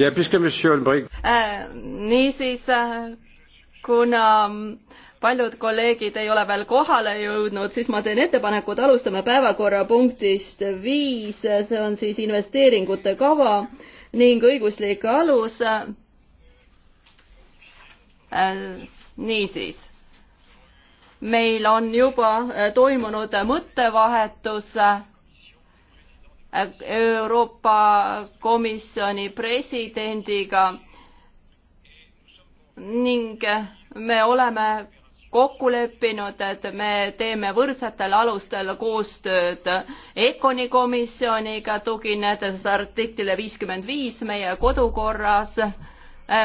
Äh, niisiis, äh, kuna ähm, paljud kolleegid ei ole veel kohale jõudnud, siis ma teen ettepaneku, et alustame päevakorrapunktist viis, see on siis investeeringute kava ning õiguslik alus. Äh, niisiis, meil on juba toimunud mõttevahetus Euroopa Komisjoni presidendiga ning me oleme kokku leppinud, et me teeme võrdsetel alustel koostööd ECONi komisjoniga, tuginedes artiklile viiskümmend viis meie kodukorras.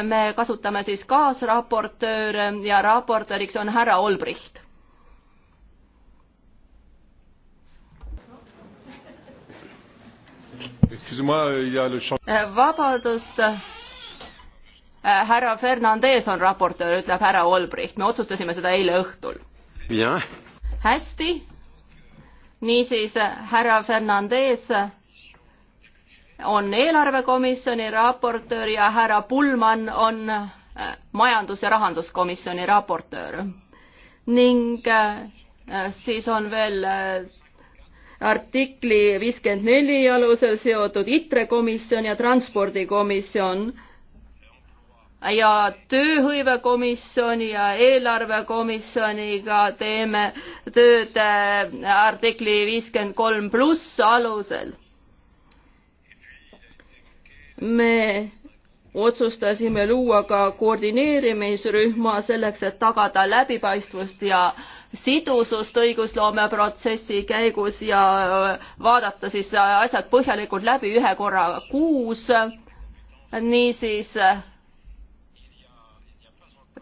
me kasutame siis kaasraportööre ja raportööriks on härra Olbricht. Eh, vabandust, eh, härra Fernandez on raportöör, ütleb härra Olbricht, me otsustasime seda eile õhtul. hästi, niisiis härra Fernandez on eelarvekomisjoni raportöör ja härra Pullmann on eh, majandus- ja rahanduskomisjoni raportöör. ning siis on veel artikli viiskümmend neli alusel seotud ITRE komisjon ja transpordikomisjon ja tööhõivekomisjoni ja eelarvekomisjoniga teeme tööd äh, artikli viiskümmend kolm pluss alusel. me otsustasime luua ka koordineerimisrühma selleks, et tagada läbipaistvust ja sidusust õigusloome protsessi käigus ja äh, vaadata siis asjad põhjalikult läbi ühe korra kuus. niisiis,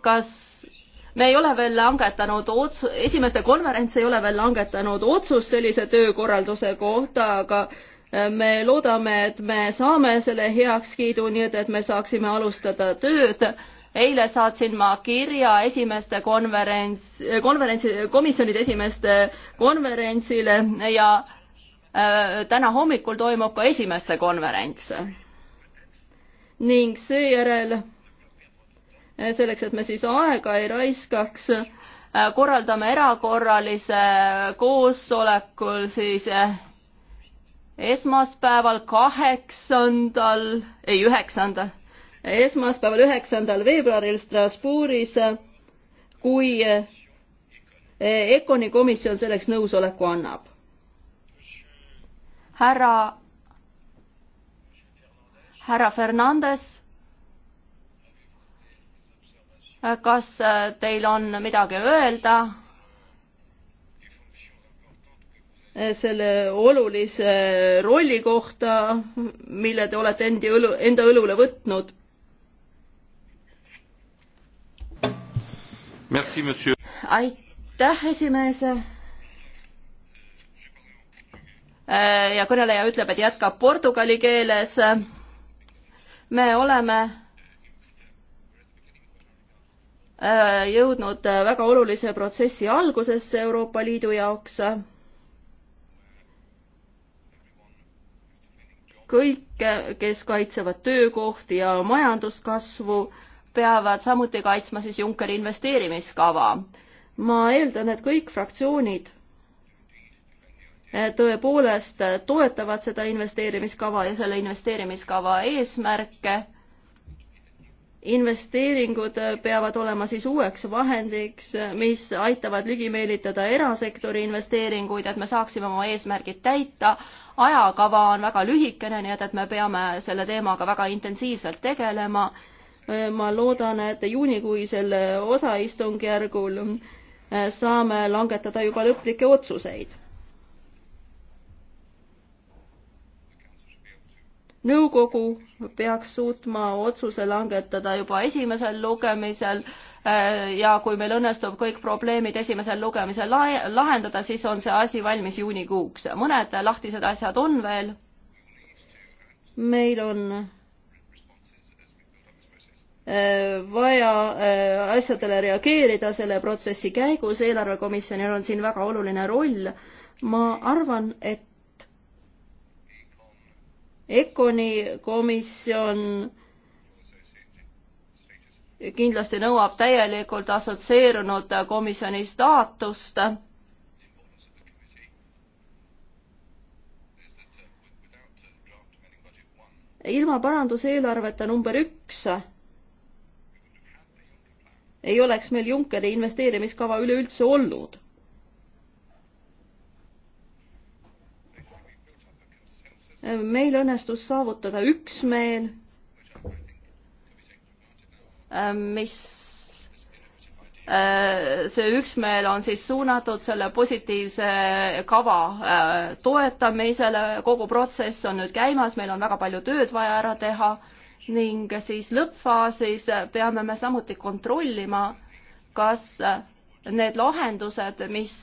kas me ei ole veel langetanud ots-, esimeste konverents ei ole veel langetanud otsust sellise töökorralduse kohta, aga me loodame, et me saame selle heakskiidu, nii et, et me saaksime alustada tööd. eile saatsin ma kirja esimeste konverents, konverentsi, komisjonide esimeste konverentsile ja äh, täna hommikul toimub ka esimeste konverents. ning seejärel äh, selleks, et me siis aega ei raiskaks, äh, korraldame erakorralise koosolekul siis äh, esmaspäeval, kaheksandal, ei üheksandal, esmaspäeval, üheksandal veebruaril Strasbourgis, kui eh, ECONi komisjon selleks nõusoleku annab. härra, härra Fernandes, kas teil on midagi öelda? Eh, selle olulise rolli kohta, mille te olete endi õlu, enda õlule võtnud. aitäh, esimees. Eh, ja kõneleja ütleb, et jätkab portugali keeles. me oleme eh, jõudnud väga olulise protsessi algusesse Euroopa Liidu jaoks kõik, kes kaitsevad töökohti ja majanduskasvu, peavad samuti kaitsma siis Junckeri investeerimiskava. ma eeldan, et kõik fraktsioonid eh, tõepoolest toetavad seda investeerimiskava ja selle investeerimiskava eesmärke investeeringud äh, peavad olema siis uueks vahendiks, äh, mis aitavad ligi meelitada erasektori investeeringuid, et me saaksime oma eesmärgid täita. ajakava on väga lühikene, nii et, et me peame selle teemaga väga intensiivselt tegelema. Äh, ma loodan, et juunikuisel osaistungjärgul saame langetada juba lõplikke otsuseid nõukogu peaks suutma otsuse langetada juba esimesel lugemisel äh, ja kui meil õnnestub kõik probleemid esimesel lugemisel lahendada, siis on see asi valmis juunikuuks. mõned lahtised asjad on veel. meil on äh, vaja äh, asjadele reageerida selle protsessi käigus, eelarvekomisjonil on siin väga oluline roll. ma arvan, et Econi komisjon kindlasti nõuab täielikult assotsieerunud komisjoni staatust. ilma paranduseelarveta number üks ei oleks meil Junckeri investeerimiskava üleüldse olnud meil õnnestus saavutada üksmeel, äh, mis, äh, see üksmeel on siis suunatud selle positiivse kava äh, toetamisele, kogu protsess on nüüd käimas, meil on väga palju tööd vaja ära teha ning siis lõppfaasis peame me samuti kontrollima, kas need lahendused, mis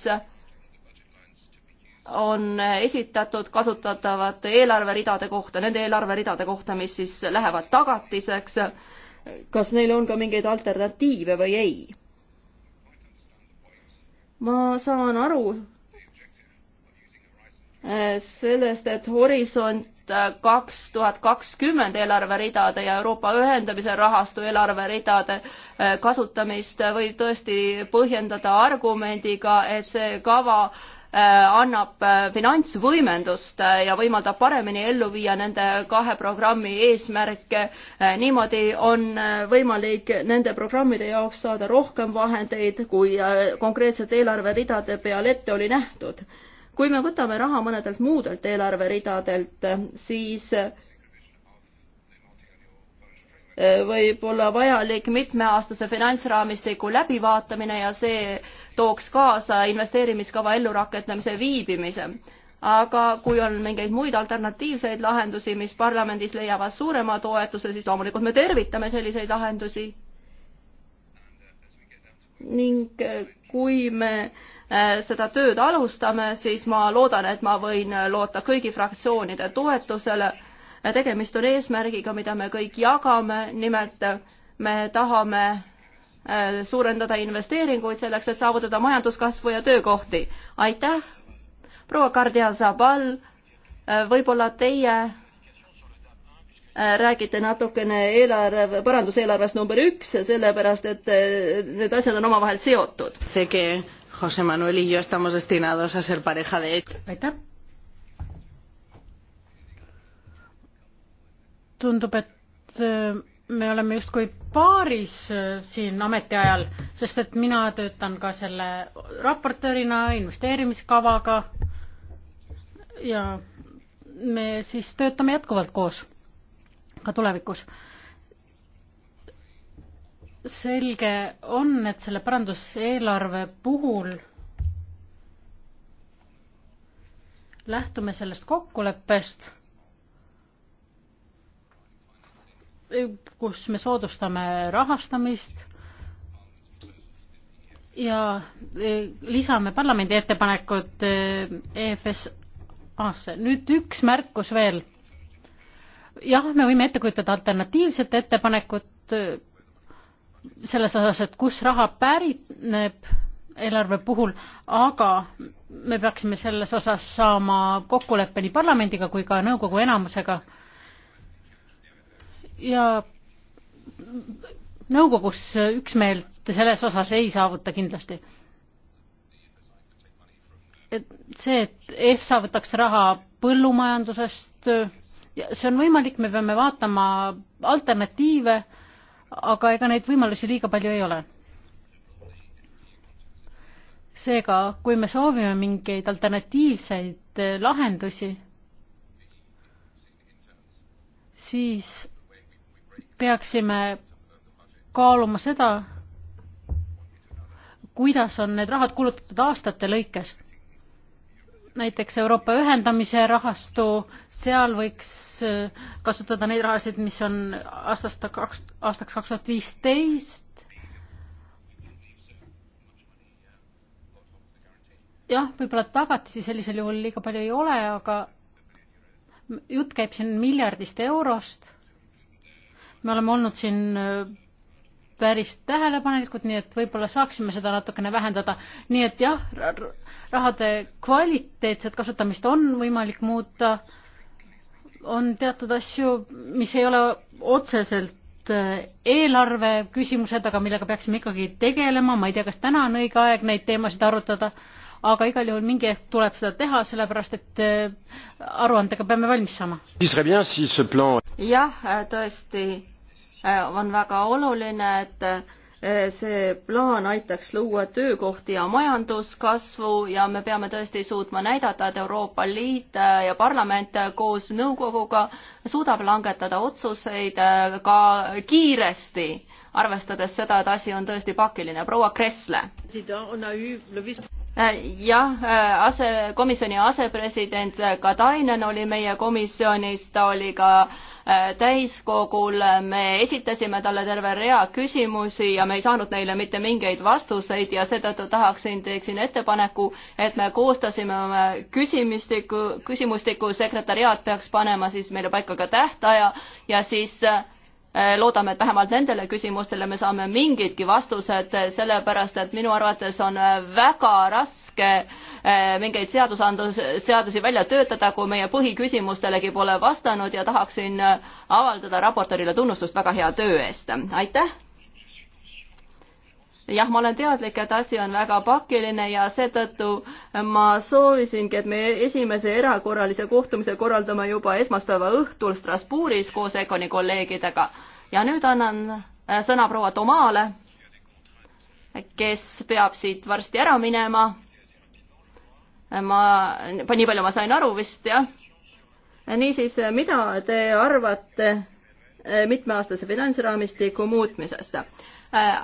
on esitatud kasutatavate eelarveridade kohta, nende eelarveridade kohta, mis siis lähevad tagatiseks. kas neil on ka mingeid alternatiive või ei? ma saan aru eh, sellest, et Horisont eh, kaks tuhat kakskümmend eelarveridade ja Euroopa ühendamise rahastu eelarveridade eh, kasutamist võib tõesti põhjendada argumendiga, et see kava Äh, annab äh, finantsvõimendust äh, ja võimaldab paremini ellu viia nende kahe programmi eesmärke. niimoodi on võimalik nende programmide jaoks saada rohkem vahendeid, kui konkreetsete eelarveridade peal ette oli nähtud. kui me võtame raha mõnedelt muudelt eelarveridadelt, siis Äh, võib olla vajalik mitmeaastase finantsraamistiku läbivaatamine ja see tooks kaasa investeerimiskava ellurakendamise viibimise aga kui on mingeid muid alternatiivseid lahendusi, mis parlamendis leiavad suurema toetuse, siis loomulikult me tervitame selliseid lahendusi. ning äh, kui me äh, seda tööd alustame, siis ma loodan, et ma võin loota kõigi fraktsioonide toetusele tegemist on eesmärgiga, mida me kõik jagame, nimelt me tahame äh, suurendada investeeringuid selleks, et saavutada majanduskasvu ja töökohti. aitäh, proua Kardia Zabal, äh, võib-olla teie äh, räägite natukene eelarve, paranduseelarvest number üks, sellepärast et need asjad on omavahel seotud. aitäh tundub, et äh, me oleme justkui paaris äh, siin ametiajal, sest et mina töötan ka selle raportöörina investeerimiskavaga ja me siis töötame jätkuvalt koos ka tulevikus. selge on, et selle paranduseelarve puhul lähtume sellest kokkuleppest kus me soodustame rahastamist ja e, lisame parlamendi ettepanekud EFSA-sse. E nüüd üks märkus veel. jah, me võime ette kujutada alternatiivset ettepanekut e, selles osas, et kus raha pärineb eelarve puhul, aga me peaksime selles osas saama kokkuleppe nii parlamendiga kui ka nõukogu enamusega ja nõukogus üksmeelt selles osas ei saavuta kindlasti. et see, et EFSA võtaks raha põllumajandusest, see on võimalik, me peame vaatama alternatiive, aga ega neid võimalusi liiga palju ei ole. seega, kui me soovime mingeid alternatiivseid lahendusi, siis peaksime kaaluma seda, kuidas on need rahad kulutatud aastate lõikes. näiteks Euroopa ühendamise rahastu, seal võiks äh, kasutada neid rahasid, mis on aastast kaks, aastaks kaks tuhat viisteist. jah, võib-olla tagatisi sellisel juhul liiga palju ei ole, aga jutt käib siin miljardist eurost me oleme olnud siin äh, päris tähelepanelikud, nii et võib-olla saaksime seda natukene vähendada. nii et jah, rahade kvaliteetset kasutamist on võimalik muuta. on teatud asju, mis ei ole otseselt äh, eelarve küsimused, aga millega peaksime ikkagi tegelema, ma ei tea, kas täna on õige aeg neid teemasid arutada, aga igal juhul mingi hetk tuleb seda teha, sellepärast et äh, aruandega peame valmis saama. jah, äh, tõesti äh, on väga oluline, et see plaan aitaks luua töökohti ja majanduskasvu ja me peame tõesti suutma näidata, et Euroopa Liit ja parlament koos nõukoguga suudab langetada otsuseid ka kiiresti arvestades seda, et asi on tõesti pakiline. proua Kressle. Äh, jah, äh, ase, komisjoni asepresident Katainen oli meie komisjonis, ta oli ka äh, täiskogul, me esitasime talle terve rea küsimusi ja me ei saanud neile mitte mingeid vastuseid ja seetõttu tahaksin, teeksin ettepaneku, et me koostasime oma küsimistiku, küsimustiku, sekretäriaat peaks panema siis meile paika ka tähtaja ja siis äh, Äh, loodame, et vähemalt nendele küsimustele me saame mingidki vastused, äh, sellepärast et minu arvates on äh, väga raske mingeid seadusandlus, seadusi välja töötada, kui meie põhiküsimustelegi pole vastanud ja tahaksin avaldada raportöörile tunnustust väga hea töö eest. aitäh! jah, ma olen teadlik, et asi on väga pakiline ja seetõttu ma soovisingi, et me esimese erakorralise kohtumise korraldame juba esmaspäeva õhtul Strasbourgis koos EKONi kolleegidega. ja nüüd annan äh, sõna proua Tomale, kes peab siit varsti ära minema. ma, nii palju ma sain aru vist, jah? niisiis, mida te arvate äh, mitmeaastase finantsraamistiku muutmisest? Äh,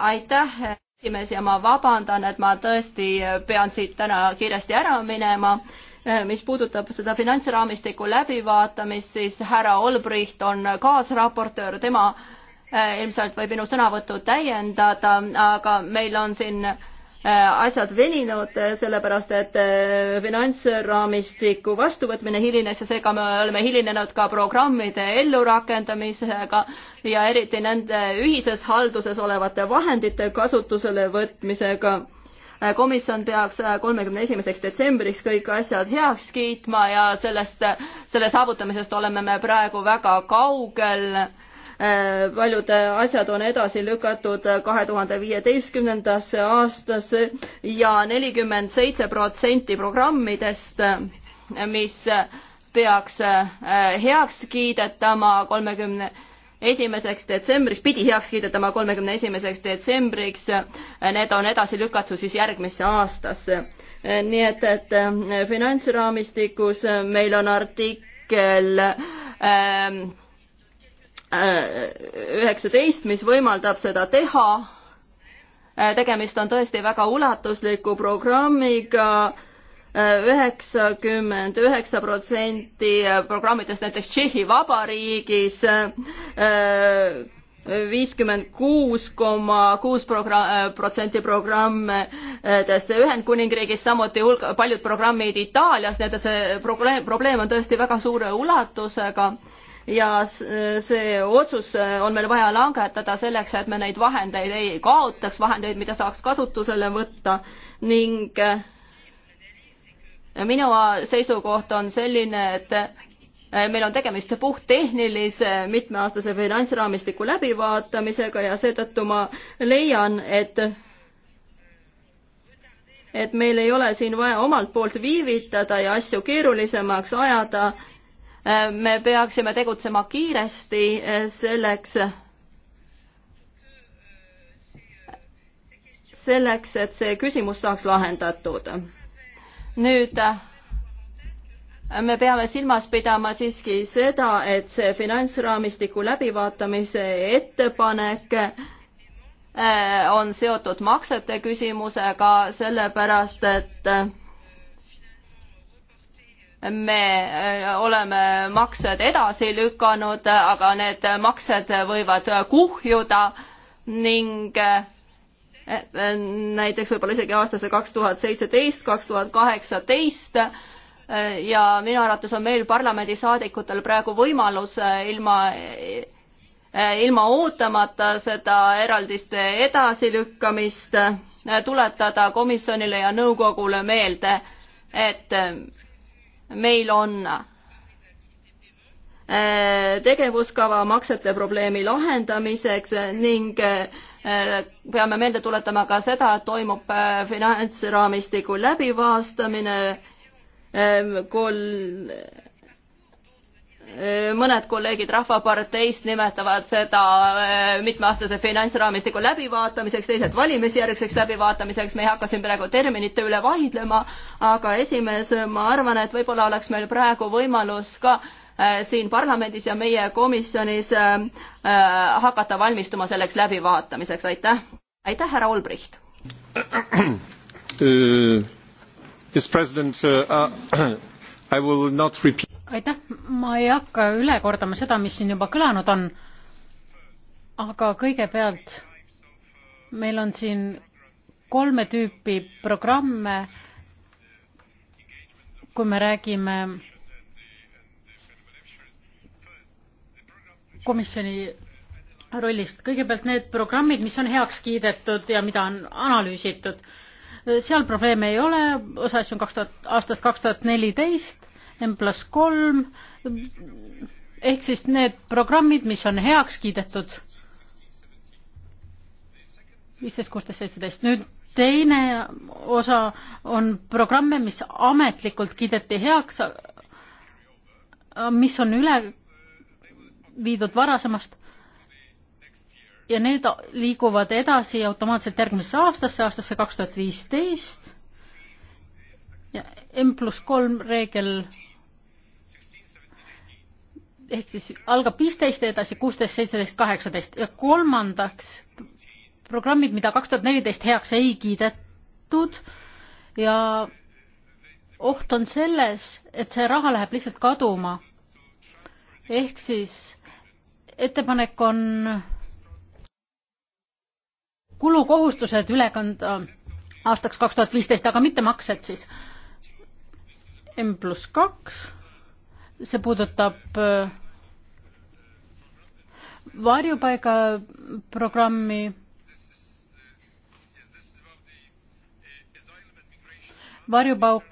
aitäh! esimees ja ma vabandan, et ma tõesti pean siit täna kiiresti ära minema. mis puudutab seda finantsraamistiku läbivaatamist, siis härra Olbricht on kaasraportöör, tema eh, ilmselt võib minu sõnavõttu täiendada, aga meil on siin Äh, asjad veninud, äh, sellepärast et äh, finantsraamistiku vastuvõtmine hilines ja seega me oleme hilinenud ka programmide ellurakendamisega ja eriti nende ühises halduses olevate vahendite kasutusele võtmisega komisjon peaks kolmekümne esimeseks detsembriks kõik asjad heaks kiitma ja sellest, selle saavutamisest oleme me praegu väga kaugel paljud asjad on edasi lükatud kahe tuhande viieteistkümnendasse aastasse ja nelikümmend seitse protsenti programmidest, mis peaks äh, heaks kiidetama kolmekümne 30 esimeseks detsembriks, pidi heaks kiidetama kolmekümne esimeseks detsembriks, äh, need on edasi lükatud siis järgmisse aastasse. Äh, nii et, et finantsraamistikus meil on artikkel ähm, Äh, üheksateist, mis võimaldab seda teha. Äh, tegemist on tõesti väga ulatusliku programmiga, äh, üheksakümmend üheksa protsenti programmidest näiteks Tšehhi Vabariigis viiskümmend kuus koma kuus protsenti programmidest Ühendkuningriigis, samuti hulk, paljud programmid Itaalias, nii et see probleem, probleem on tõesti väga suure ulatusega ja see otsus äh, on meil vaja langetada selleks, et me neid vahendeid ei kaotaks, vahendeid, mida saaks kasutusele võtta ning äh, minu seisukoht on selline, et äh, meil on tegemist puhttehnilise mitmeaastase finantsraamistiku läbivaatamisega ja seetõttu ma leian, et et meil ei ole siin vaja omalt poolt viivitada ja asju keerulisemaks ajada Äh, me peaksime tegutsema kiiresti äh, selleks, selleks, et see küsimus saaks lahendatud. nüüd äh, me peame silmas pidama siiski seda, et see finantsraamistiku läbivaatamise ettepanek on seotud maksete küsimusega, sellepärast et me äh, oleme maksed edasi lükanud, aga need maksed võivad kuhjuda ning äh, näiteks võib-olla isegi aastasse kaks tuhat seitseteist, kaks tuhat kaheksateist äh, ja minu arvates on meil parlamendisaadikutel praegu võimalus ilma, ilma ootamata seda eraldiste edasilükkamist tuletada komisjonile ja nõukogule meelde, et meil on äh, tegevuskava maksete probleemi lahendamiseks ning äh, peame meelde tuletama ka seda, et toimub äh, finantsraamistiku läbivaastamine kol-, Äh, mõned kolleegid Rahvaparteist nimetavad seda äh, mitmeaastase finantsraamistiku läbivaatamiseks, teised valimisjärgseks läbivaatamiseks, me ei hakka siin praegu terminite üle vaidlema, aga esimees, ma arvan, et võib-olla oleks meil praegu võimalus ka äh, siin parlamendis ja meie komisjonis hakata valmistuma selleks läbivaatamiseks, aitäh. aitäh, härra Olbricht. Yes, president uh,, I will not repeat aitäh, ma ei hakka üle kordama seda, mis siin juba kõlanud on, aga kõigepealt meil on siin kolme tüüpi programme, kui me räägime komisjoni rollist. kõigepealt need programmid, mis on heaks kiidetud ja mida on analüüsitud, seal probleeme ei ole, osa asju on kaks tuhat, aastast kaks tuhat neliteist M pluss kolm ehk siis need programmid, mis on heaks kiidetud. viisteist, kuusteist, seitseteist. nüüd teine osa on programme, mis ametlikult kiideti heaks, mis on üle viidud varasemast ja need liiguvad edasi automaatselt järgmisesse aastasse, aastasse kaks tuhat viisteist ja M pluss kolm reegel ehk siis algab viisteist ja edasi kuusteist, seitseteist, kaheksateist ja kolmandaks programmid, mida kaks tuhat neliteist heaks ei kiidetud ja oht on selles, et see raha läheb lihtsalt kaduma. ehk siis ettepanek on kulukohustused üle kanda aastaks kaks tuhat viisteist, aga mitte maksed siis. M pluss kaks see puudutab äh, varjupaigaprogrammi. varjupauk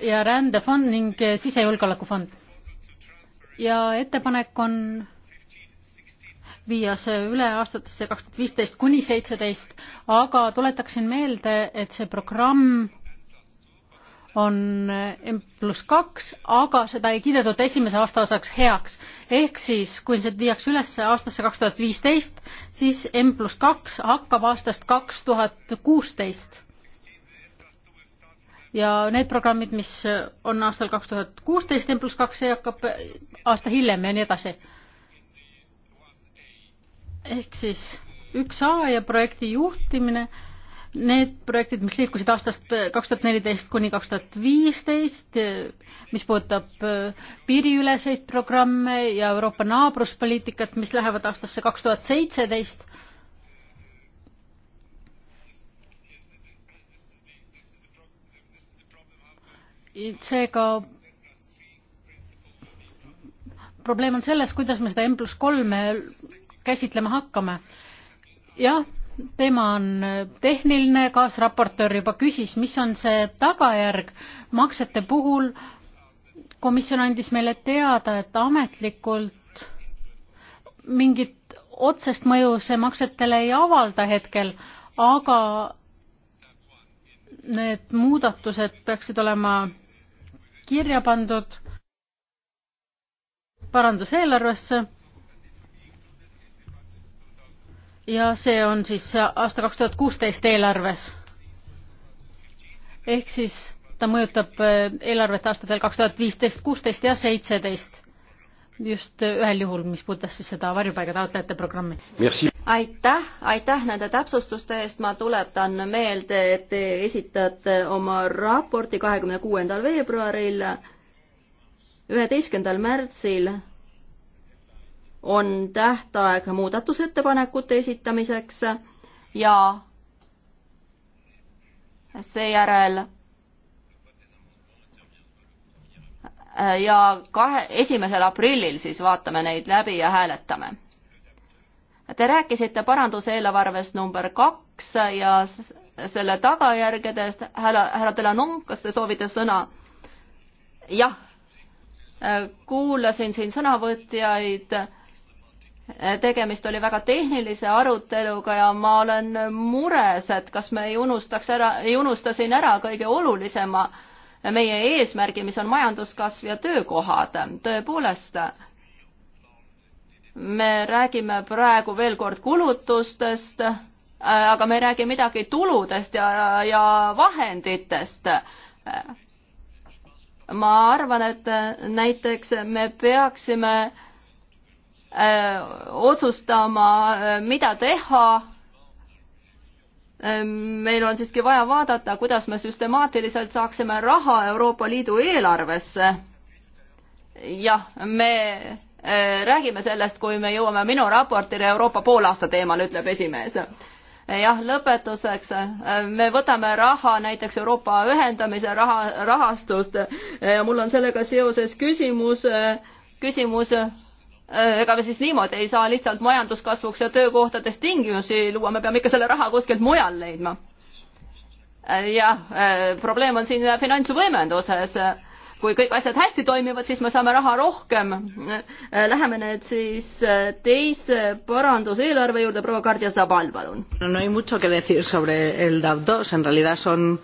ja rändefond ning sisejulgeolekufond. ja ettepanek on viia see üle aastatesse kaks tuhat viisteist kuni seitseteist, aga tuletaksin meelde, et see programm on M pluss kaks, aga seda ei kiidetud esimese aasta osaks heaks. ehk siis, kui see viiakse üles aastasse kaks tuhat viisteist, siis M pluss kaks hakkab aastast kaks tuhat kuusteist. ja need programmid, mis on aastal kaks tuhat kuusteist M pluss kaks, see hakkab aasta hiljem ja nii edasi. ehk siis üks A ja projekti juhtimine Need projektid, mis liikusid aastast äh, kaks tuhat neliteist kuni kaks tuhat viisteist, äh, mis puudutab äh, piiriüleseid programme ja Euroopa naabruspoliitikat, mis lähevad aastasse kaks tuhat seitseteist, seega probleem on selles, kuidas me seda M pluss kolme käsitlema hakkame. jah, teema on tehniline, kaasraportöör juba küsis, mis on see tagajärg maksete puhul. komisjon andis meile teada, et ametlikult mingit otsest mõju see maksetele ei avalda hetkel, aga need muudatused peaksid olema kirja pandud paranduseelarvesse ja see on siis aasta kaks tuhat kuusteist eelarves. ehk siis ta mõjutab eh, eelarvet aastatel kaks tuhat viisteist, kuusteist ja seitseteist. just eh, ühel juhul, mis puudutas siis seda varjupaiga taotlejate programmi. aitäh, aitäh nende täpsustuste eest, ma tuletan meelde, et te esitate oma raporti kahekümne kuuendal veebruaril, üheteistkümnendal märtsil on tähtaeg muudatusettepanekute esitamiseks ja seejärel ja kahe, esimesel aprillil siis vaatame neid läbi ja hääletame. Te rääkisite paranduseelarvest number kaks ja selle tagajärgedest, härra, härra Delanon, kas te soovite sõna? jah, kuulasin siin sõnavõtjaid tegemist oli väga tehnilise aruteluga ja ma olen mures, et kas me ei unustaks ära, ei unusta siin ära kõige olulisema meie eesmärgi, mis on majanduskasv ja töökohad. tõepoolest, me räägime praegu veel kord kulutustest, aga me ei räägi midagi tuludest ja, ja vahenditest ma arvan, et näiteks me peaksime äh, Äh, otsustama, äh, mida teha. Äh, meil on siiski vaja vaadata, kuidas me süstemaatiliselt saaksime raha Euroopa Liidu eelarvesse. jah, me räägime sellest, kui me jõuame minu raportile Euroopa poolaasta teemal, ütleb esimees jah, lõpetuseks me võtame raha näiteks Euroopa ühendamise raha, rahastust. mul on sellega seoses küsimus, küsimus Äh, ega me siis niimoodi ei saa lihtsalt majanduskasvuks ja töökohtades tingimusi luua, me peame ikka selle raha kuskilt mujal leidma. Äh, jah, äh, probleem on siin finantsvõimenduses. kui kõik asjad hästi toimivad, siis me saame raha rohkem. Läheme nüüd siis teise paranduseelarve juurde, proua Kardia Zabal, palun. no hay mucho que decir sobre el DAV dos, en realidad son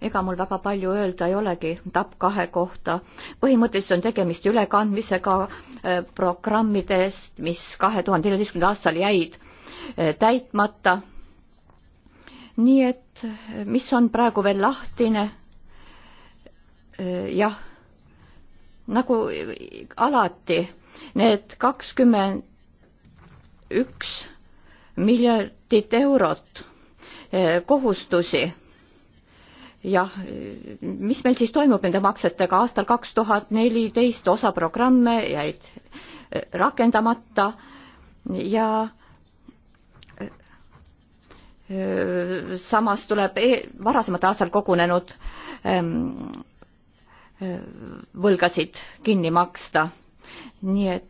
ega mul väga palju öelda ei olegi TAP kahe kohta. põhimõtteliselt on tegemist ülekandmisega eh, programmidest, mis kahe tuhande neljateistkümnendal aastal jäid eh, täitmata. nii et eh, mis on praegu veel lahtine? jah, nagu alati, need kakskümmend üks miljardit eurot kohustusi jah, mis meil siis toimub nende maksetega, aastal kaks tuhat neliteist osa programme jäid äh, rakendamata ja äh, samas tuleb e varasemate aastal kogunenud ähm, äh, võlgasid kinni maksta. nii et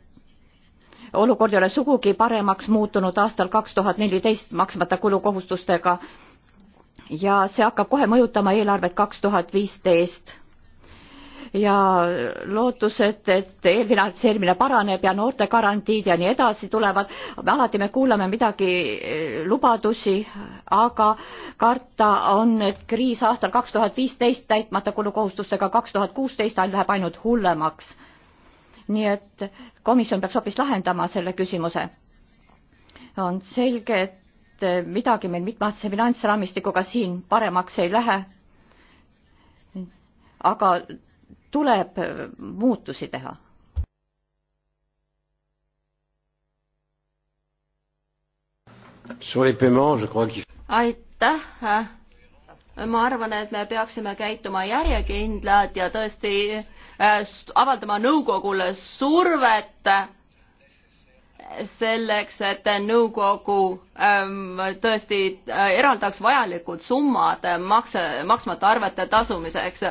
olukord ei ole sugugi paremaks muutunud aastal kaks tuhat neliteist maksmata kulukohustustega ja see hakkab kohe mõjutama eelarvet kaks tuhat viisteist ja lootused, et eelfinantseerimine paraneb ja noortegarantiid ja nii edasi tulevad. alati me kuulame midagi, eh, lubadusi, aga karta on, et kriis aastal kaks tuhat viisteist täitmata kulukohustustega kaks tuhat kuusteist läheb ainult hullemaks. nii et komisjon peaks hoopis lahendama selle küsimuse. on selge, et et eh, midagi meil mitmeaastase finantsraamistikuga siin paremaks ei lähe. aga tuleb eh, muutusi teha. aitäh. ma arvan, et me peaksime käituma järjekindlad ja tõesti eh, avaldama nõukogule survet selleks, et nõukogu ähm, tõesti äh, eraldaks vajalikud summad makse, maksmata arvete tasumiseks,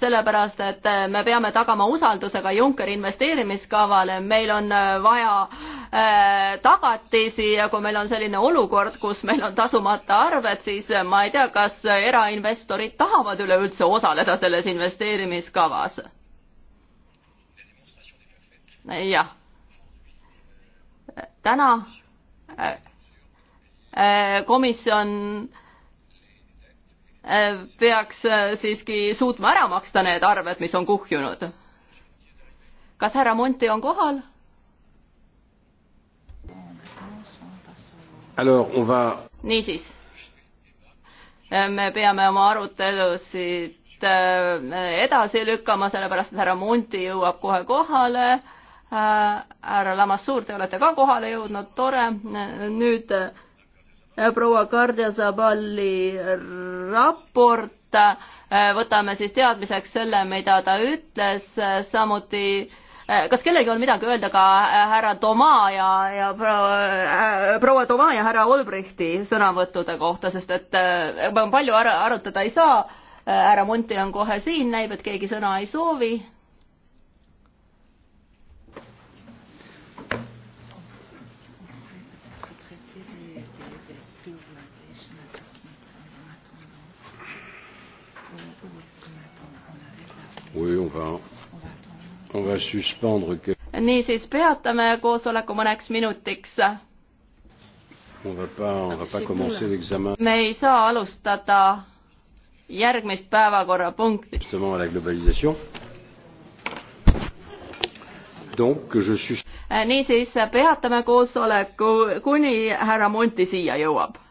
sellepärast et äh, me peame tagama usaldusega Junckeri investeerimiskavale, meil on äh, vaja tagatisi ja kui meil on selline olukord, kus meil on tasumata arved, siis ma ei tea, kas erainvestorid tahavad üleüldse osaleda selles investeerimiskavas. jah täna äh, äh, komisjon äh, peaks siiski suutma ära maksta need arved, mis on kuhjunud. kas härra Monti on kohal? Va... niisiis, me peame oma arutelusid edasi lükkama, sellepärast et härra Monti jõuab kohe kohale Äh, härra Lamassuur, te olete ka kohale jõudnud, tore, nüüd äh, proua Kardia Zaballi raport, äh, võtame siis teadmiseks selle, mida ta ütles, samuti kas kellelgi on midagi öelda ka härra Toma ja, ja proua Toma ja härra Olbrichti sõnavõttude kohta, sest et palju ar arutada ei saa, härra Munti on kohe siin, näib, et keegi sõna ei soovi niisiis peatame koosoleku mõneks minutiks. me ei saa alustada järgmist päevakorrapunkti. niisiis peatame koosoleku, kuni härra Monti siia jõuab.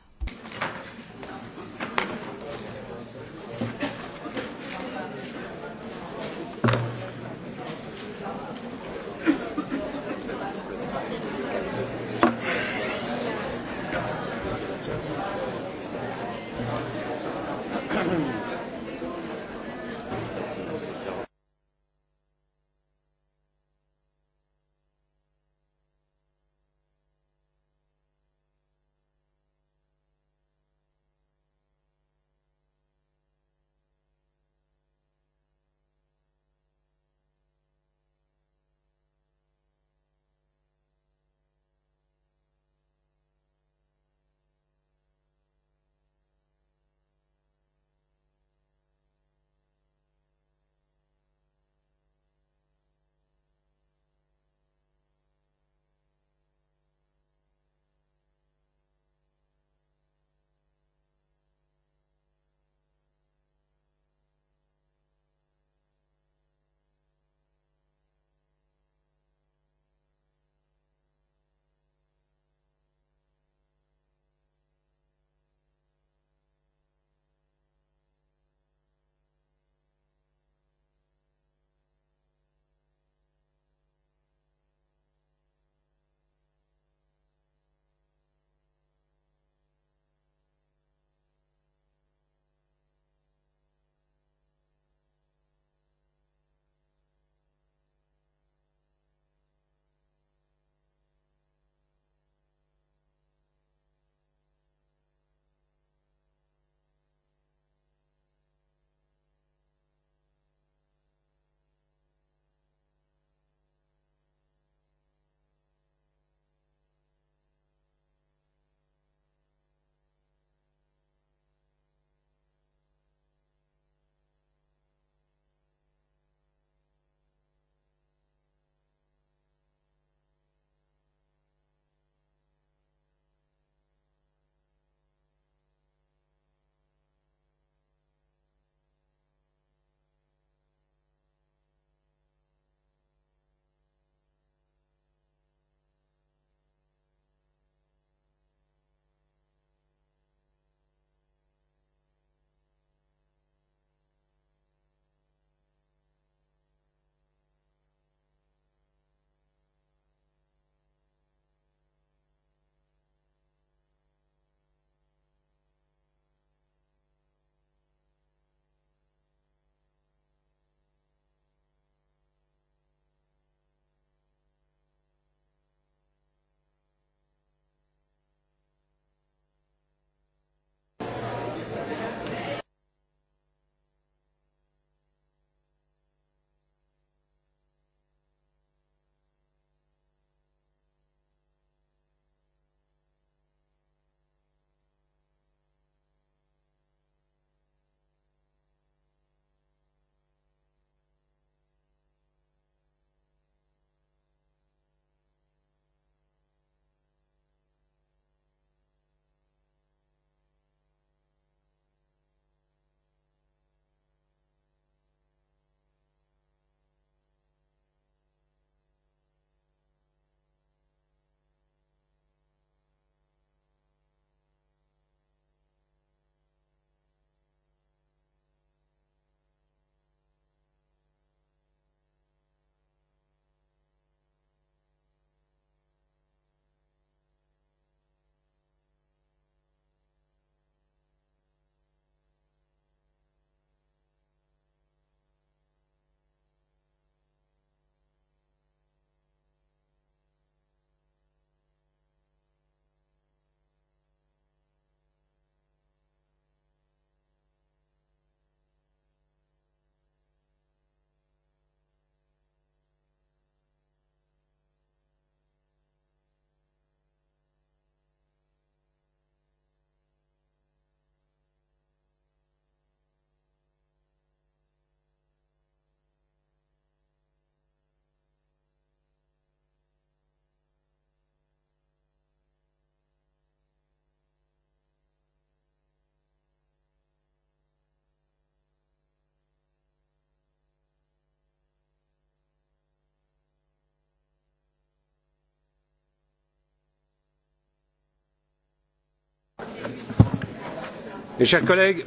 Mes chers collègues,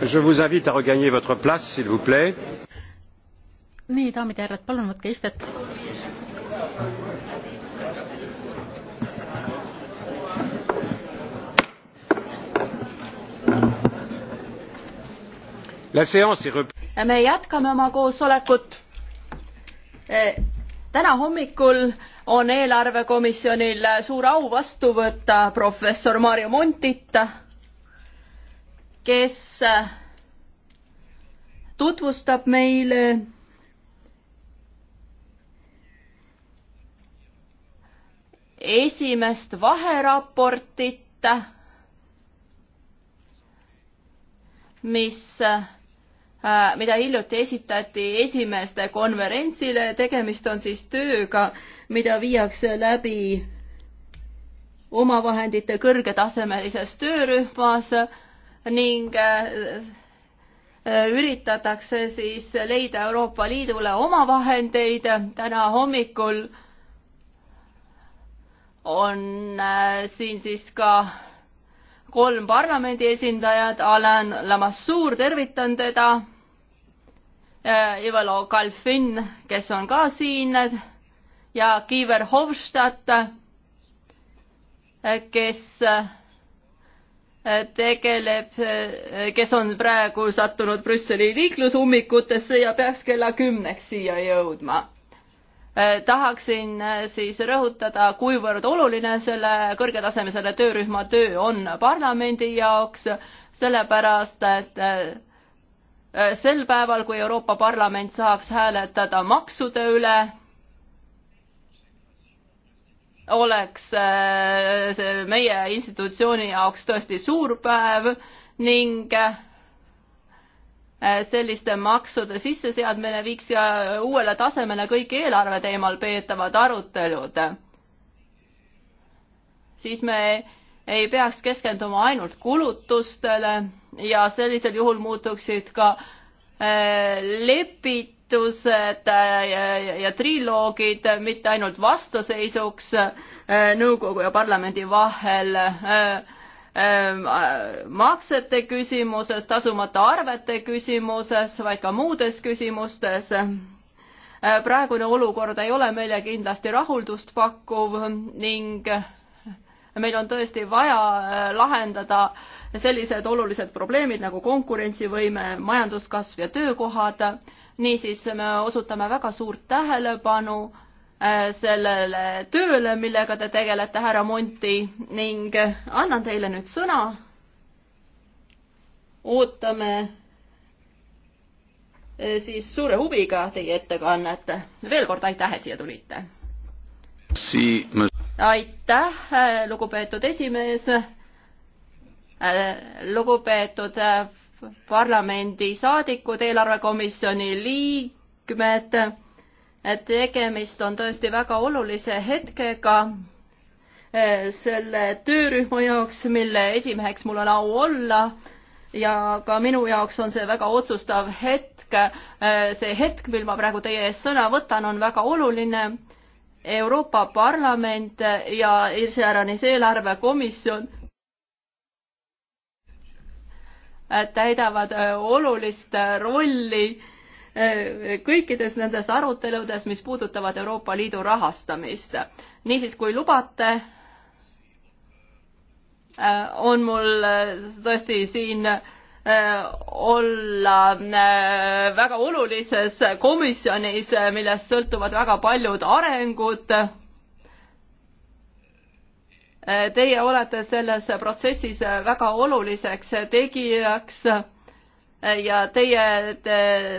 je vous invite à regagner votre place, s'il vous plaît. nii, daamid ja härrad, palun võtke istet. me jätkame oma koosolekut. Eh, täna hommikul on eelarvekomisjonil suur au vastu võtta professor Mario Montit kes äh, tutvustab meile esimest vaheraportit, mis, äh, mida hiljuti esitati esimeste konverentsile, tegemist on siis tööga, mida viiakse läbi omavahendite kõrgetasemelises töörühmas ning äh, äh, üritatakse siis leida Euroopa Liidule oma vahendeid. täna hommikul on äh, siin siis ka kolm parlamendi esindajat, Alain Lamassoor, tervitan teda. Ivalo Kalfin, kes on ka siin ja Kiiver Hofstadt, kes tegeleb, kes on praegu sattunud Brüsseli liiklusummikutesse ja peaks kella kümneks siia jõudma. tahaksin siis rõhutada, kuivõrd oluline selle kõrgetasemesele töörühma töö on parlamendi jaoks, sellepärast et sel päeval, kui Euroopa Parlament saaks hääletada maksude üle, oleks äh, see meie institutsiooni jaoks tõesti suur päev ning äh, selliste maksude sisseseadmine viiks uuele tasemele kõik eelarve teemal peetavad arutelud. siis me ei peaks keskenduma ainult kulutustele ja sellisel juhul muutuksid ka äh, lepid üritused äh, ja triloogid mitte ainult vastuseisuks äh, nõukogu ja parlamendi vahel äh, maksete küsimuses, tasumata arvete küsimuses, vaid ka muudes küsimustes. praegune olukord ei ole meile kindlasti rahuldust pakkuv ning meil on tõesti vaja lahendada sellised olulised probleemid nagu konkurentsivõime, majanduskasv ja töökohad niisiis me osutame väga suurt tähelepanu äh, sellele tööle, millega te tegelete, härra Monti, ning äh, annan teile nüüd sõna. ootame äh, siis suure huviga teie ettekannet. veel kord aitäh, et siia tulite. aitäh, lugupeetud esimees lugupeetud parlamendisaadikud, eelarvekomisjoni liikmed, et tegemist on tõesti väga olulise hetkega eh, selle töörühma jaoks, mille esimeheks mul on au olla ja ka minu jaoks on see väga otsustav hetk. Eh, see hetk, mil ma praegu teie ees sõna võtan, on väga oluline. Euroopa Parlament ja iseäranis eelarvekomisjon täidavad äh, olulist äh, rolli äh, kõikides nendes aruteludes, mis puudutavad Euroopa Liidu rahastamist. niisiis, kui lubate, on mul tõesti siin olla väga olulises komisjonis, millest sõltuvad väga paljud arengud Teie olete selles protsessis väga oluliseks tegijaks ja teie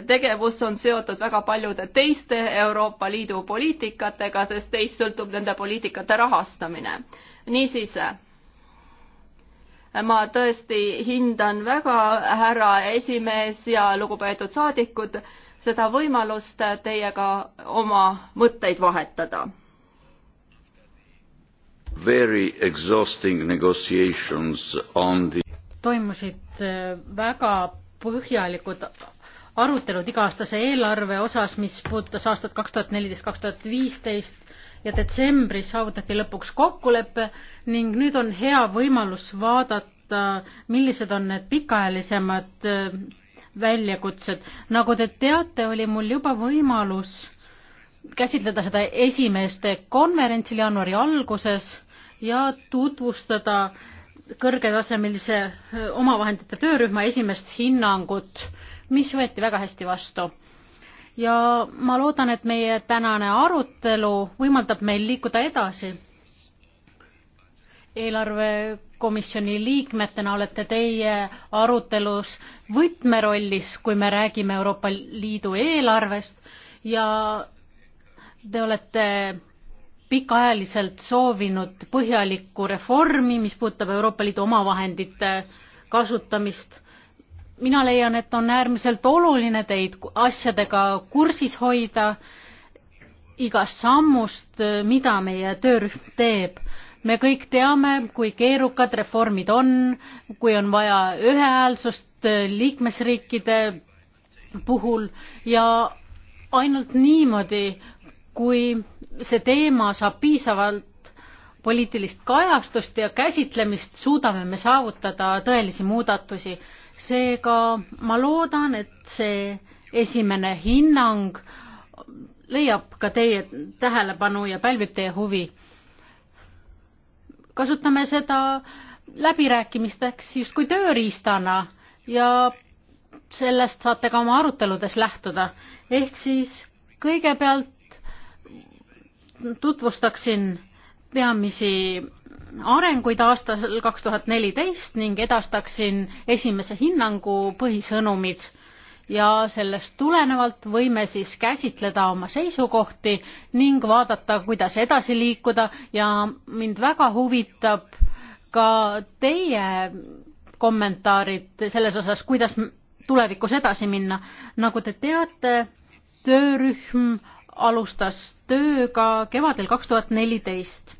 tegevus on seotud väga paljude teiste Euroopa Liidu poliitikatega, sest teist sõltub nende poliitikate rahastamine. niisiis, ma tõesti hindan väga, härra esimees ja lugupeetud saadikud, seda võimalust teiega oma mõtteid vahetada very exhausting negotiations on the toimusid äh, väga põhjalikud arutelud iga-aastase eelarve osas, mis puudutas aastat kaks tuhat neliteist, kaks tuhat viisteist ja detsembris saavutati lõpuks kokkulepe ning nüüd on hea võimalus vaadata, millised on need pikaajalisemad äh, väljakutsed. nagu te teate, oli mul juba võimalus käsitleda seda esimeeste konverentsil jaanuari alguses ja tutvustada kõrgetasemelise omavahendite töörühma esimest hinnangut, mis võeti väga hästi vastu. ja ma loodan, et meie tänane arutelu võimaldab meil liikuda edasi. eelarvekomisjoni liikmetena olete teie arutelus võtmerollis, kui me räägime Euroopa Liidu eelarvest ja te olete pikaajaliselt soovinud põhjalikku reformi, mis puudutab Euroopa Liidu omavahendite kasutamist. mina leian, et on äärmiselt oluline teid asjadega kursis hoida igast sammust, mida meie töörühm teeb. me kõik teame, kui keerukad reformid on, kui on vaja ühehäälsust liikmesriikide puhul ja ainult niimoodi, kui see teema saab piisavalt poliitilist kajastust ja käsitlemist, suudame me saavutada tõelisi muudatusi. seega ma loodan, et see esimene hinnang leiab ka teie tähelepanu ja pälvib teie huvi. kasutame seda läbirääkimisteks justkui tööriistana ja sellest saate ka oma aruteludes lähtuda. ehk siis kõigepealt tutvustaksin peamisi arenguid aastal kaks tuhat neliteist ning edastaksin esimese hinnangu põhisõnumid ja sellest tulenevalt võime siis käsitleda oma seisukohti ning vaadata, kuidas edasi liikuda ja mind väga huvitab ka teie kommentaarid selles osas, kuidas tulevikus edasi minna. nagu te teate, töörühm alustas tööga kevadel kaks tuhat neliteist.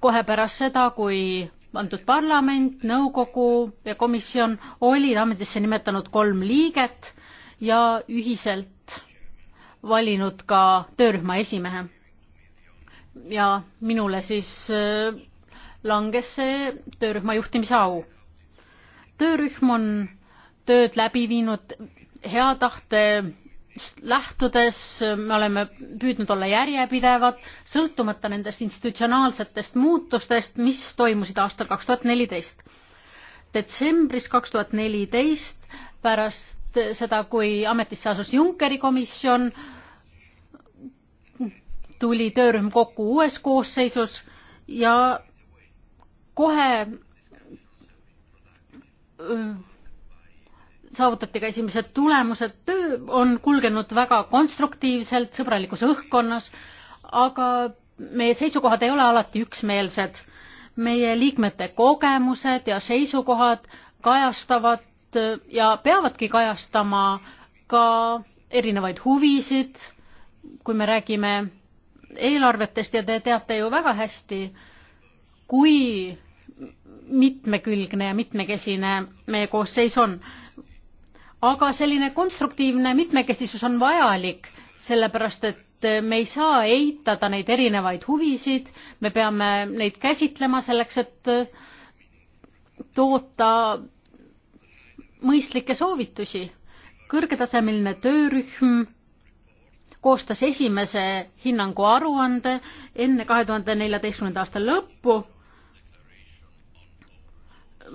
kohe pärast seda, kui antud parlament, nõukogu ja komisjon olid ametisse nimetanud kolm liiget ja ühiselt valinud ka töörühma esimehe. ja minule siis äh, langes see töörühma juhtimise au. töörühm on tööd läbi viinud hea tahte lähtudes me oleme püüdnud olla järjepidevad, sõltumata nendest institutsionaalsetest muutustest, mis toimusid aastal kaks tuhat neliteist. detsembris kaks tuhat neliteist, pärast seda, kui ametisse asus Junckeri komisjon, tuli töörühm kokku uues koosseisus ja kohe öö, saavutati ka esimesed tulemused, töö on kulgenud väga konstruktiivselt, sõbralikus õhkkonnas, aga meie seisukohad ei ole alati üksmeelsed. meie liikmete kogemused ja seisukohad kajastavad äh, ja peavadki kajastama ka erinevaid huvisid, kui me räägime eelarvetest ja te teate ju väga hästi, kui mitmekülgne ja mitmekesine meie koosseis on aga selline konstruktiivne mitmekesisus on vajalik, sellepärast et me ei saa eitada neid erinevaid huvisid, me peame neid käsitlema selleks, et toota mõistlikke soovitusi. kõrgetasemeline töörühm koostas esimese hinnangu aruande enne kahe tuhande neljateistkümnenda aasta lõppu,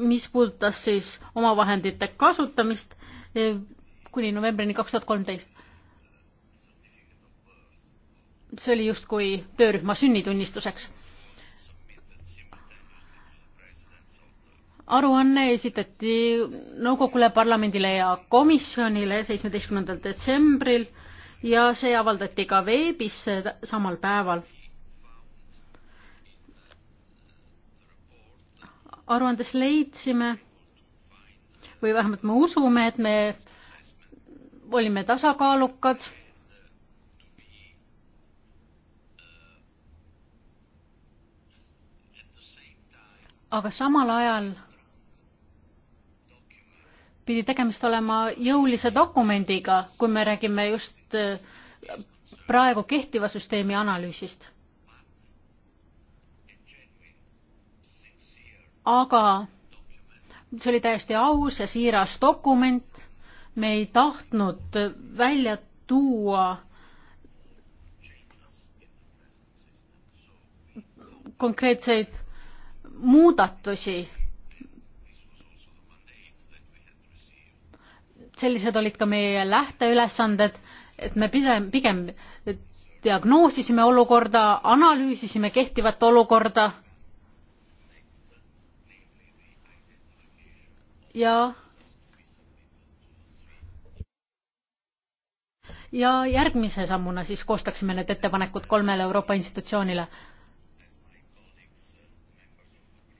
mis puudutas siis omavahendite kasutamist kuni novembrini kaks tuhat kolmteist. see oli justkui töörühma sünnitunnistuseks. aruanne esitati nõukogule, parlamendile ja komisjonile seitsmeteistkümnendal detsembril ja see avaldati ka veebis samal päeval aruandes leidsime, või vähemalt me usume, et me olime tasakaalukad. aga samal ajal pidi tegemist olema jõulise dokumendiga, kui me räägime just eh, praegu kehtiva süsteemi analüüsist. aga see oli täiesti aus ja siiras dokument, me ei tahtnud välja tuua konkreetseid muudatusi. sellised olid ka meie lähteülesanded, et me pigem, pigem diagnoosisime olukorda, analüüsisime kehtivat olukorda ja ja järgmise sammuna siis koostaksime need ettepanekud kolmele Euroopa institutsioonile.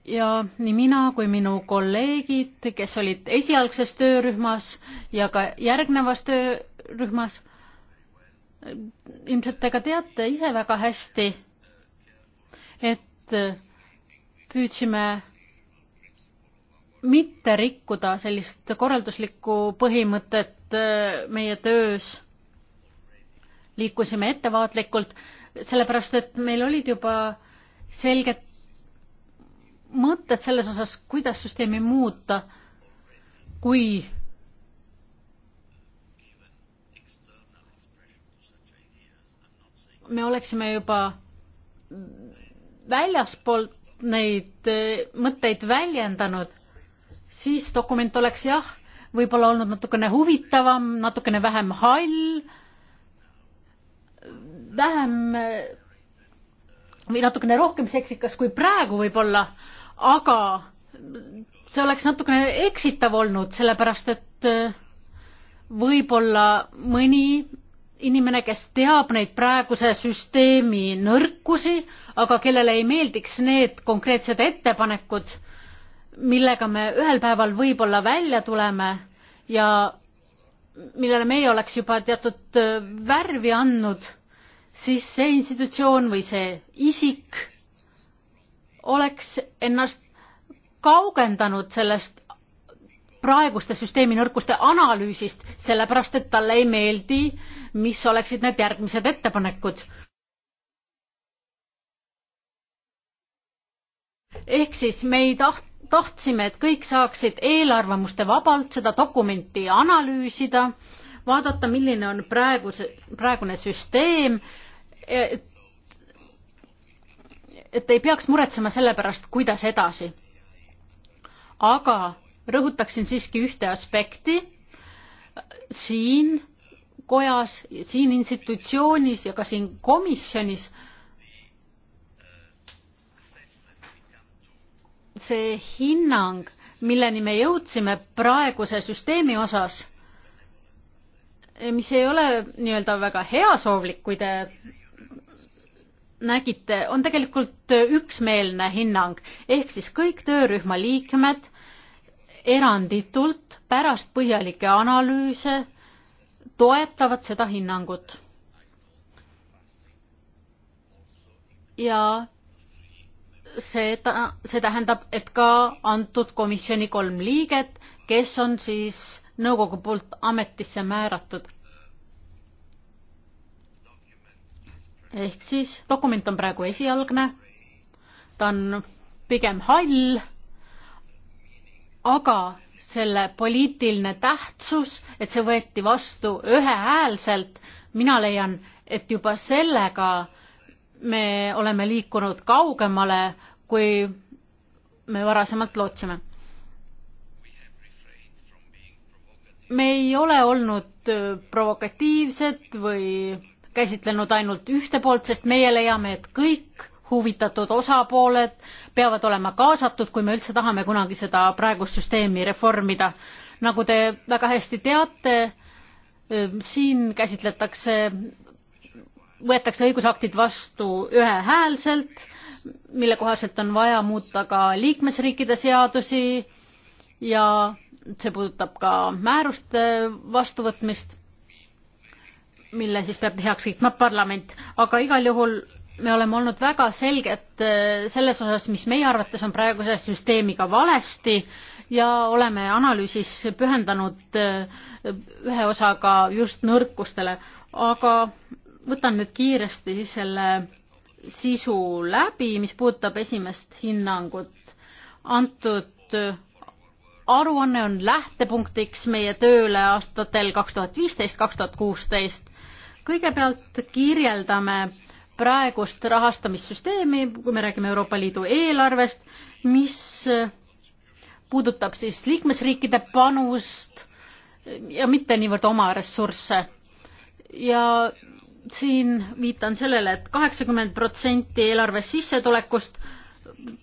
ja nii mina kui minu kolleegid, kes olid esialgses töörühmas ja ka järgnevas töörühmas, ilmselt te ka teate ise väga hästi, et püüdsime mitte rikkuda sellist korralduslikku põhimõtet äh, meie töös. liikusime ettevaatlikult, sellepärast et meil olid juba selged mõtted selles osas, kuidas süsteemi muuta, kui me oleksime juba väljaspoolt neid äh, mõtteid väljendanud siis dokument oleks jah, võib-olla olnud natukene huvitavam, natukene vähem hall, vähem või natukene rohkem seksikas kui praegu võib-olla, aga see oleks natukene eksitav olnud, sellepärast et äh, võib-olla mõni inimene, kes teab neid praeguse süsteemi nõrkusi, aga kellele ei meeldiks need konkreetsed ettepanekud, millega me ühel päeval võib-olla välja tuleme ja millele meie oleks juba teatud äh, värvi andnud, siis see institutsioon või see isik oleks ennast kaugendanud sellest praeguste süsteemi nõrkuste analüüsist, sellepärast et talle ei meeldi, mis oleksid need järgmised ettepanekud. ehk siis me ei taht-, tahtsime, et kõik saaksid eelarvamuste vabalt seda dokumenti analüüsida, vaadata, milline on praeguse, praegune süsteem, et, et ei peaks muretsema selle pärast, kuidas edasi. aga rõhutaksin siiski ühte aspekti siin kojas, siin institutsioonis ja ka siin komisjonis äh, et see hinnang, milleni me jõudsime praeguse süsteemi osas, mis ei ole nii-öelda väga heasoovlik, kui te nägite, on tegelikult üksmeelne hinnang, ehk siis kõik töörühma liikmed eranditult pärast põhjalikke analüüse toetavad seda hinnangut. ja seda, see tähendab, et ka antud komisjoni kolm liiget, kes on siis nõukogu poolt ametisse määratud. ehk siis dokument on praegu esialgne, ta on pigem hall, aga selle poliitiline tähtsus, et see võeti vastu ühehäälselt, mina leian, et juba sellega äh, me oleme liikunud kaugemale, kui me varasemalt lootsime. me ei ole olnud provokatiivsed või käsitlenud ainult ühte poolt, sest meie leiame, et kõik huvitatud osapooled peavad olema kaasatud, kui me üldse tahame kunagi seda praegust süsteemi reformida. nagu te väga hästi teate, siin käsitletakse võetakse õigusaktid vastu ühehäälselt, mille kohaselt on vaja muuta ka liikmesriikide seadusi ja see puudutab ka määruste vastuvõtmist, mille siis peab heaks kiitma parlament, aga igal juhul me oleme olnud väga selged eh, selles osas, mis meie arvates on praeguse süsteemiga valesti ja oleme analüüsis pühendanud eh, ühe osa ka just nõrkustele, aga võtan nüüd kiiresti siis selle sisu läbi, mis puudutab esimest hinnangut. antud aruanne on lähtepunktiks meie tööle aastatel kaks tuhat viisteist, kaks tuhat kuusteist. kõigepealt kirjeldame praegust rahastamissüsteemi, kui me räägime Euroopa Liidu eelarvest, mis puudutab siis liikmesriikide panust ja mitte niivõrd oma ressursse. ja siin viitan sellele et, et kaheksakümmend protsenti eelarve sissetulekust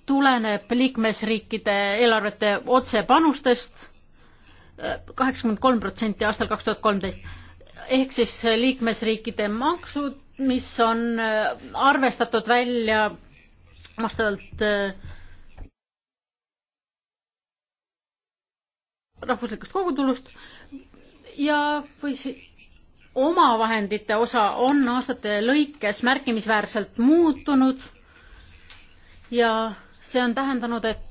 tuleneb liikmesriikide eelarvete otsepanustest, kaheksakümmend kolm protsenti aastal kaks tuhat kolmteist. ehk siis liikmesriikide maksud, mis on äh, arvestatud välja vastavalt äh, rahvuslikust kogutulust ja või si-, omavahendite osa on aastate lõikes märkimisväärselt muutunud ja see on tähendanud, et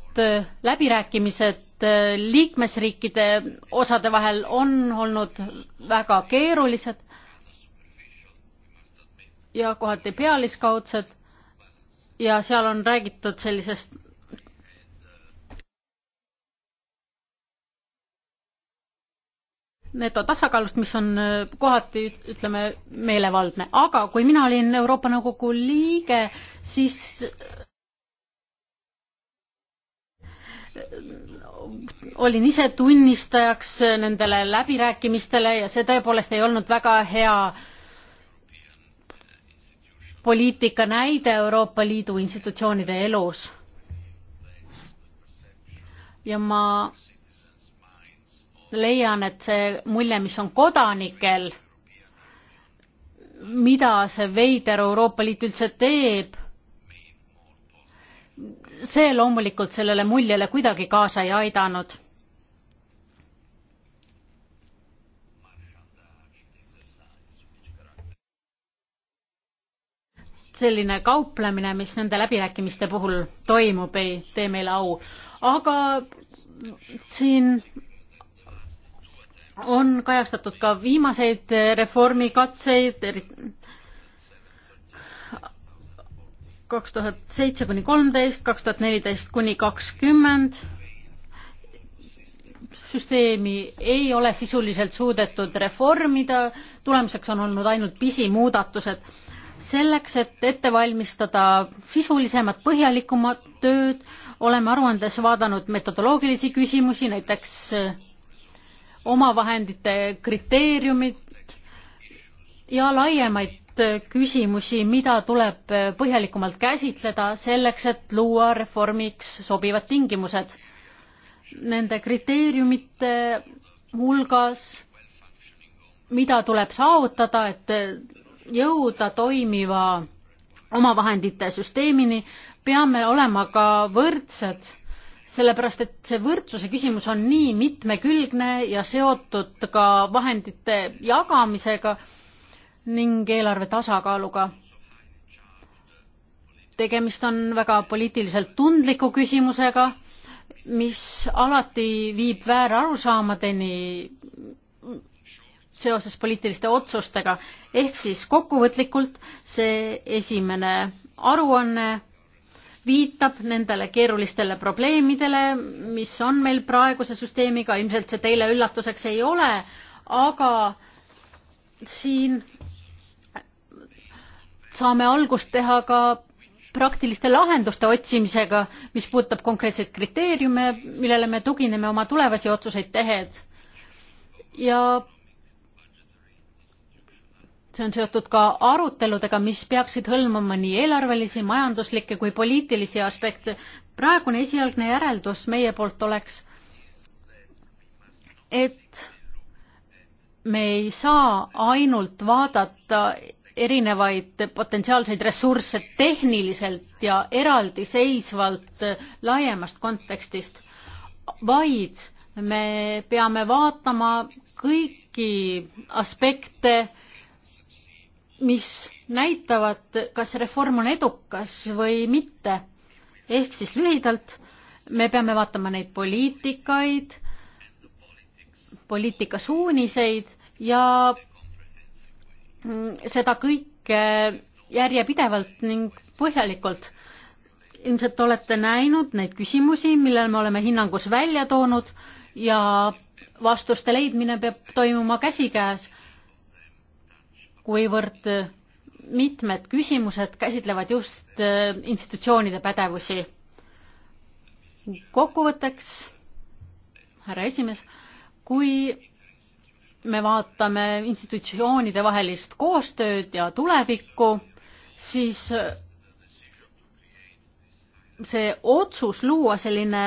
läbirääkimised liikmesriikide osade vahel on olnud väga keerulised ja kohati pealiskaudsed ja seal on räägitud sellisest netotasakaalust, mis on äh, kohati ütleme meelevaldne, aga kui mina olin Euroopa Nõukogu liige, siis äh, olin ise tunnistajaks nendele läbirääkimistele ja see tõepoolest ei olnud väga hea poliitika näide Euroopa Liidu institutsioonide elus. ja ma leian, et see mulje, mis on kodanikel, mida see veider Euroopa Liit üldse teeb, see loomulikult sellele muljele kuidagi kaasa ei aidanud. selline kauplemine, mis nende läbirääkimiste puhul toimub, ei tee meile au. aga siin on kajastatud ka viimaseid reformikatseid, kaks tuhat seitse kuni kolmteist, kaks tuhat neliteist kuni kakskümmend. süsteemi ei ole sisuliselt suudetud reformida, tulemuseks on olnud ainult pisimuudatused. selleks, et ette valmistada sisulisemat, põhjalikumat tööd, oleme aruandes vaadanud metodoloogilisi küsimusi, näiteks omavahendite kriteeriumid ja laiemaid küsimusi, mida tuleb põhjalikumalt käsitleda selleks, et luua reformiks sobivad tingimused. Nende kriteeriumite hulgas, mida tuleb saavutada, et jõuda toimiva omavahendite süsteemini, peame olema ka võrdsed sellepärast et see võrdsuse küsimus on nii mitmekülgne ja seotud ka vahendite jagamisega ning eelarve tasakaaluga. tegemist on väga poliitiliselt tundliku küsimusega, mis alati viib väärarusaamadeni seoses poliitiliste otsustega. ehk siis kokkuvõtlikult see esimene aruanne viitab nendele keerulistele probleemidele, mis on meil praeguse süsteemiga, ilmselt see teile üllatuseks ei ole, aga siin saame algust teha ka praktiliste lahenduste otsimisega, mis puudutab konkreetseid kriteeriume, millele me tugineme oma tulevasi otsuseid tehes. ja see on seotud ka aruteludega, mis peaksid hõlmama nii eelarvelisi, majanduslikke kui poliitilisi aspekte. praegune esialgne järeldus meie poolt oleks, et me ei saa ainult vaadata erinevaid potentsiaalseid ressursse tehniliselt ja eraldiseisvalt laiemast kontekstist, vaid me peame vaatama kõiki aspekte, mis näitavad, kas reform on edukas või mitte. ehk siis lühidalt, me peame vaatama neid poliitikaid, poliitikasuuniseid ja mm, seda kõike järjepidevalt ning põhjalikult. ilmselt olete näinud neid küsimusi, millele me oleme hinnangus välja toonud ja vastuste leidmine peab toimuma käsikäes kuivõrd äh, mitmed küsimused käsitlevad just äh, institutsioonide pädevusi. kokkuvõtteks, härra esimees, kui me vaatame institutsioonide vahelist koostööd ja tulevikku, siis äh, see otsus luua selline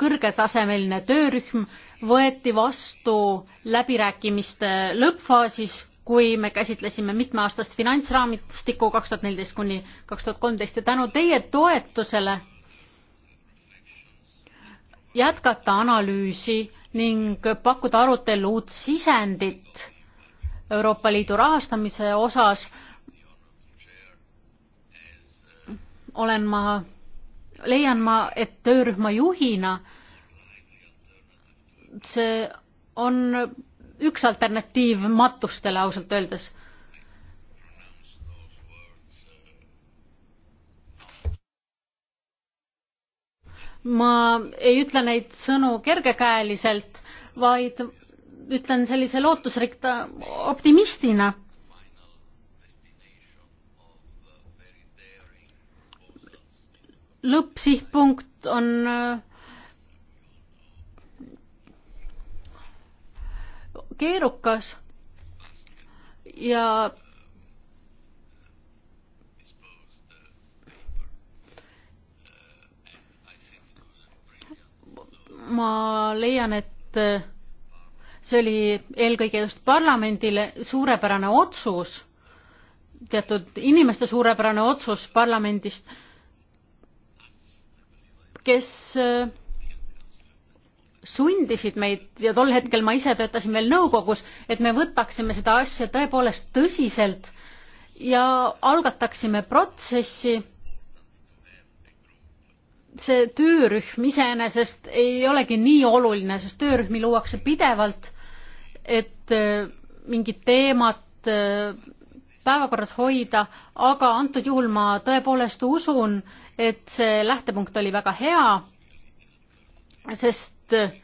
kõrgetasemeline töörühm võeti vastu läbirääkimiste lõppfaasis kui me käsitlesime mitmeaastast finantsraamistikku kaks tuhat neliteist kuni kaks tuhat kolmteist ja tänu teie toetusele jätkata analüüsi ning pakkuda arutellu uut sisendit Euroopa Liidu rahastamise osas olen ma, leian ma, et töörühma juhina see on üks alternatiiv matustele ausalt öeldes. ma ei ütle neid sõnu kergekäeliselt, vaid ütlen sellise lootusrikta optimistina. lõppsihtpunkt on äh, keerukas ja ma leian, et see oli eelkõige just parlamendile suurepärane otsus, teatud inimeste suurepärane otsus parlamendist, kes äh, sundisid meid ja tol hetkel ma ise töötasin veel nõukogus, et me võtaksime seda asja tõepoolest tõsiselt ja algataksime protsessi. see töörühm iseenesest ei olegi nii oluline, sest töörühmi luuakse pidevalt, et äh, mingit teemat äh, päevakorras hoida, aga antud juhul ma tõepoolest usun, et see lähtepunkt oli väga hea, sest sest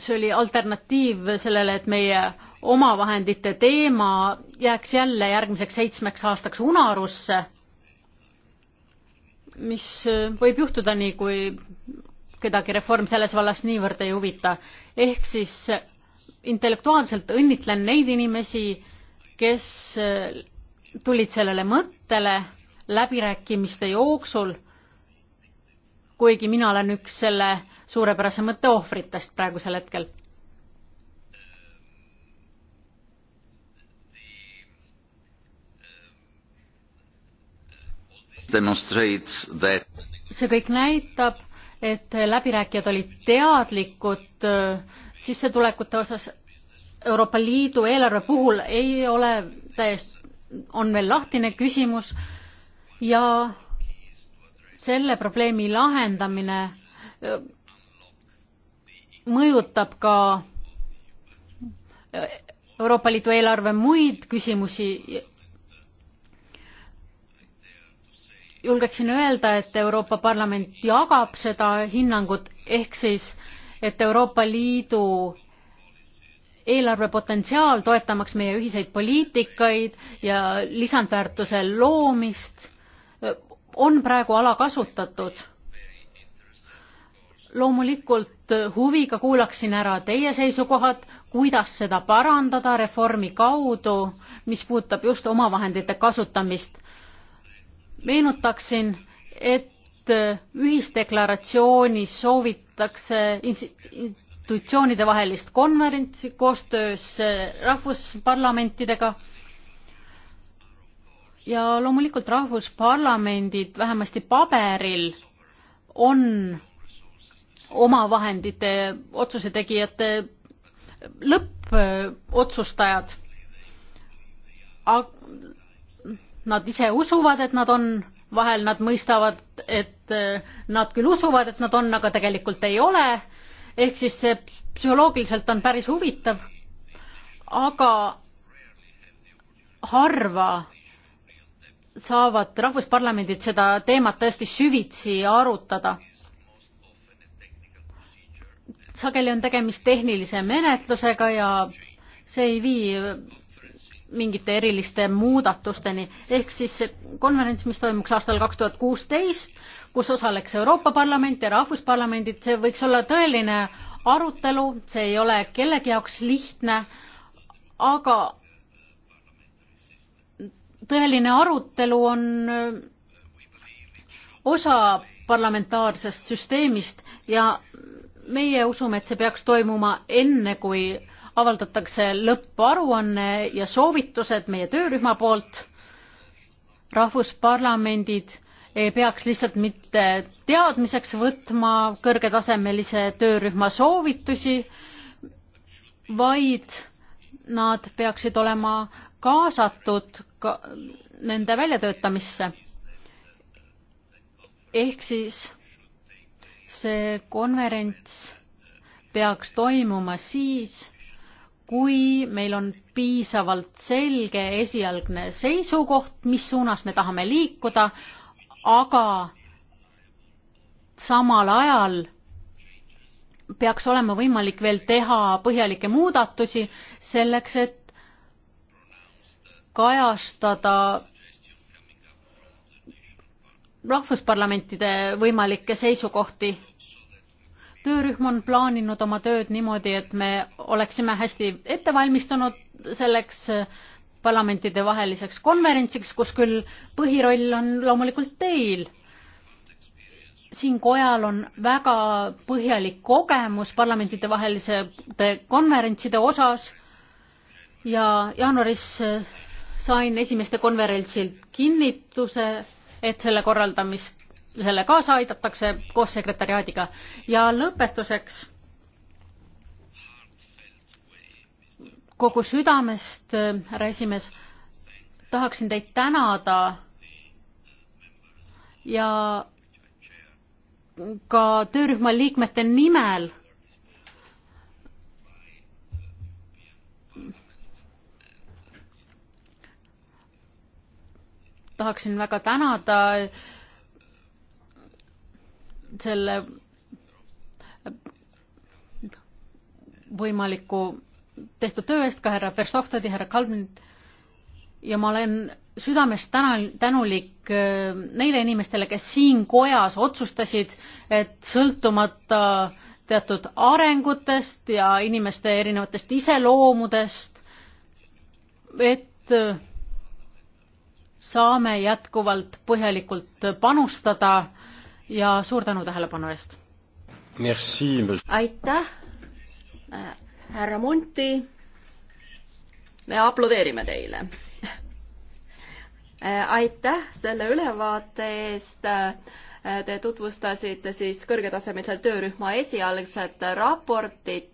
see oli alternatiiv sellele, et meie omavahendite teema jääks jälle järgmiseks seitsmeks aastaks unarusse, mis võib juhtuda nii, kui kedagi reform selles vallas niivõrd ei huvita. ehk siis intellektuaalselt õnnitlen neid inimesi, kes tulid sellele mõttele läbirääkimiste jooksul kuigi mina olen üks selle suurepärase mõtte ohvritest praegusel hetkel. see kõik näitab, et läbirääkijad olid teadlikud äh, sissetulekute osas Euroopa Liidu eelarve puhul ei ole täiesti, on veel lahtine küsimus ja selle probleemi lahendamine mõjutab ka Euroopa Liidu eelarve muid küsimusi. julgeksin öelda, et Euroopa Parlament jagab seda hinnangut, ehk siis, et Euroopa Liidu eelarve potentsiaal toetamaks meie ühiseid poliitikaid ja lisandväärtuse loomist on praegu alakasutatud. loomulikult huviga kuulaksin ära teie seisukohad, kuidas seda parandada reformi kaudu, mis puudutab just omavahendite kasutamist. meenutaksin, et ühisdeklaratsioonis soovitakse institutsioonide vahelist konverentsi koostöös eh, rahvusparlamentidega ja loomulikult rahvusparlamendid vähemasti paberil on omavahendite otsuse tegijate lõppotsustajad. Nad ise usuvad, et nad on, vahel nad mõistavad, et eh, nad küll usuvad, et nad on, aga tegelikult ei ole. ehk siis see psühholoogiliselt on päris huvitav. aga harva saavad rahvusparlamendid seda teemat tõesti süvitsi arutada. sageli on tegemist tehnilise menetlusega ja see ei vii mingite eriliste muudatusteni. ehk siis konverents, mis toimuks aastal kaks tuhat kuusteist, kus osaleks Euroopa Parlament ja rahvusparlamendid, see võiks olla tõeline arutelu, see ei ole kellegi jaoks lihtne, aga tõeline arutelu on äh, osa parlamentaarsest süsteemist ja meie usume, et see peaks toimuma enne, kui avaldatakse lõpparuanne ja soovitused meie töörühma poolt. rahvusparlamendid ei peaks lihtsalt mitte teadmiseks võtma kõrgetasemelise töörühma soovitusi, vaid nad peaksid olema kaasatud ka nende väljatöötamisse. ehk siis see konverents peaks toimuma siis, kui meil on piisavalt selge esialgne seisukoht, mis suunas me tahame liikuda, aga samal ajal peaks olema võimalik veel teha põhjalikke muudatusi selleks, et kajastada rahvusparlamentide võimalikke seisukohti. töörühm on plaaninud oma tööd niimoodi, et me oleksime hästi ette valmistunud selleks parlamentidevaheliseks konverentsiks, kus küll põhiroll on loomulikult teil. siin kojal on väga põhjalik kogemus parlamentidevaheliste konverentside osas ja jaanuaris sain esimeste konverentsilt kinnituse, et selle korraldamist, selle kaasa aidatakse koos sekretäriaadiga. ja lõpetuseks kogu südamest, äh, härra esimees, tahaksin teid tänada ja ka töörühma liikmete nimel tahaksin väga tänada selle võimaliku tehtud töö eest ka härra Versoftadi, härra Kalvinit ja ma olen südamest täna tänulik äh, neile inimestele, kes siin kojas otsustasid, et sõltumata teatud arengutest ja inimeste erinevatest iseloomudest, et äh, saame jätkuvalt põhjalikult panustada ja suur tänu tähelepanu eest. aitäh, härra Munti. me aplodeerime teile. aitäh selle ülevaate eest Te tutvustasite siis kõrgetasemel töörühma esialgset raportit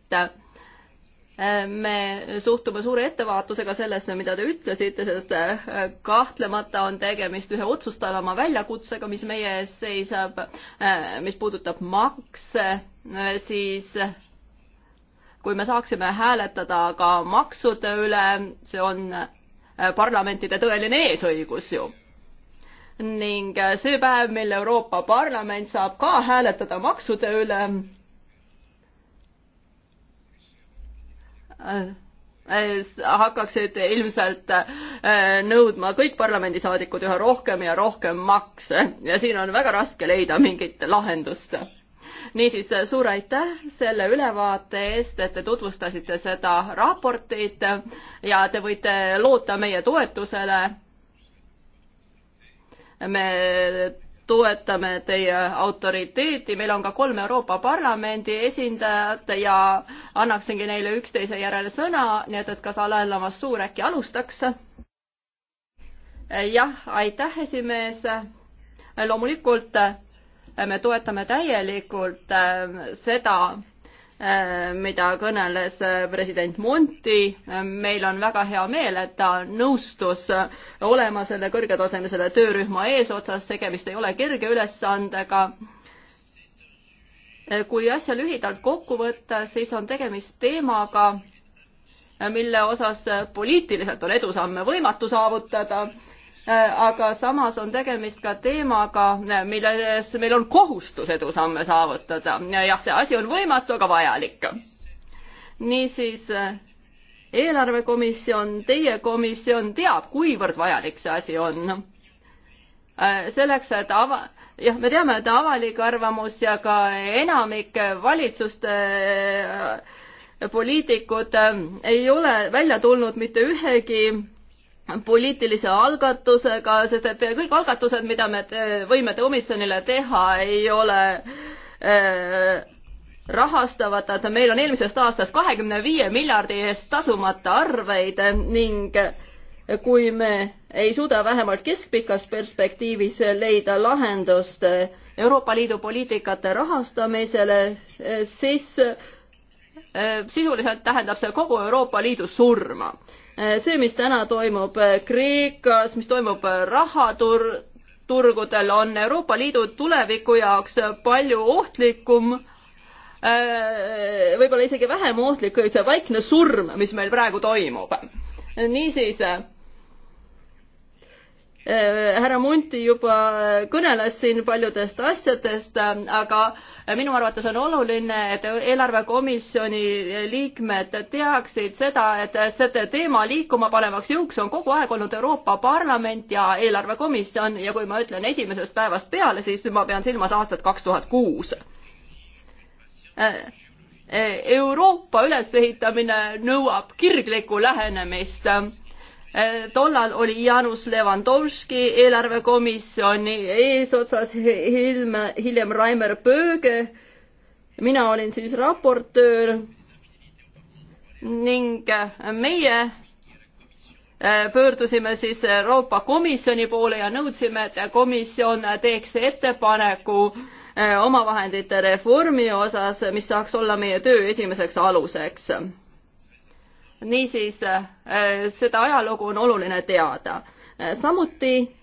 me suhtume suure ettevaatusega sellesse, mida te ütlesite, sest äh, kahtlemata on tegemist ühe otsustavama väljakutsega, mis meie ees seisab, äh, mis puudutab makse, äh, siis kui me saaksime hääletada ka maksude üle, see on parlamentide tõeline eesõigus ju ning see päev, mil Euroopa Parlament saab ka hääletada maksude üle, Äh, äh, hakkaksid ilmselt äh, nõudma kõik parlamendisaadikud üha rohkem ja rohkem makse ja siin on väga raske leida mingit lahendust. niisiis, suur aitäh selle ülevaate eest, et te tutvustasite seda raportit ja te võite loota meie toetusele. me toetame teie autoriteeti, meil on ka kolm Euroopa Parlamendi esindajat ja annaksingi neile üksteise järel sõna, nii et, et kas Alain Lamassoor äkki alustaks? jah, aitäh, esimees. loomulikult me toetame täielikult äh, seda Äh, mida kõneles äh, president Monti. Äh, meil on väga hea meel, et ta nõustus olema selle kõrgetasemelisele töörühma eesotsas, tegemist ei ole kerge ülesandega. kui asja lühidalt kokku võtta, siis on tegemist teemaga, mille osas poliitiliselt on edusamme võimatu saavutada Äh, aga samas on tegemist ka teemaga, äh, milles meil on kohustus edusamme saavutada. jah, see asi on võimatu, aga vajalik. niisiis, äh, eelarvekomisjon, teie komisjon teab, kuivõrd vajalik see asi on. selleks, et ava-, jah, me teame, et avalik arvamus ja ka enamik valitsuste poliitikud ei ole välja tulnud mitte ühegi poliitilise algatusega, sest et kõik algatused, mida me võime komisjonile teha, ei ole äh, rahastavad, et meil on eelmisest aastast kahekümne viie miljardi eest tasumata arveid ning kui me ei suuda vähemalt keskpikas perspektiivis leida lahendust Euroopa Liidu poliitikate rahastamisele, siis äh, sisuliselt tähendab see kogu Euroopa Liidu surma Äh, see, mis täna toimub äh, Kreekas, mis toimub äh, rahatur-, turgudel, on Euroopa Liidu tuleviku jaoks palju ohtlikum, võib-olla isegi vähem ohtlik kui see vaikne surm, mis meil praegu toimub. niisiis Äh, härra Munti juba kõneles siin paljudest asjadest, aga minu arvates on oluline, et eelarvekomisjoni liikmed teaksid seda, et seda teema liikuma panevaks jõuks on kogu aeg olnud Euroopa Parlament ja eelarvekomisjon ja kui ma ütlen esimesest päevast peale, siis ma pean silmas aastat kaks tuhat kuus äh, Euroopa ülesehitamine nõuab kirglikku lähenemist Äh, tollal oli Janus Levandovski eelarvekomisjoni eesotsas, hiljem, hiljem Raimer Pööge. mina olin siis raportöör ning äh, meie äh, pöördusime siis Euroopa Komisjoni poole ja nõudsime, et komisjon teeks ettepaneku omavahendite reformi osas, mis saaks olla meie töö esimeseks aluseks niisiis äh, seda ajalugu on oluline teada. Äh, samuti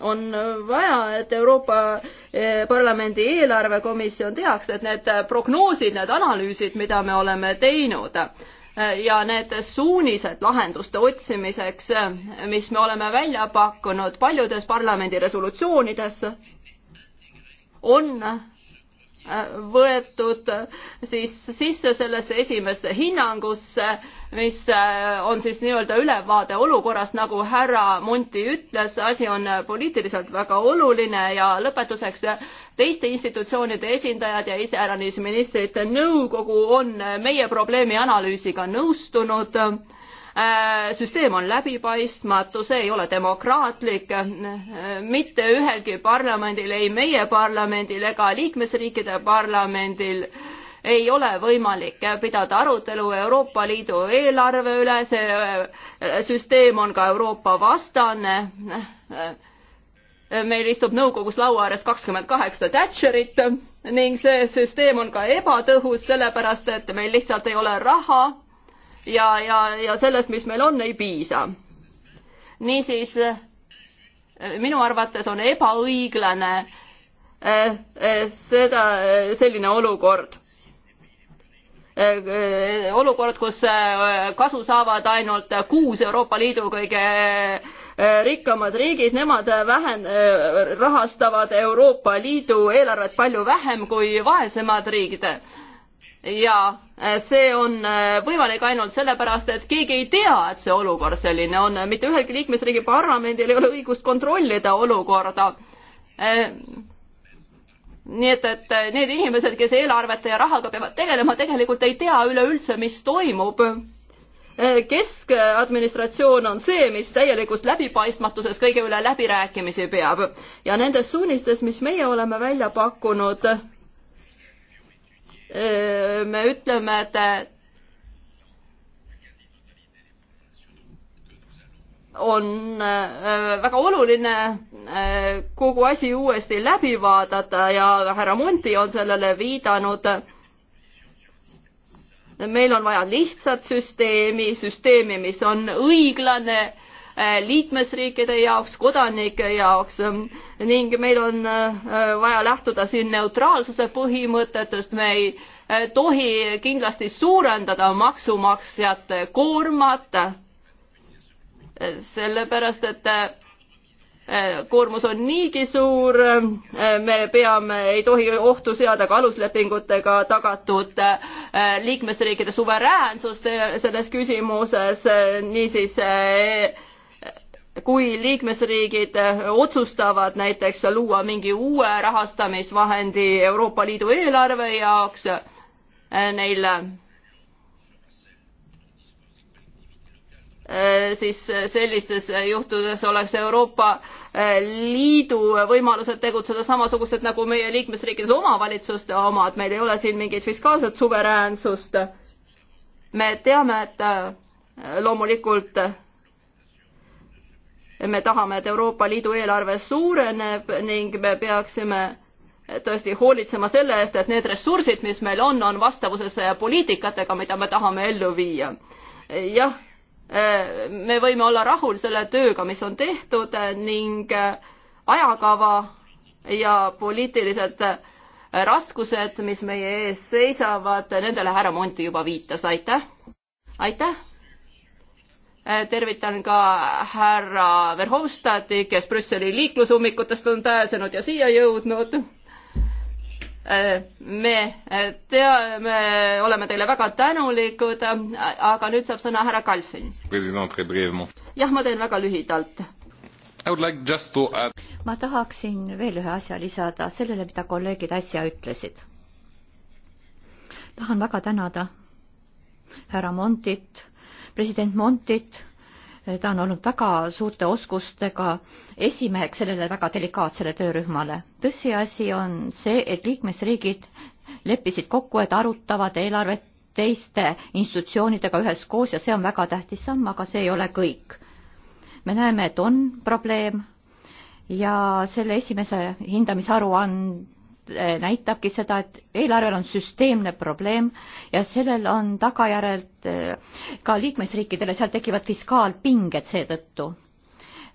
on vaja, et Euroopa äh, Parlamendi eelarvekomisjon teaks, et need prognoosid, need analüüsid, mida me oleme teinud ja need suunised lahenduste otsimiseks, mis me oleme välja pakkunud paljudes parlamendi resolutsioonides, on võetud siis sisse sellesse esimesse hinnangusse, mis äh, on siis nii-öelda ülevaade olukorrast, nagu härra Munti ütles, asi on poliitiliselt väga oluline ja lõpetuseks teiste institutsioonide esindajad ja iseäranis ministrite nõukogu on meie probleemi analüüsiga nõustunud Äh, süsteem on läbipaistmatu, see ei ole demokraatlik, äh, mitte ühelgi parlamendil, ei meie parlamendil ega liikmesriikide parlamendil ei ole võimalik pidada arutelu Euroopa Liidu eelarve üle, see äh, süsteem on ka Euroopa vastane. meil istub nõukogus laua ääres kakskümmend kaheksa Thatcherit ning see süsteem on ka ebatõhus, sellepärast et meil lihtsalt ei ole raha ja, ja, ja sellest, mis meil on, ei piisa. niisiis äh, minu arvates on ebaõiglane äh, äh, seda, selline olukord olukord, kus kasu saavad ainult kuus Euroopa Liidu kõige rikkamad riigid, nemad vähen-, rahastavad Euroopa Liidu eelarvet palju vähem kui vaesemad riigid ja äh, see on äh, võimalik ainult sellepärast, et keegi ei tea, et see olukord selline on, mitte ühelgi liikmesriigi parlamendil ei ole õigust kontrollida olukorda. Äh, nii et, et need inimesed, kes eelarvete ja rahaga peavad tegelema, tegelikult ei tea üleüldse, mis toimub. keskadministratsioon on see, mis täielikus läbipaistmatuses kõige üle läbirääkimisi peab ja nendes suunistes, mis meie oleme välja pakkunud, me ütleme, et on väga oluline kogu asi uuesti läbi vaadata ja härra Munti on sellele viidanud. meil on vaja lihtsat süsteemi, süsteemi, mis on õiglane Äh, liikmesriikide jaoks, kodanike jaoks ähm, ning meil on äh, vaja lähtuda siin neutraalsuse põhimõtetest, me ei äh, tohi kindlasti suurendada maksumaksjate koormat, sellepärast et koormus on niigi suur, me peame, ei tohi ohtu seada ka aluslepingutega tagatud liikmesriikide suveräänsust selles küsimuses, niisiis kui liikmesriigid eh, otsustavad näiteks luua mingi uue rahastamisvahendi Euroopa Liidu eelarve jaoks, eh, neil eh, siis sellistes juhtudes oleks Euroopa Liidu võimalused tegutseda samasugused nagu meie liikmesriikides omavalitsuste omad, meil ei ole siin mingit fiskaalset suveräänsust. me teame, et loomulikult me tahame, et Euroopa Liidu eelarve suureneb ning me peaksime tõesti hoolitsema selle eest, et need ressursid, mis meil on, on vastavuses äh, poliitikatega, mida me tahame ellu viia. jah, äh, me võime olla rahul selle tööga, mis on tehtud äh, ning ajakava ja poliitilised raskused, mis meie ees seisavad, nendele härra Monti juba viitas, aitäh. aitäh Äh, tervitan ka härra Verhofstadti, kes Brüsseli liiklusummikutest on pääsenud ja siia jõudnud. Äh, me äh, tea, me oleme teile väga tänulikud, aga nüüd saab sõna härra Kalfin. jah, ma teen väga lühidalt. Like to... ma tahaksin veel ühe asja lisada sellele, mida kolleegid äsja ütlesid. tahan väga tänada härra Montit president Montit. ta on olnud väga suurte oskustega esimeheks sellele väga delikaatsele töörühmale. tõsiasi on see, et liikmesriigid leppisid kokku, et arutavad eelarvet teiste institutsioonidega üheskoos ja see on väga tähtis samm, aga see ei ole kõik. me näeme, et on probleem ja selle esimese hindamisaruande Eh, näitabki seda, et eelarvel on süsteemne probleem ja sellel on tagajärjed eh, ka liikmesriikidele, seal tekivad fiskaalpinged seetõttu.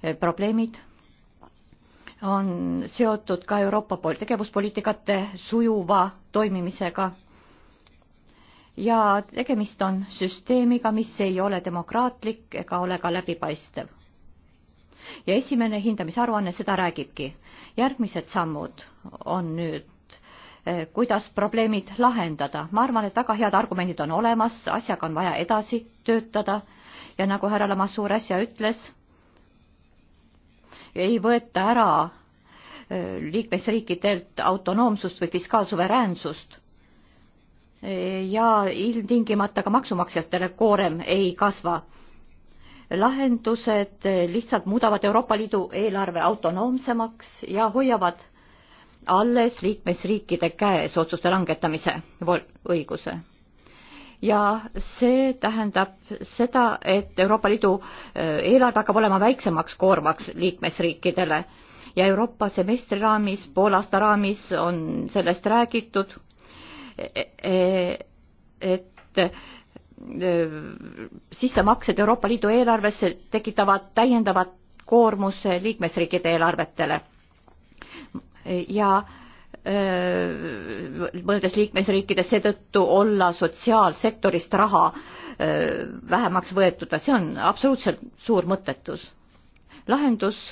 Eh, probleemid on seotud ka Euroopa poolt tegevuspoliitikate sujuva toimimisega. ja tegemist on süsteemiga, mis ei ole demokraatlik ega ole ka läbipaistev. ja esimene hindamisaruanne seda räägibki järgmised sammud on nüüd, eh, kuidas probleemid lahendada. ma arvan, et väga head argumendid on olemas, asjaga on vaja edasi töötada ja nagu härra Lamassuur äsja ütles, ei võeta ära eh, liikmesriikidelt autonoomsust või fiskaalsuveräänsust eh, ja ilmtingimata ka maksumaksjatele koorem ei kasva lahendused lihtsalt muudavad Euroopa Liidu eelarve autonoomsemaks ja hoiavad alles liikmesriikide käes otsuste langetamise õiguse. ja see tähendab seda, et Euroopa Liidu äh, eelarve hakkab olema väiksemaks koormaks liikmesriikidele ja Euroopa semestri raamis, poolaasta raamis on sellest räägitud, e-, e-, et Äh, sissemaksed Euroopa Liidu eelarvesse tekitavad täiendavat koormuse liikmesriikide eelarvetele. ja äh, mõnedes liikmesriikides seetõttu olla sotsiaalsektorist raha äh, vähemaks võetud, see on absoluutselt suur mõttetus. lahendus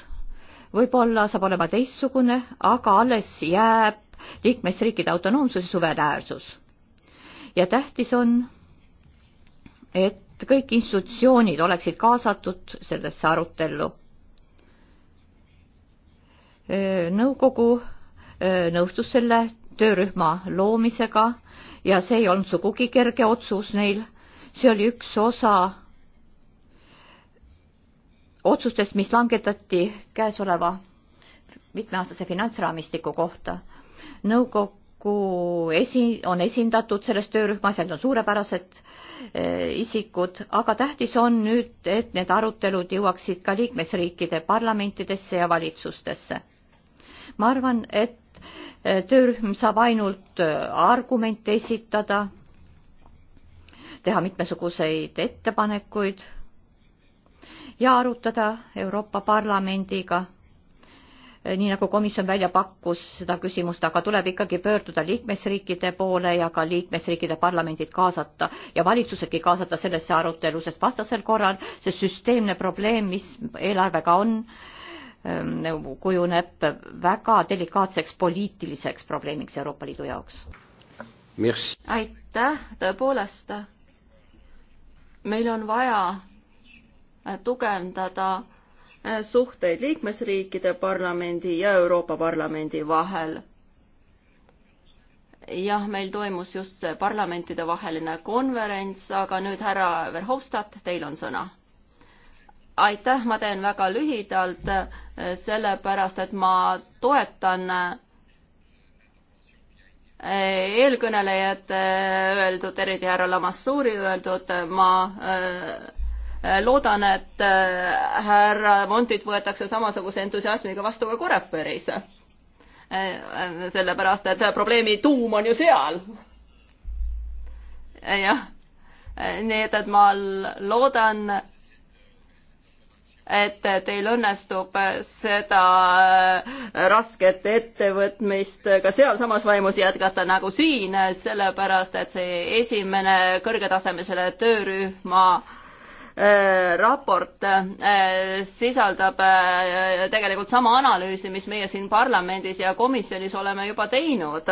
võib-olla saab olema teistsugune, aga alles jääb liikmesriikide autonoomsus ja suveräärsus. ja tähtis on et kõik institutsioonid oleksid kaasatud sellesse arutellu. nõukogu nõustus selle töörühma loomisega ja see ei olnud sugugi kerge otsus neil, see oli üks osa otsustest, mis langetati käesoleva mitmeaastase finantsraamistiku kohta. nõukogu paraku esi, on esindatud selles töörühmas ja need on suurepärased eh, isikud, aga tähtis on nüüd, et need arutelud jõuaksid ka liikmesriikide parlamentidesse ja valitsustesse. ma arvan, et eh, töörühm saab ainult eh, argumente esitada, teha mitmesuguseid ettepanekuid ja arutada Euroopa Parlamendiga Eh, nii nagu komisjon välja pakkus seda küsimust, aga tuleb ikkagi pöörduda liikmesriikide poole ja ka liikmesriikide parlamendid kaasata ja valitsusedki kaasata sellesse arutelu, sest vastasel korral see süsteemne probleem, mis eelarvega on, ehm, kujuneb väga delikaatseks poliitiliseks probleemiks Euroopa Liidu jaoks. aitäh, tõepoolest. meil on vaja tugevdada Äh, suhteid liikmesriikide parlamendi ja Euroopa Parlamendi vahel. jah, meil toimus just see parlamentidevaheline konverents, aga nüüd härra Verhofstadt, teil on sõna. aitäh, ma teen väga lühidalt, äh, sellepärast et ma toetan äh, eelkõnelejate öeldud, eriti härra Lamassuuri öeldud, ma Äh, loodan, et äh, härra Montit võetakse samasuguse entusiasmiga vastu ka Koreperis. Äh, sellepärast, et probleemi tuum on ju seal. jah, nii et, et ma loodan, et teil õnnestub seda rasket ettevõtmist ka sealsamas vaimus jätkata nagu siin, sellepärast et see esimene kõrgetasemesele töörühma Äh, raport äh, sisaldab äh, tegelikult sama analüüsi, mis meie siin parlamendis ja komisjonis oleme juba teinud.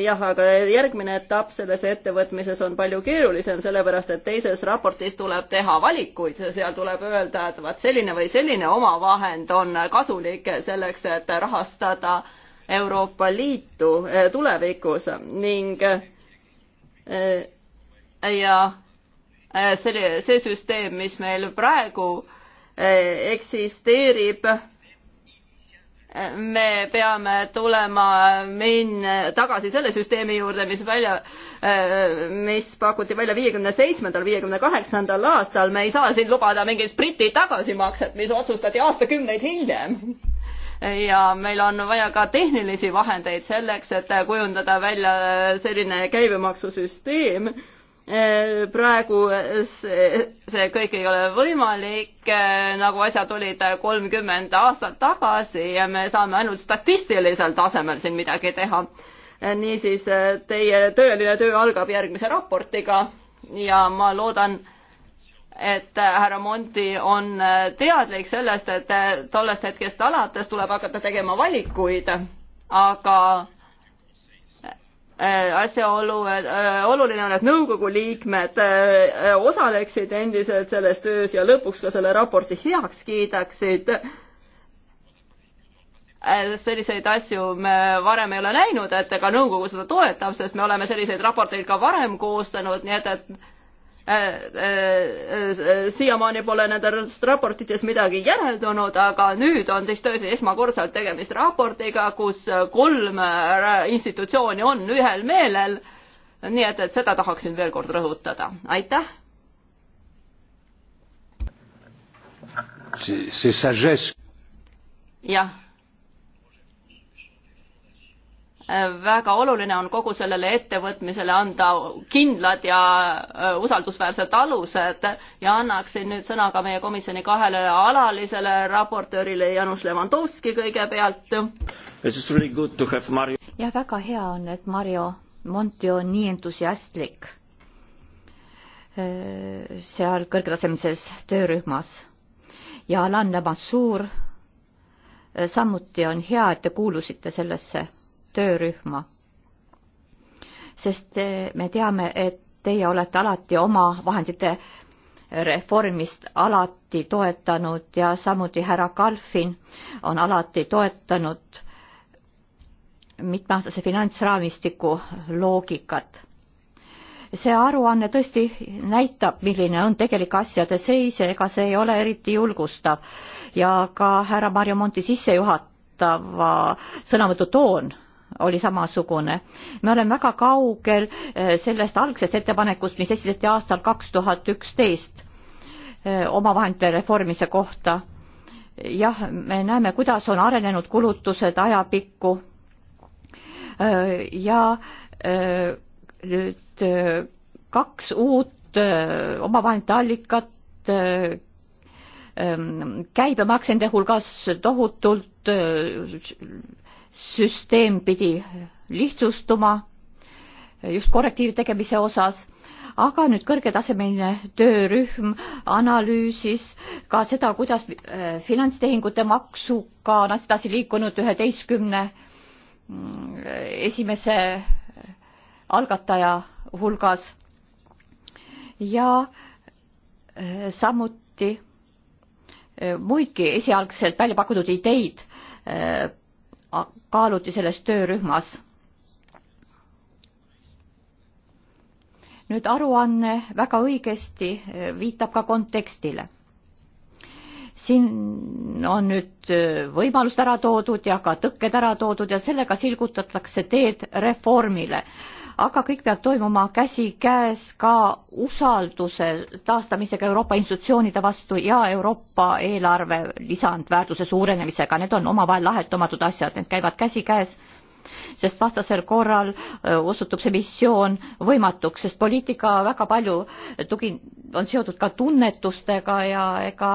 jah, aga järgmine etapp selles ettevõtmises on palju keerulisem, sellepärast et teises raportis tuleb teha valikuid, seal tuleb öelda, et vaat selline või selline omavahend on kasulik selleks, et rahastada Euroopa Liitu tulevikus ning ja Äh, selle, see süsteem, mis meil praegu äh, eksisteerib, äh, me peame tulema min-, tagasi selle süsteemi juurde, mis välja, mis pakuti välja viiekümne seitsmendal, viiekümne kaheksandal aastal, me ei saa siin lubada mingit Briti tagasimakset, mis otsustati aastakümneid hiljem ja meil on vaja ka tehnilisi vahendeid selleks, et kujundada välja selline käibemaksusüsteem Eh, praegu eh, see, see kõik ei ole võimalik, eh, nagu asjad olid kolmkümmend aastat tagasi ja me saame ainult statistilisel tasemel siin midagi teha. niisiis, teie tõeline töö algab järgmise raportiga ja ma loodan, et härra Monti on teadlik sellest, et tollest hetkest alates tuleb hakata tegema valikuid, aga Äh, asjaolu, et äh, oluline on, et nõukogu liikmed äh, osaleksid endiselt selles töös ja lõpuks ka selle raporti heaks kiidaksid. selliseid asju me varem ei ole näinud, et ka nõukogu seda toetab, sest me oleme selliseid raporteid ka varem koostanud, nii et, et siiamaani pole nendest raportitest midagi järeldunud, aga nüüd on siis tõesti esmakordselt tegemist raportiga, kus kolm institutsiooni on ühel meelel. nii et, et seda tahaksin veel kord rõhutada, aitäh. jah väga oluline on kogu sellele ettevõtmisele anda kindlad ja äh, usaldusväärsed alused ja annaksin nüüd sõna ka meie komisjoni kahele alalisele raportöörile Janus Levandovski kõigepealt. jah, väga hea on, et Mario Monti on nii entusiastlik äh, seal kõrgetasemelises töörühmas ja Alan Lamassoor äh, samuti on hea, et te kuulusite sellesse töörühma. sest eh, me teame, et teie olete alati oma vahendite reformist alati toetanud ja samuti härra Kalfin on alati toetanud mitmeaastase finantsraamistiku loogikat. see aruanne tõesti näitab, milline on tegelik asjade seis ja ega see ei ole eriti julgustav ja ka härra Marju Monti sissejuhatava sõnavõtu toon oli samasugune. me oleme väga kaugel eh, sellest algsest ettepanekust, mis esitati aastal kaks tuhat üksteist eh, omavahendite reformise kohta. jah, me näeme, kuidas on arenenud kulutused ajapikku eh, ja nüüd kaks uut omavahendite allikat käibemaks nende hulgas tohutult süsteem pidi lihtsustuma just korrektiivi tegemise osas, aga nüüd kõrgetasemeline töörühm analüüsis ka seda, kuidas äh, finantstehingute maksuga on asjad edasi liikunud üheteistkümne mm, esimese äh, algataja hulgas ja äh, samuti muidki esialgselt välja pakutud ideid kaaluti selles töörühmas. nüüd aruanne väga õigesti eh, viitab ka kontekstile. siin on nüüd eh, võimalused ära toodud ja ka tõkked ära toodud ja sellega silgutatakse teed reformile aga kõik peab toimuma käsikäes ka usalduse taastamisega Euroopa institutsioonide vastu ja Euroopa eelarve lisandväärtuse suurenemisega, need on omavahel lahetomatud asjad, need käivad käsikäes sest vastasel korral osutub see missioon võimatuks, sest poliitika väga palju tugi-, on seotud ka tunnetustega ja ega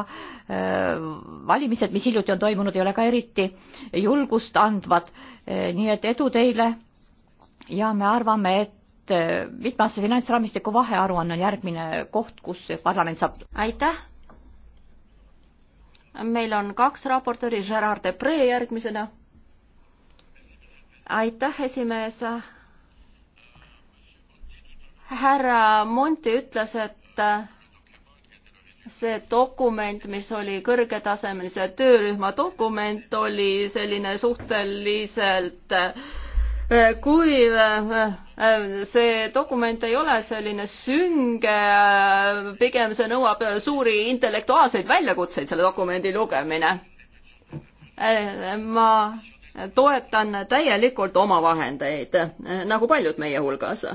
valimised, mis hiljuti on toimunud, ei ole ka eriti julgust andvad. nii et edu teile ja me arvame, et äh, mitmeaastase finantsraamistiku vahearuanne on järgmine koht, kus parlament saab. aitäh. meil on kaks raportööri, Gerard Depree järgmisena. aitäh, esimees. härra Monti ütles, et äh, see dokument, mis oli kõrgetasemelise töörühma dokument, oli selline suhteliselt äh, kui äh, äh, see dokument ei ole selline sünge, äh, pigem see nõuab suuri intellektuaalseid väljakutseid, selle dokumendi lugemine. ma toetan täielikult omavahendeid, nagu paljud meie hulgas.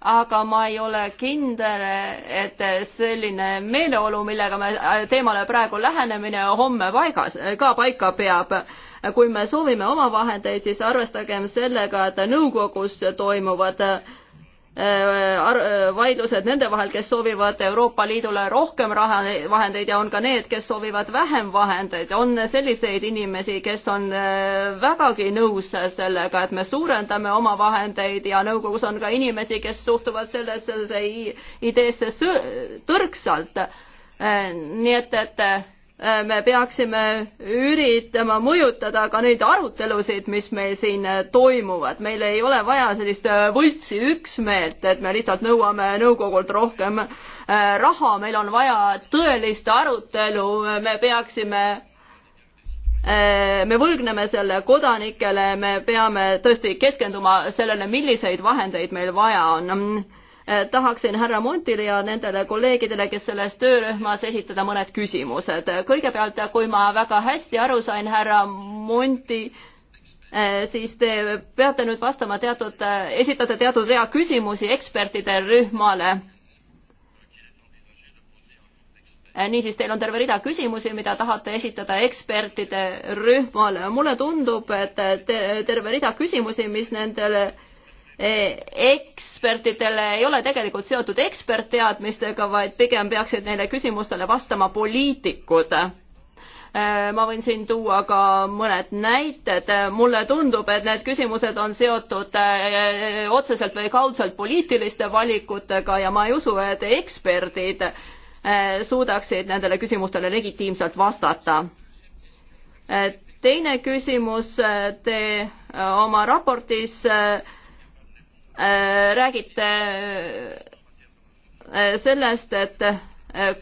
aga ma ei ole kindel, et selline meeleolu, millega me teemale praegu läheneme, homme paigas, ka paika peab kui me soovime omavahendeid, siis arvestagem sellega, et nõukogus toimuvad äh, vaidlused nende vahel, kes soovivad Euroopa Liidule rohkem raha, vahendeid ja on ka need, kes soovivad vähem vahendeid. on selliseid inimesi, kes on äh, vägagi nõus sellega, et me suurendame oma vahendeid ja nõukogus on ka inimesi, kes suhtuvad sellesse ideesse tõrksalt. Äh, nii et, et Äh, me peaksime üritama mõjutada ka neid arutelusid, mis meil siin äh, toimuvad. meil ei ole vaja sellist äh, võltsi üksmeelt, et me lihtsalt nõuame nõukogult rohkem raha, meil on vaja tõelist arutelu, me peaksime me võlgneme selle kodanikele, me peame tõesti keskenduma sellele, milliseid vahendeid meil vaja on Eh, tahaksin härra Montile ja nendele kolleegidele, kes selles töörühmas, esitada mõned küsimused. Eh, kõigepealt, kui ma väga hästi aru sain, härra Monti, eh, siis te peate nüüd vastama teatud, esitate teatud rea küsimusi ekspertide rühmale. niisiis, teil on terve rida küsimusi, mida tahate esitada ekspertide rühmale. mulle tundub, et terve rida küsimusi, mis nendele Eh, ekspertidele ei ole tegelikult seotud ekspertteadmistega, vaid pigem peaksid neile küsimustele vastama poliitikud. Eh, ma võin siin tuua ka mõned näited, mulle tundub, et need küsimused on seotud eh, otseselt või kaudselt poliitiliste valikutega ja ma ei usu, et eksperdid suudaksid nendele küsimustele legitiimselt vastata. teine küsimus, te oma raportis äh, Äh, räägite äh, sellest, et äh,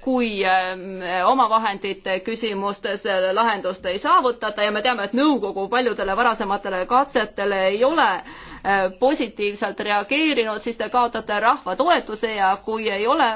kui ähm, omavahendite küsimustes lahendust ei saavutata ja me teame, et nõukogu paljudele varasematele katsetele ei ole positiivselt reageerinud, siis te kaotate rahva toetuse ja kui ei ole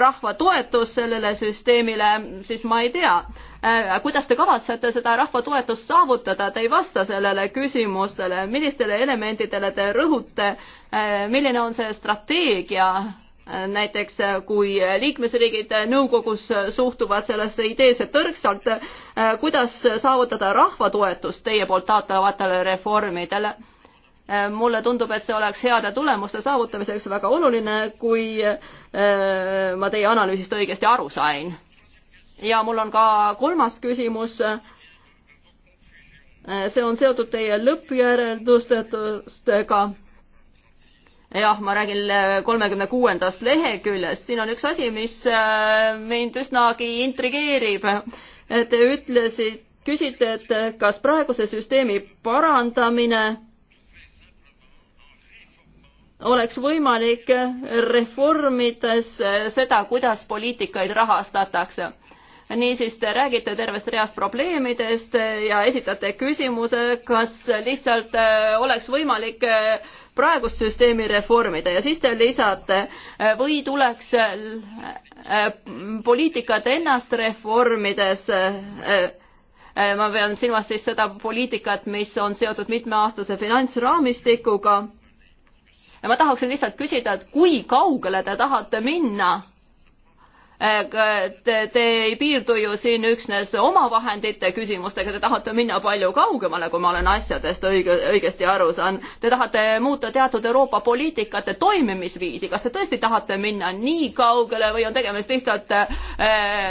rahva toetus sellele süsteemile, siis ma ei tea Äh, kuidas te kavatsete seda rahva toetust saavutada, te ei vasta sellele küsimustele, millistele elementidele te rõhute, äh, milline on see strateegia, äh, näiteks kui liikmesriigid nõukogus suhtuvad sellesse ideesse tõrksalt, kuidas saavutada rahva toetust teie poolt taotlevatele reformidele? mulle tundub, et see oleks heade tulemuste saavutamiseks väga oluline, kui ma teie analüüsist õigesti aru sain ja mul on ka kolmas küsimus. see on seotud teie lõppjäreldustega. jah, ma räägin kolmekümne kuuendast leheküljest, siin on üks asi, mis äh, mind üsnagi intrigeerib. Te ütlesite, küsite, et kas praeguse süsteemi parandamine oleks võimalik reformides seda, kuidas poliitikaid rahastatakse niisiis te räägite tervest reast probleemidest ja esitate küsimuse, kas lihtsalt äh, oleks võimalik äh, praegust süsteemi reformida ja siis te lisate äh, või tuleks poliitikat ennast reformides ma pean silmas siis seda poliitikat, mis on seotud mitmeaastase finantsraamistikuga. ma tahaksin lihtsalt küsida, et kui kaugele te tahate minna Äh, te, te ei piirdu ju siin üksnes omavahendite küsimustega, te tahate minna palju kaugemale, kui ma olen asjadest õige, õigesti aru saan. Te tahate muuta teatud Euroopa poliitikate toimimisviisi, kas te tõesti tahate minna nii kaugele või on tegemist lihtsalt äh,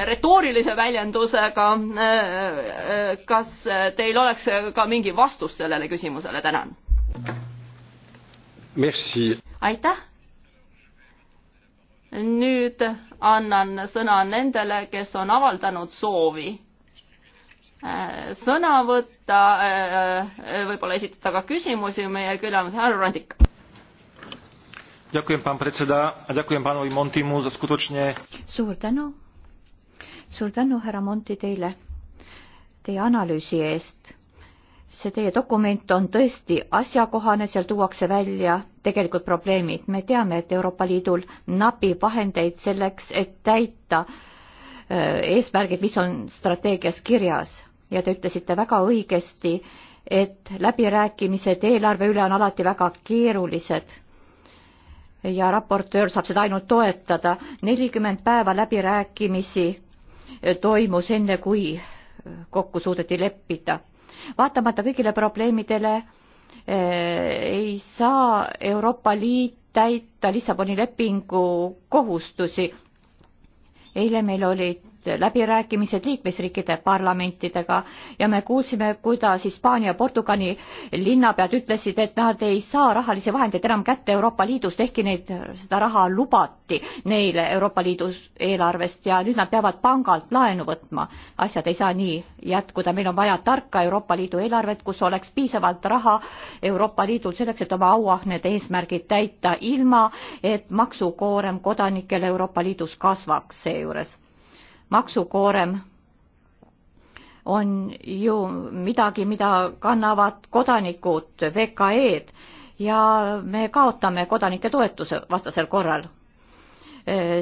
retoorilise väljendusega äh,? äh kas teil oleks ka mingi vastus sellele küsimusele, tänan? aitäh nüüd annan sõna nendele, kes on avaldanud soovi äh, sõna võtta, äh, äh, võib-olla esitada ka küsimusi meie külalisele, härra Randik. suur tänu, suur tänu, härra Monti, teile, teie analüüsi eest see teie dokument on tõesti asjakohane, seal tuuakse välja tegelikud probleemid. me teame, et Euroopa Liidul napib vahendeid selleks, et täita äh, eesmärgid, mis on strateegias kirjas ja te ütlesite väga õigesti, et läbirääkimised eelarve üle on alati väga keerulised ja raportöör saab seda ainult toetada. nelikümmend päeva läbirääkimisi toimus enne, kui kokku suudeti leppida vaatamata kõigile probleemidele eh, ei saa Euroopa Liit täita Lissaboni lepingu kohustusi. eile meil olid olid läbirääkimised liikmesriikide parlamentidega ja me kuulsime, kuidas Hispaania ja Portugali linnapead ütlesid, et nad ei saa rahalisi vahendeid enam kätte Euroopa Liidust, ehkki neid, seda raha lubati neile Euroopa Liidus eelarvest ja nüüd nad peavad pangalt laenu võtma. asjad ei saa nii jätkuda, meil on vaja tarka Euroopa Liidu eelarvet, kus oleks piisavalt raha Euroopa Liidul selleks, et oma auahned eesmärgid täita, ilma et maksukoorem kodanikel Euroopa Liidus kasvaks seejuures maksukoorem on ju midagi, mida kannavad kodanikud, VKE-d ja me kaotame kodanike toetuse vastasel korral.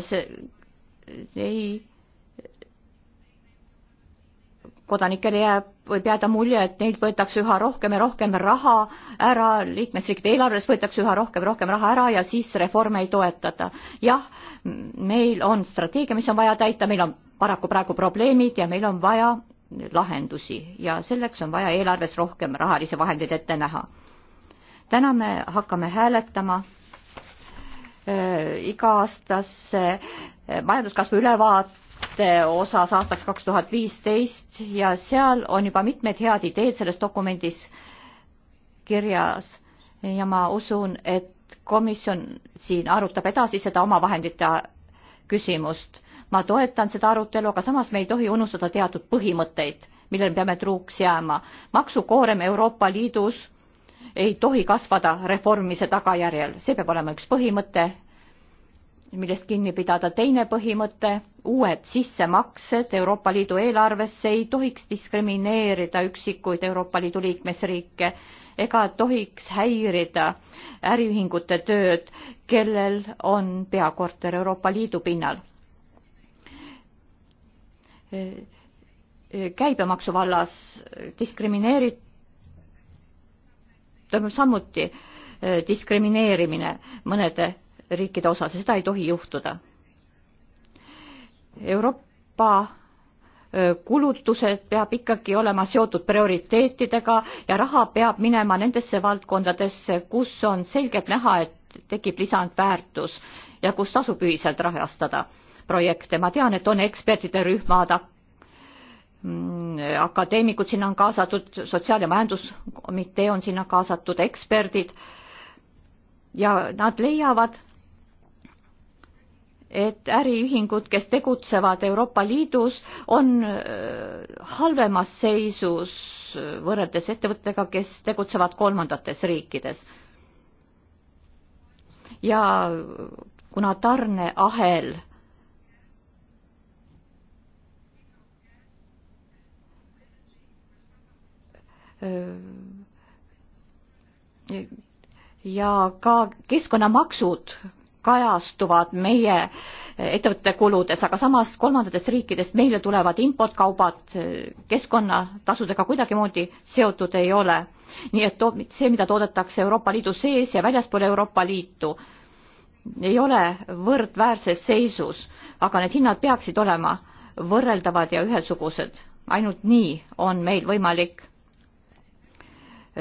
see ei, kodanikele jääb, võib jääda mulje, et neilt võetakse üha rohkem ja rohkem raha ära, liikmesriikide eelarves võetakse üha rohkem ja rohkem raha ära ja siis reforme ei toetata. jah meil on strateegia, mis on vaja täita, meil on paraku praegu probleemid ja meil on vaja lahendusi ja selleks on vaja eelarves rohkem rahalisi vahendeid ette näha. täna me hakkame hääletama äh, iga-aastase äh, majanduskasvu ülevaate osas aastaks kaks tuhat viisteist ja seal on juba mitmed head ideed selles dokumendis kirjas ja ma usun, et et komisjon siin arutab edasi seda omavahendite küsimust. ma toetan seda arutelu, aga samas me ei tohi unustada teatud põhimõtteid, millele me peame truuks jääma. maksukoorem Euroopa Liidus ei tohi kasvada reformimise tagajärjel, see peab olema üks põhimõte millest kinni pidada. teine põhimõte, uued sissemaksed Euroopa Liidu eelarvesse ei tohiks diskrimineerida üksikuid Euroopa Liidu liikmesriike ega tohiks häirida äriühingute tööd, kellel on peakorter Euroopa Liidu pinnal. käibemaksu vallas diskrimineerit-, toimub samuti diskrimineerimine mõnede riikide osas ja seda ei tohi juhtuda. Euroopa kulutused peab ikkagi olema seotud prioriteetidega ja raha peab minema nendesse valdkondadesse, kus on selgelt näha, et tekib lisandväärtus ja kus tasub ühiselt rahastada projekte. ma tean, et on ekspertide rühmad, mm, akadeemikud sinna on kaasatud, sotsiaal- ja majanduskomitee on sinna kaasatud, eksperdid ja nad leiavad, et äriühingud, kes tegutsevad Euroopa Liidus, on äh, halvemas seisus võrreldes ettevõttega, kes tegutsevad kolmandates riikides. ja kuna tarneahel äh, ja ka keskkonnamaksud kajastuvad meie ettevõtete kuludes, aga samas kolmandatest riikidest meile tulevad importkaubad keskkonnatasudega kuidagimoodi seotud ei ole. nii et to-, see, mida toodetakse Euroopa Liidu sees ja väljaspool Euroopa Liitu, ei ole võrdväärses seisus, aga need hinnad peaksid olema võrreldavad ja ühesugused. ainult nii on meil võimalik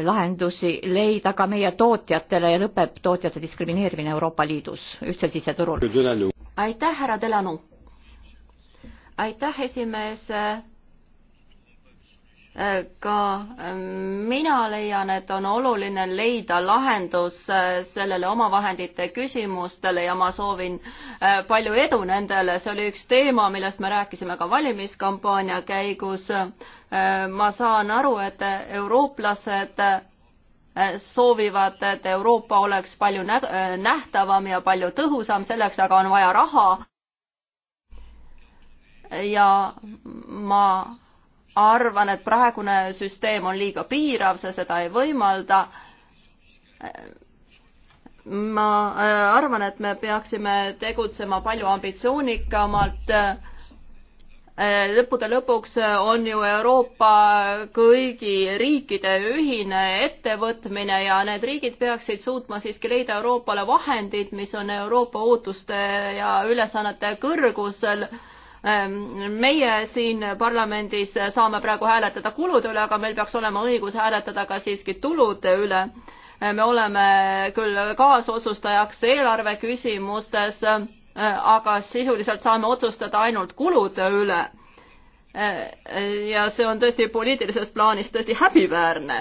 lahendusi leida ka meie tootjatele ja lõpeb tootjate diskrimineerimine Euroopa Liidus ühtsel siseturul. aitäh, härra Delanu! aitäh, esimees ka mina leian, et on oluline leida lahendus äh, sellele omavahendite küsimustele ja ma soovin äh, palju edu nendele, see oli üks teema, millest me rääkisime ka valimiskampaania käigus. Äh, ma saan aru, et eurooplased soovivad, et Euroopa oleks palju nähtavam ja palju tõhusam, selleks aga on vaja raha. ja ma arvan, et praegune süsteem on liiga piirav, see seda ei võimalda. ma äh, arvan, et me peaksime tegutsema palju ambitsioonikamalt. Äh, lõppude lõpuks on ju Euroopa kõigi riikide ühine ettevõtmine ja need riigid peaksid suutma siiski leida Euroopale vahendid, mis on Euroopa ootuste ja ülesannete kõrgusel Ehm, meie siin parlamendis saame praegu hääletada kulude üle, aga meil peaks olema õigus hääletada ka siiski tulude üle. Ehm, me oleme küll kaasotsustajaks eelarve küsimustes, ehm, aga sisuliselt saame otsustada ainult kulude üle. ja see on tõesti poliitilisest plaanist tõesti häbiväärne.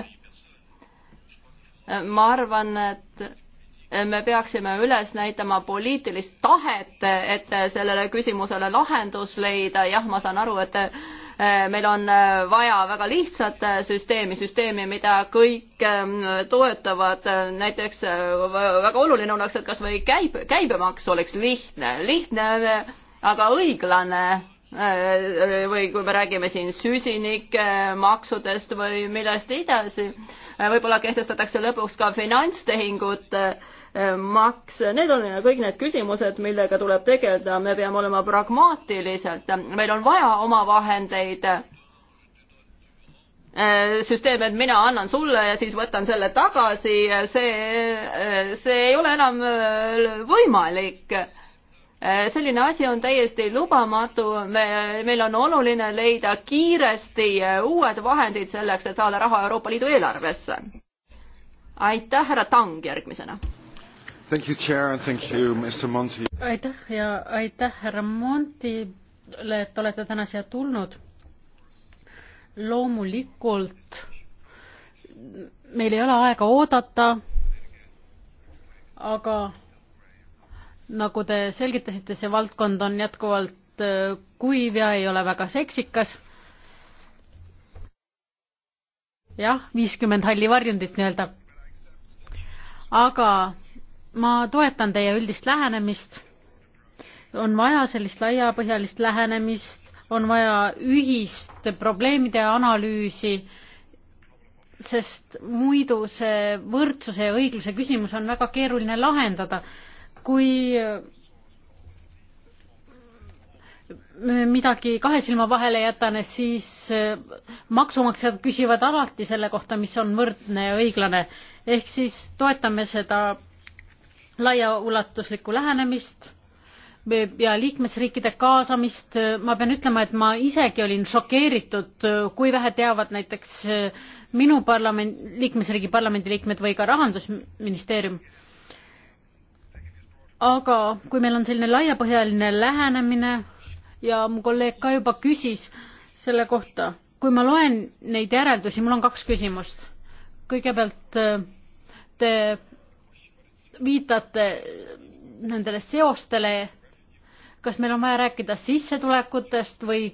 ma arvan, et me peaksime üles näitama poliitilist tahet, et sellele küsimusele lahendus leida, jah, ma saan aru, et eh, meil on eh, vaja väga lihtsat eh, süsteemi, süsteemi, mida kõik toetavad, näiteks väga oluline oleks, et kas või käib, käibemaks oleks lihtne, lihtne, aga õiglane või kui me räägime siin süsinikmaksudest või millest edasi, võib-olla kehtestatakse lõpuks ka finantstehingute Äh, maks, need on kõik need küsimused, millega tuleb tegeleda, me peame olema pragmaatilised, meil on vaja oma vahendeid, äh, süsteem, et mina annan sulle ja siis võtan selle tagasi, see, äh, see ei ole enam võimalik selline asi on täiesti lubamatu, me, meil on oluline leida kiiresti uued vahendid selleks, et saada raha Euroopa Liidu eelarvesse. aitäh, härra Tang järgmisena aitäh ja aitäh härra Montile, et olete täna siia tulnud. loomulikult meil ei ole aega oodata, aga nagu te selgitasite, see valdkond on jätkuvalt äh, kuiv ja ei ole väga seksikas. jah, viiskümmend halli varjundit nii-öelda. aga ma toetan teie üldist lähenemist. on vaja sellist laiapõhjalist lähenemist, on vaja ühist probleemide analüüsi, sest muidu see võrdsuse ja õigluse küsimus on väga keeruline lahendada. kui midagi kahe silma vahele jätame, siis maksumaksjad küsivad alati selle kohta, mis on võrdne ja õiglane. ehk siis toetame seda laiaulatuslikku lähenemist ja liikmesriikide kaasamist. ma pean ütlema, et ma isegi olin šokeeritud, kui vähe teavad näiteks minu parlament, liikmesriigi parlamendi liikmed või ka rahandusministeerium. aga kui meil on selline laiapõhjaline lähenemine ja mu kolleeg ka juba küsis selle kohta, kui ma loen neid järeldusi, mul on kaks küsimust. kõigepealt te viitate nendele seostele, kas meil on vaja rääkida sissetulekutest või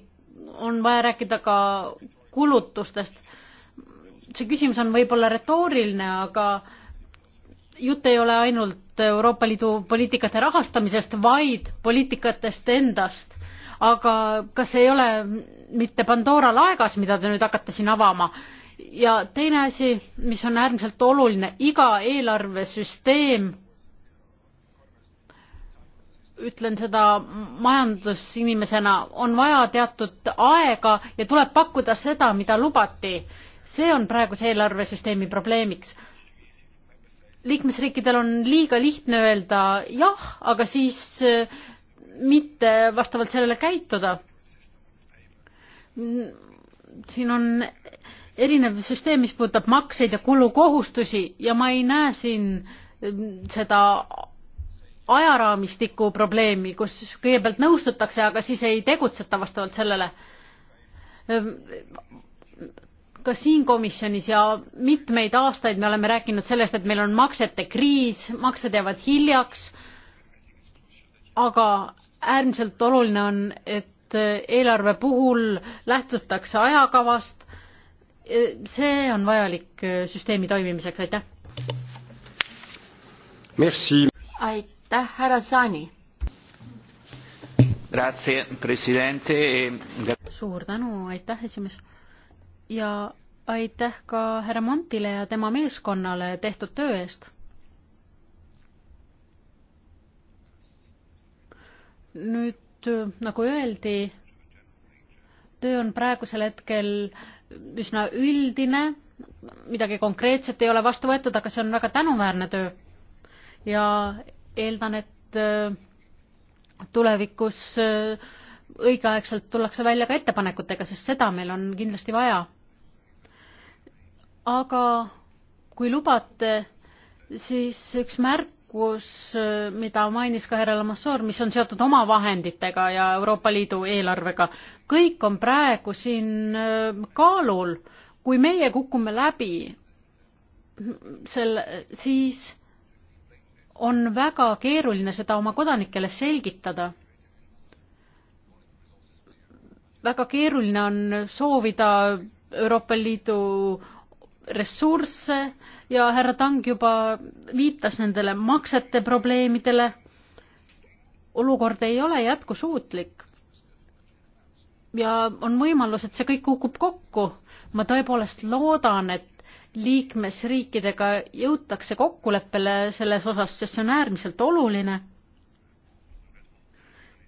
on vaja rääkida ka kulutustest? see küsimus on võib-olla retooriline, aga jutt ei ole ainult Euroopa Liidu poliitikate rahastamisest, vaid poliitikatest endast. aga kas ei ole mitte Pandora laegas, mida te nüüd hakkate siin avama? ja teine asi, mis on äärmiselt oluline, iga eelarvesüsteem, ütlen seda majandusinimesena, on vaja teatud aega ja tuleb pakkuda seda, mida lubati. see on praeguse eelarvesüsteemi probleemiks. liikmesriikidel on liiga lihtne öelda jah, aga siis eh, mitte vastavalt sellele käituda siin on erinev süsteem, mis puudutab makseid ja kulukohustusi ja ma ei näe siin ähm, seda ajaraamistiku probleemi, kus kõigepealt nõustutakse, aga siis ei tegutseta vastavalt sellele. Ähm, ka siin komisjonis ja mitmeid aastaid me oleme rääkinud sellest, et meil on maksete kriis, maksed jäävad hiljaks, aga äärmiselt oluline on, et äh, eelarve puhul lähtutakse ajakavast see on vajalik äh, süsteemi toimimiseks, aitäh. aitäh, härra Zani. E suur tänu, aitäh, esimees. ja aitäh ka härra Montile ja tema meeskonnale tehtud töö eest. nüüd äh, nagu öeldi, töö on praegusel hetkel äh, üsna üldine, midagi konkreetset ei ole vastu võetud, aga see on väga tänuväärne töö. ja eeldan, et äh, tulevikus äh, õigeaegselt tullakse välja ka ettepanekutega, sest seda meil on kindlasti vaja. aga kui lubate, siis üks märk, kus, mida mainis ka härra Lamassoor, mis on seotud omavahenditega ja Euroopa Liidu eelarvega, kõik on praegu siin äh, kaalul. kui meie kukume läbi selle, siis on väga keeruline seda oma kodanikele selgitada. väga keeruline on soovida Euroopa Liidu ressursse ja härra Tang juba viitas nendele maksete probleemidele. olukord ei ole jätkusuutlik. ja on võimalus, et see kõik kukub kokku. ma tõepoolest loodan, et liikmesriikidega jõutakse kokkuleppele selles osas, sest see on äärmiselt oluline.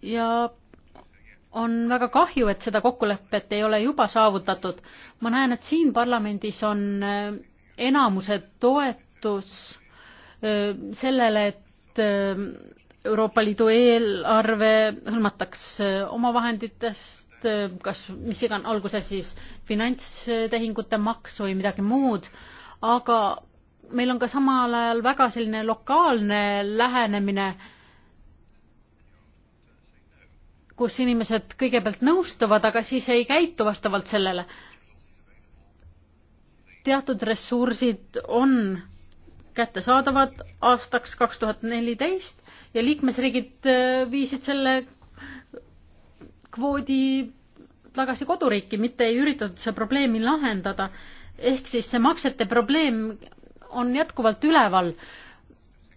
ja on väga kahju, et seda kokkulepet ei ole juba saavutatud. ma näen, et siin parlamendis on äh, enamuse toetus äh, sellele, et äh, Euroopa Liidu eelarve hõlmataks omavahenditest, kas mis iganes, olgu see siis finantstehingute maks või midagi muud, aga meil on ka samal ajal väga selline lokaalne lähenemine äh, kus inimesed kõigepealt nõustuvad, aga siis ei käitu vastavalt sellele. teatud ressursid on kättesaadavad aastaks kaks tuhat neliteist ja liikmesriigid äh, viisid selle kvoodi tagasi koduriiki, mitte ei üritatud seda probleemi lahendada. ehk siis see maksete probleem on jätkuvalt üleval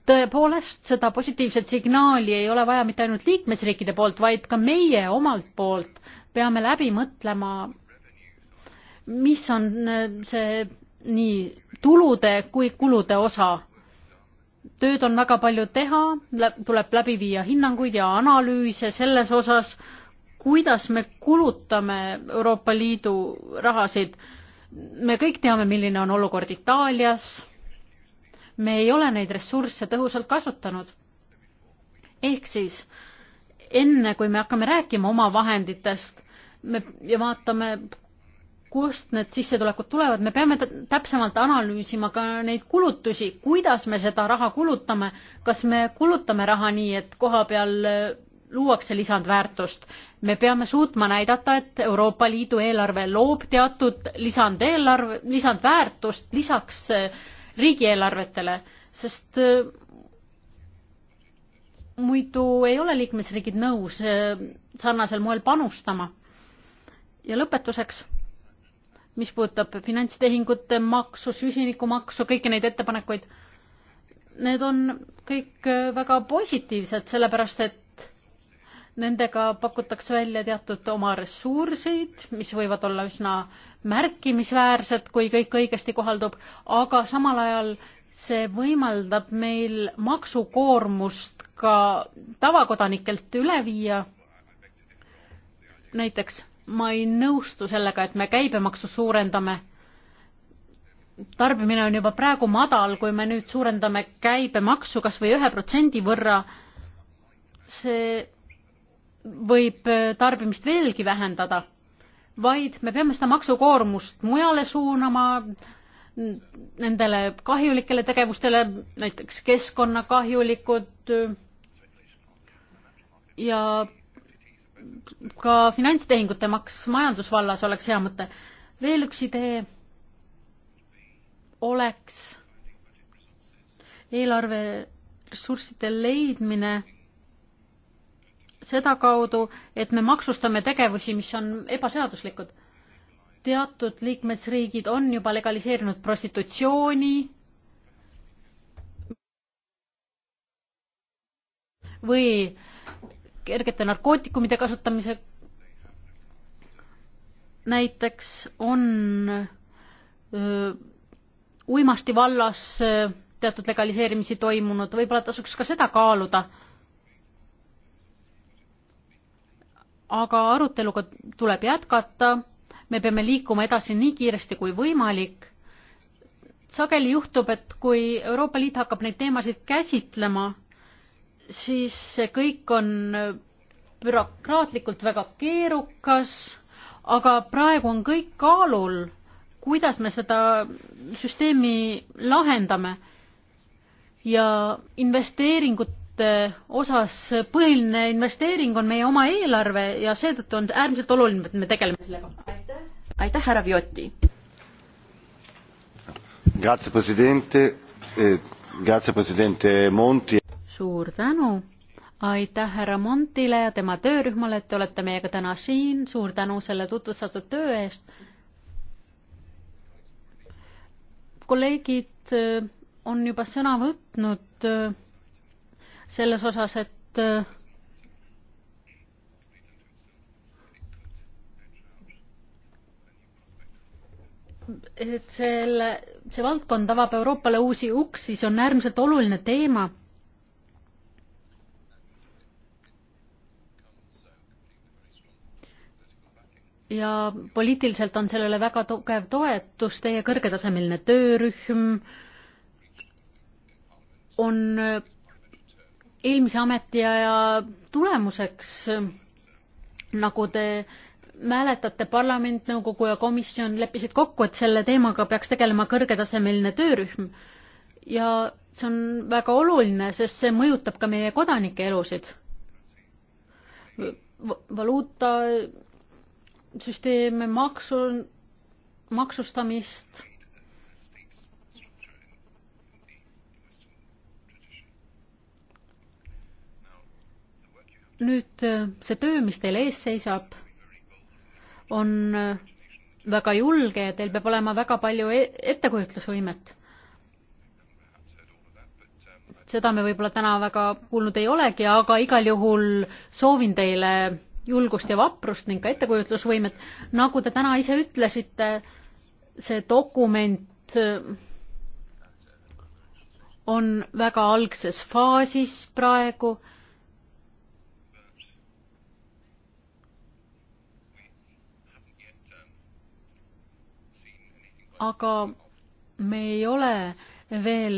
tõepoolest seda positiivset signaali ei ole vaja mitte ainult liikmesriikide poolt, vaid ka meie omalt poolt peame läbi mõtlema, mis on äh, see nii tulude kui kulude osa. tööd on väga palju teha, tuleb läbi viia hinnanguid ja analüüse selles osas, kuidas me kulutame Euroopa Liidu rahasid. me kõik teame, milline on olukord Itaalias me ei ole neid ressursse tõhusalt kasutanud. ehk siis enne, kui me hakkame rääkima omavahenditest, me ja vaatame, kust need sissetulekud tulevad, me peame täpsemalt analüüsima ka neid kulutusi, kuidas me seda raha kulutame, kas me kulutame raha nii, et koha peal äh, luuakse lisandväärtust. me peame suutma näidata, et Euroopa Liidu eelarve loob teatud lisandeelarve, lisandväärtust lisaks äh, riigieelarvetele, sest äh, muidu ei ole liikmesriigid nõus äh, sarnasel moel panustama. ja lõpetuseks, mis puudutab finantstehingute maksu, süsinikumaksu, kõiki neid ettepanekuid, need on kõik äh, väga positiivsed, sellepärast et Nendega pakutakse välja teatud oma ressursid, mis võivad olla üsna märkimisväärsed, kui kõik õigesti kohaldub, aga samal ajal see võimaldab meil maksukoormust ka tavakodanikelt üle viia. näiteks ma ei nõustu sellega, et me käibemaksu suurendame. tarbimine on juba praegu madal, kui me nüüd suurendame käibemaksu kas või ühe protsendi võrra, see võib äh, tarbimist veelgi vähendada, vaid me peame seda maksukoormust mujale suunama, nendele kahjulikele tegevustele, näiteks keskkonnakahjulikud äh, ja ka finantstehingute maks majandusvallas oleks hea mõte. veel üks idee oleks eelarveressursside leidmine sedakaudu, et me maksustame tegevusi, mis on ebaseaduslikud. teatud liikmesriigid on juba legaliseerinud prostitutsiooni või kergete narkootikumide kasutamise. näiteks on öö, uimasti vallas öö, teatud legaliseerimisi toimunud, võib-olla tasuks ka seda kaaluda aga aruteluga tuleb jätkata, me peame liikuma edasi nii kiiresti kui võimalik. sageli juhtub, et kui Euroopa Liit hakkab neid teemasid käsitlema, siis see kõik on bürokraatlikult väga keerukas, aga praegu on kõik kaalul, kuidas me seda süsteemi lahendame. ja investeeringud osas põhiline investeering on meie oma eelarve ja seetõttu on äärmiselt oluline, et me tegeleme sellega. aitäh, aitäh, härra Viotti. Grazie presidente, e, grazie presidente Monti. suur tänu, aitäh härra Montile ja tema töörühmale, et te olete meiega täna siin, suur tänu selle tutvustatud töö eest. kolleegid e, on juba sõna võtnud e, selles osas, et et selle, see valdkond avab Euroopale uusi uksi, see on äärmiselt oluline teema. ja poliitiliselt on sellele väga tugev toetus, teie kõrgetasemeline töörühm on eelmise ametiaja tulemuseks, nagu te mäletate, parlament, nõukogu ja komisjon leppisid kokku, et selle teemaga peaks tegelema kõrgetasemeline töörühm ja see on väga oluline, sest see mõjutab ka meie kodanike elusid v. valuutasüsteeme, maksu, maksustamist nüüd äh, see töö, mis teil ees seisab, on äh, väga julge ja teil peab olema väga palju e-, ettekujutlusvõimet. seda me võib-olla täna väga kuulnud ei olegi, aga igal juhul soovin teile julgust ja vaprust ning ka ettekujutlusvõimet. nagu te täna ise ütlesite, see dokument äh, on väga algses faasis praegu aga me ei ole veel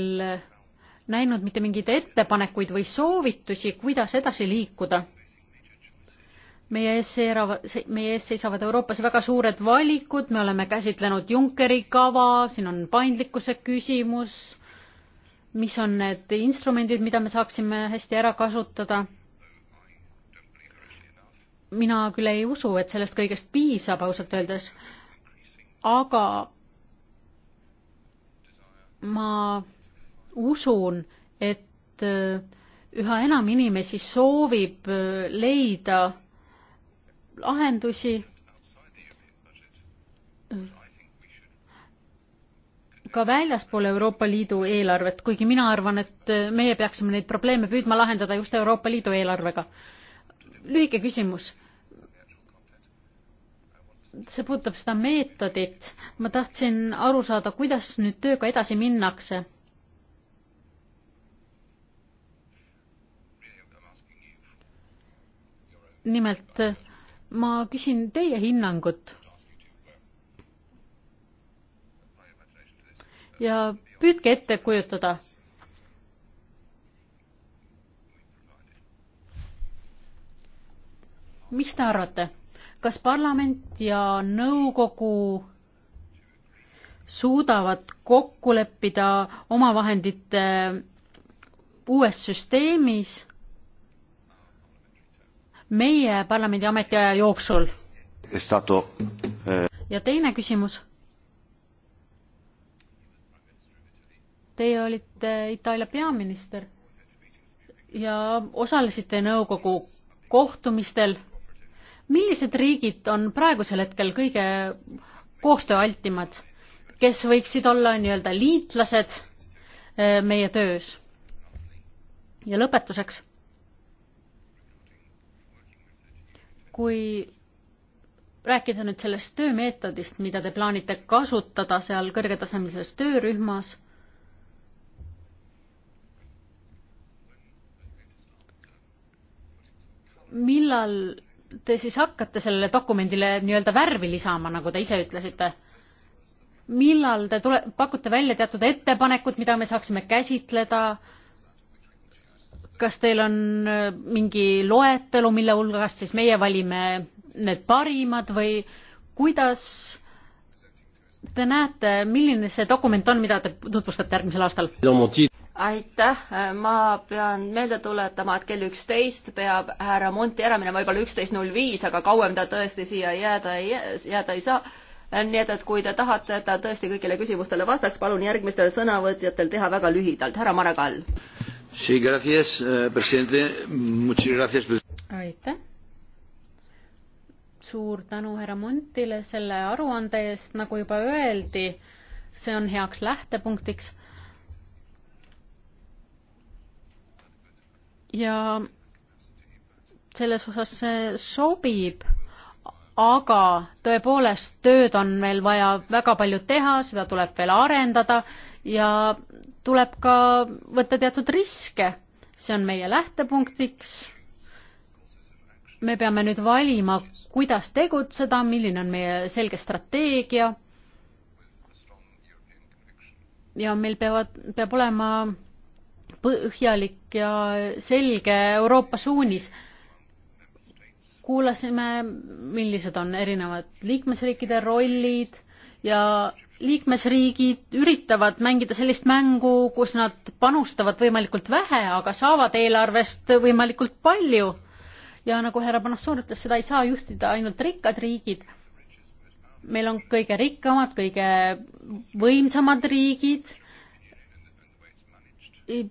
näinud mitte mingeid ettepanekuid või soovitusi, kuidas edasi liikuda. meie ees seiravad, meie ees seisavad Euroopas väga suured valikud, me oleme käsitlenud Junckeri kava, siin on paindlikkuse küsimus, mis on need instrumendid, mida me saaksime hästi ära kasutada. mina küll ei usu, et sellest kõigest piisab ausalt öeldes, aga ma usun, et äh, üha enam inimesi soovib äh, leida lahendusi ka väljaspool Euroopa Liidu eelarvet, kuigi mina arvan, et äh, meie peaksime neid probleeme püüdma lahendada just Euroopa Liidu eelarvega. lühike küsimus see puudutab seda meetodit. ma tahtsin aru saada, kuidas nüüd tööga edasi minnakse. nimelt ma küsin teie hinnangut. ja püüdke ette kujutada mis te arvate? kas parlament ja nõukogu suudavad kokku leppida omavahendite uues süsteemis meie parlamendi ametiaja jooksul? Eh, ja teine küsimus. Teie olite Itaalia peaminister ja osalesite nõukogu kohtumistel millised riigid on praegusel hetkel kõige koostööaltimad, kes võiksid olla nii-öelda liitlased eh, meie töös? ja lõpetuseks. kui rääkida nüüd sellest töömeetodist, mida te plaanite kasutada seal kõrgetasemelises töörühmas millal te siis hakkate sellele dokumendile nii-öelda värvi lisama, nagu te ise ütlesite? millal te tule-, pakute välja teatud ettepanekud, mida me saaksime käsitleda? kas teil on äh, mingi loetelu, mille hulgast siis meie valime need parimad või kuidas te näete, milline see dokument on, mida te tutvustate järgmisel aastal? aitäh, ma pean meelde tuletama, et kell üksteist peab härra Monti ära minema, võib-olla üksteist null viis, aga kauem ta tõesti siia jääda ei, jääda ei saa. nii et, et kui te tahate, et ta tõesti kõigile küsimustele vastaks, palun järgmistel sõnavõtjatel teha väga lühidalt. härra Maragall. Eh, aitäh. suur tänu härra Montile selle aruande eest, nagu juba öeldi, see on heaks lähtepunktiks ja selles osas see sobib, aga tõepoolest, tööd on meil vaja väga palju teha, seda tuleb veel arendada ja tuleb ka võtta teatud riske. see on meie lähtepunktiks. me peame nüüd valima, kuidas tegutseda, milline on meie selge strateegia. ja meil peavad, peab olema põhjalik ja selge Euroopa suunis. kuulasime, millised on erinevad liikmesriikide rollid ja liikmesriigid üritavad mängida sellist mängu, kus nad panustavad võimalikult vähe, aga saavad eelarvest võimalikult palju. ja nagu härra Panassoor ütles, seda ei saa juhtida ainult rikkad riigid. meil on kõige rikkamad, kõige võimsamad riigid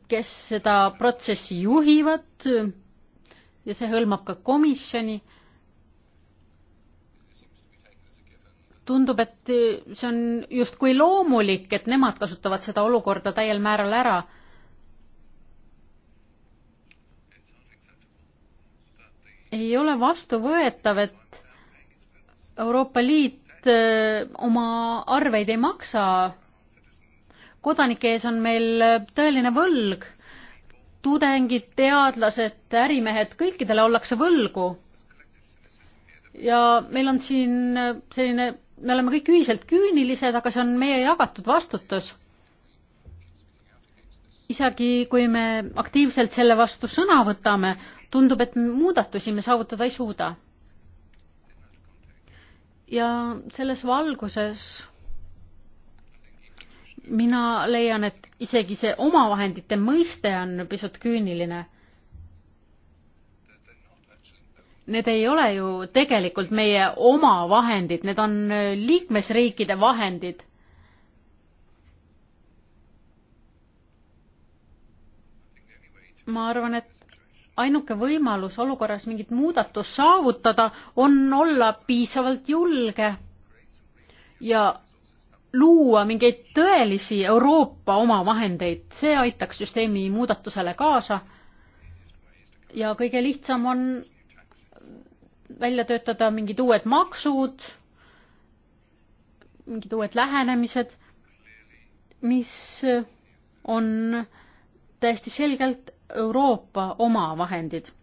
kes seda protsessi juhivad ja see hõlmab ka komisjoni. tundub, et see on justkui loomulik, et nemad kasutavad seda olukorda täiel määral ära ei ole vastuvõetav, et Euroopa Liit äh, oma arveid ei maksa kodanike ees on meil äh, tõeline võlg. tudengid, teadlased, ärimehed, kõikidele ollakse võlgu. ja meil on siin äh, selline, me oleme kõik ühiselt küünilised, aga see on meie jagatud vastutus. isegi kui me aktiivselt selle vastu sõna võtame, tundub, et muudatusi me saavutada ei suuda. ja selles valguses mina leian, et isegi see omavahendite mõiste on pisut küüniline. Need ei ole ju tegelikult meie oma vahendid, need on äh, liikmesriikide vahendid. ma arvan, et ainuke võimalus olukorras mingit muudatust saavutada on olla piisavalt julge ja luua mingeid tõelisi Euroopa omavahendeid, see aitaks süsteemi muudatusele kaasa. ja kõige lihtsam on välja töötada mingid uued maksud, mingid uued lähenemised, mis on täiesti selgelt Euroopa omavahendid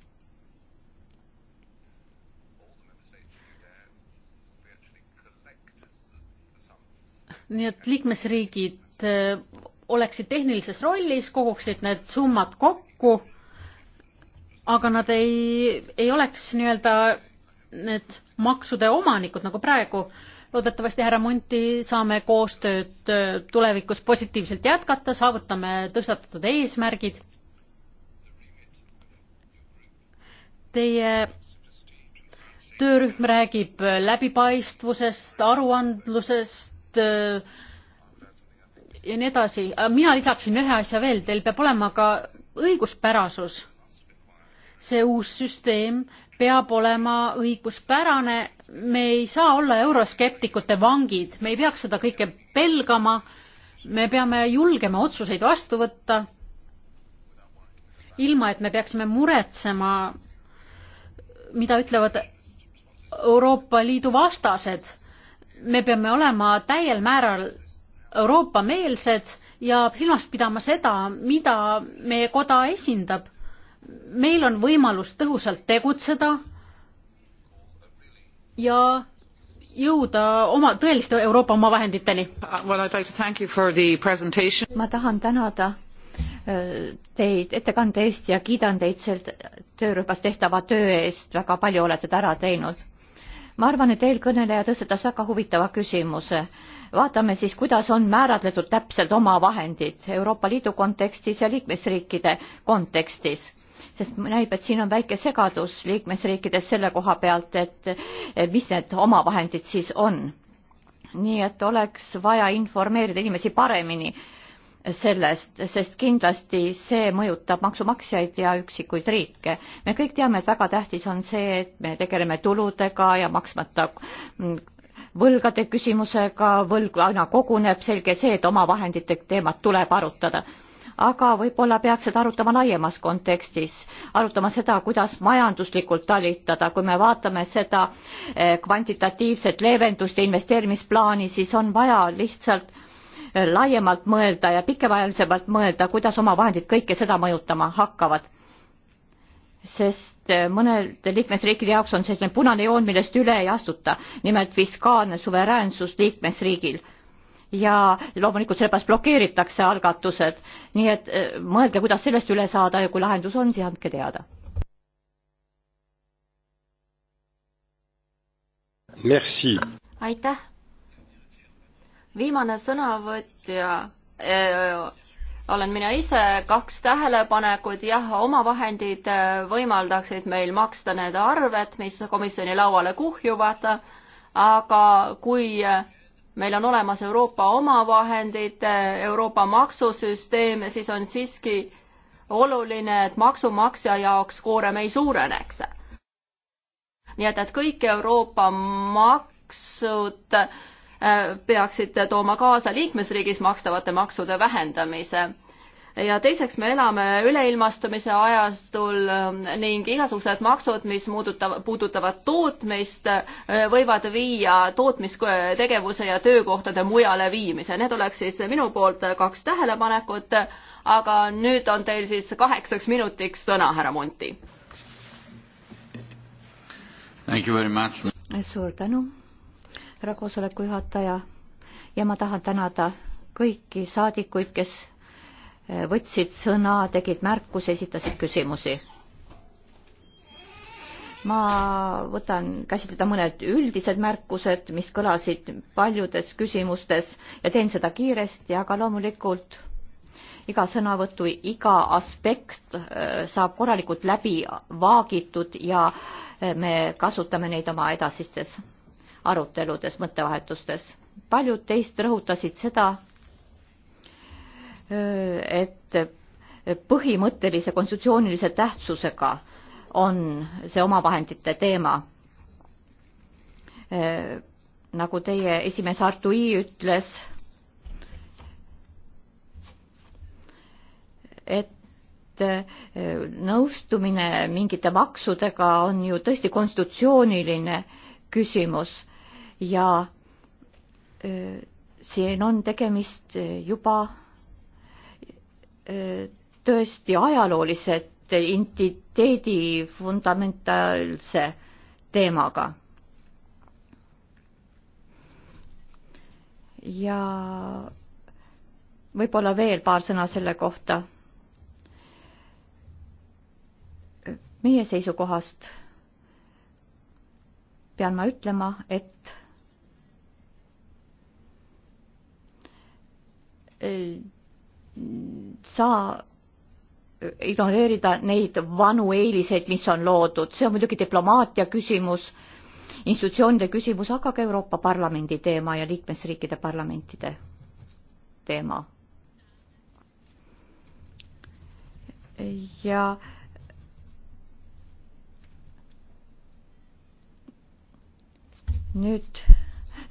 nii et liikmesriigid äh, oleksid tehnilises rollis, koguksid need summad kokku, aga nad ei, ei oleks nii-öelda need maksude omanikud nagu praegu. loodetavasti, härra Munti, saame koostööd äh, tulevikus positiivselt jätkata, saavutame tõstatatud eesmärgid. Teie töörühm räägib läbipaistvusest, aruandlusest, Äh, ja nii edasi. mina lisaksin ühe asja veel, teil peab olema ka õiguspärasus. see uus süsteem peab olema õiguspärane, me ei saa olla euroskeptikute vangid, me ei peaks seda kõike pelgama, me peame julgema otsuseid vastu võtta, ilma et me peaksime muretsema, mida ütlevad Euroopa Liidu vastased me peame olema täiel määral Euroopa-meelsed ja silmas pidama seda, mida meie koda esindab. meil on võimalus tõhusalt tegutseda ja jõuda oma tõeliste Euroopa omavahenditeni. ma tahan tänada äh, teid ettekande eest ja kiidan teid selle töörühmas tehtava töö eest, väga palju olete te ära teinud ma arvan, et eelkõneleja tõstetas väga huvitava küsimuse. vaatame siis, kuidas on määratletud täpselt omavahendid Euroopa Liidu kontekstis ja liikmesriikide kontekstis, sest näib, et siin on väike segadus liikmesriikides selle koha pealt, et mis need omavahendid siis on. nii et oleks vaja informeerida inimesi paremini sellest, sest kindlasti see mõjutab maksumaksjaid ja üksikuid riike. me kõik teame, et väga tähtis on see, et me tegeleme tuludega ja maksmata võlgade küsimusega, võlg aina koguneb, selge see, et omavahendite teemat tuleb arutada. aga võib-olla peaks seda arutama laiemas kontekstis, arutama seda, kuidas majanduslikult talitada, kui me vaatame seda eh, kvantitatiivset leevendust ja investeerimisplaani, siis on vaja lihtsalt laiemalt mõelda ja pikemaajalisemalt mõelda, kuidas oma vahendid kõike seda mõjutama hakkavad. sest eh, mõnede liikmesriikide jaoks on selline punane joon, millest üle ei astuta, nimelt fiskaalne suveräänsus liikmesriigil ja loomulikult sellepärast blokeeritakse algatused, nii et eh, mõelge, kuidas sellest üle saada ja kui lahendus on, siis andke teada. aitäh viimane sõnavõtja e, olen mina ise, kaks tähelepanekut, jah, omavahendid e, võimaldaksid meil maksta need arved, mis komisjoni lauale kuhjuvad, aga kui meil on olemas Euroopa omavahendid, e, Euroopa maksusüsteem, siis on siiski oluline, et maksumaksja jaoks koorem ei suureneks. nii et, et kõik Euroopa maksud äh, peaksid tooma kaasa liikmesriigis makstavate maksude vähendamise ja teiseks me elame üleilmastumise ajastul äh, ning igasugused maksud, mis muudutav, puudutavad tootmist, äh, võivad viia tootmistegevuse ja töökohtade mujale viimise. Need oleks siis minu poolt kaks tähelepanekut, aga nüüd on teil siis kaheksaks minutiks sõna, härra Munti. suur tänu härra koosoleku juhataja ja ma tahan tänada kõiki saadikuid, kes eh, võtsid sõna, tegid märkusi, esitasid küsimusi. ma võtan käsitleda mõned üldised märkused, mis kõlasid paljudes küsimustes ja teen seda kiiresti, aga loomulikult iga sõnavõtu, iga aspekt eh, saab korralikult läbi vaagitud ja eh, me kasutame neid oma edasistes aruteludes, mõttevahetustes. paljud teist rõhutasid seda, et põhimõttelise konstitutsioonilise tähtsusega on see omavahendite teema. nagu teie esimees Artui ütles, et nõustumine mingite maksudega on ju tõesti konstitutsiooniline küsimus ja siin on tegemist juba tõesti ajaloolise identiteedi fundamentaalse teemaga. ja võib-olla veel paar sõna selle kohta. meie seisukohast pean ma ütlema, et saa äh, ignoreerida neid vanu eeliseid, mis on loodud, see on muidugi diplomaatia küsimus, institutsioonide küsimus, aga ka Euroopa Parlamendi teema ja liikmesriikide parlamentide teema. ja nüüd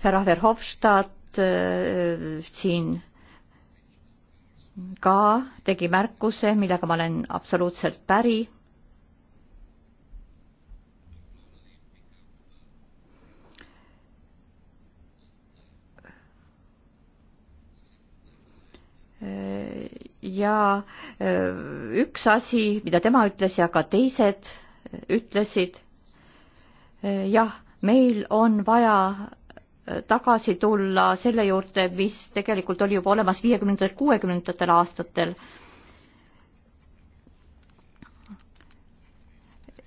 härra Verhofstadt äh, siin ka tegi märkuse, millega ma olen absoluutselt päri. ja äh, üks asi, mida tema ütles ja ka teised ütlesid, äh, jah, meil on vaja tagasi tulla selle juurde, mis tegelikult oli juba olemas viiekümnendatel, kuuekümnendatel aastatel.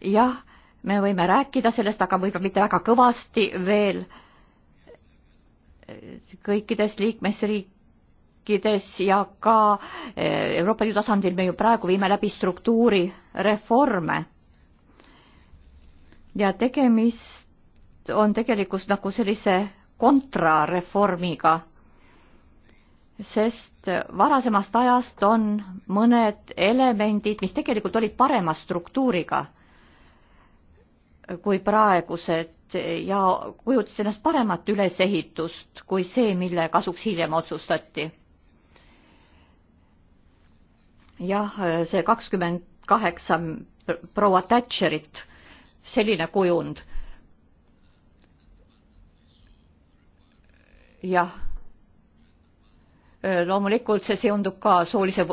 jah, me võime rääkida sellest, aga võib-olla mitte väga kõvasti veel. kõikides liikmesriikides ja ka eh, Euroopa Liidu tasandil me ju praegu viime läbi struktuurireforme. ja tegemist on tegelikult nagu sellise kontrareformiga, sest varasemast ajast on mõned elemendid, mis tegelikult olid parema struktuuriga kui praegused ja kujutas ennast paremat ülesehitust kui see, mille kasuks hiljem otsustati. jah, see kakskümmend kaheksa proua Thatcherit, selline kujund jah, loomulikult see seondub ka soolise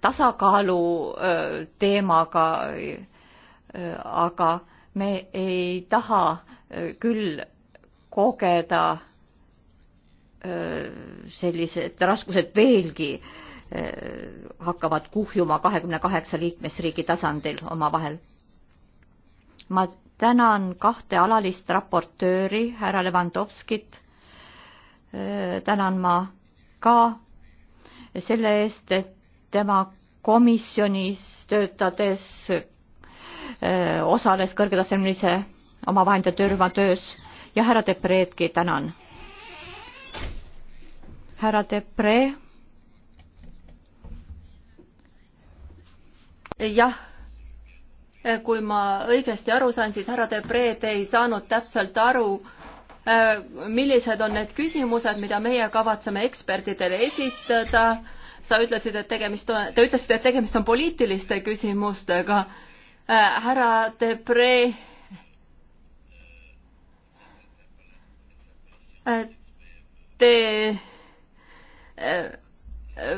tasakaalu teemaga, aga me ei taha küll kogeda sellised raskused veelgi hakkavad kuhjuma kahekümne kaheksa liikmesriigi tasandil omavahel. ma tänan kahte alalist raportööri, härra Levandovskit Äh, tänan ma ka selle eest, et tema komisjonis töötades äh, osales kõrgetasemelise omavahendite töörühma töös ja härra Depreedki tänan. härra Depre. jah, kui ma õigesti aru sain, siis härra Depreed ei saanud täpselt aru, Äh, millised on need küsimused, mida meie kavatseme ekspertidele esitada. sa ütlesid, et tegemist on, te ütlesite, et tegemist on poliitiliste küsimustega. Äh, härra Debre. Äh, te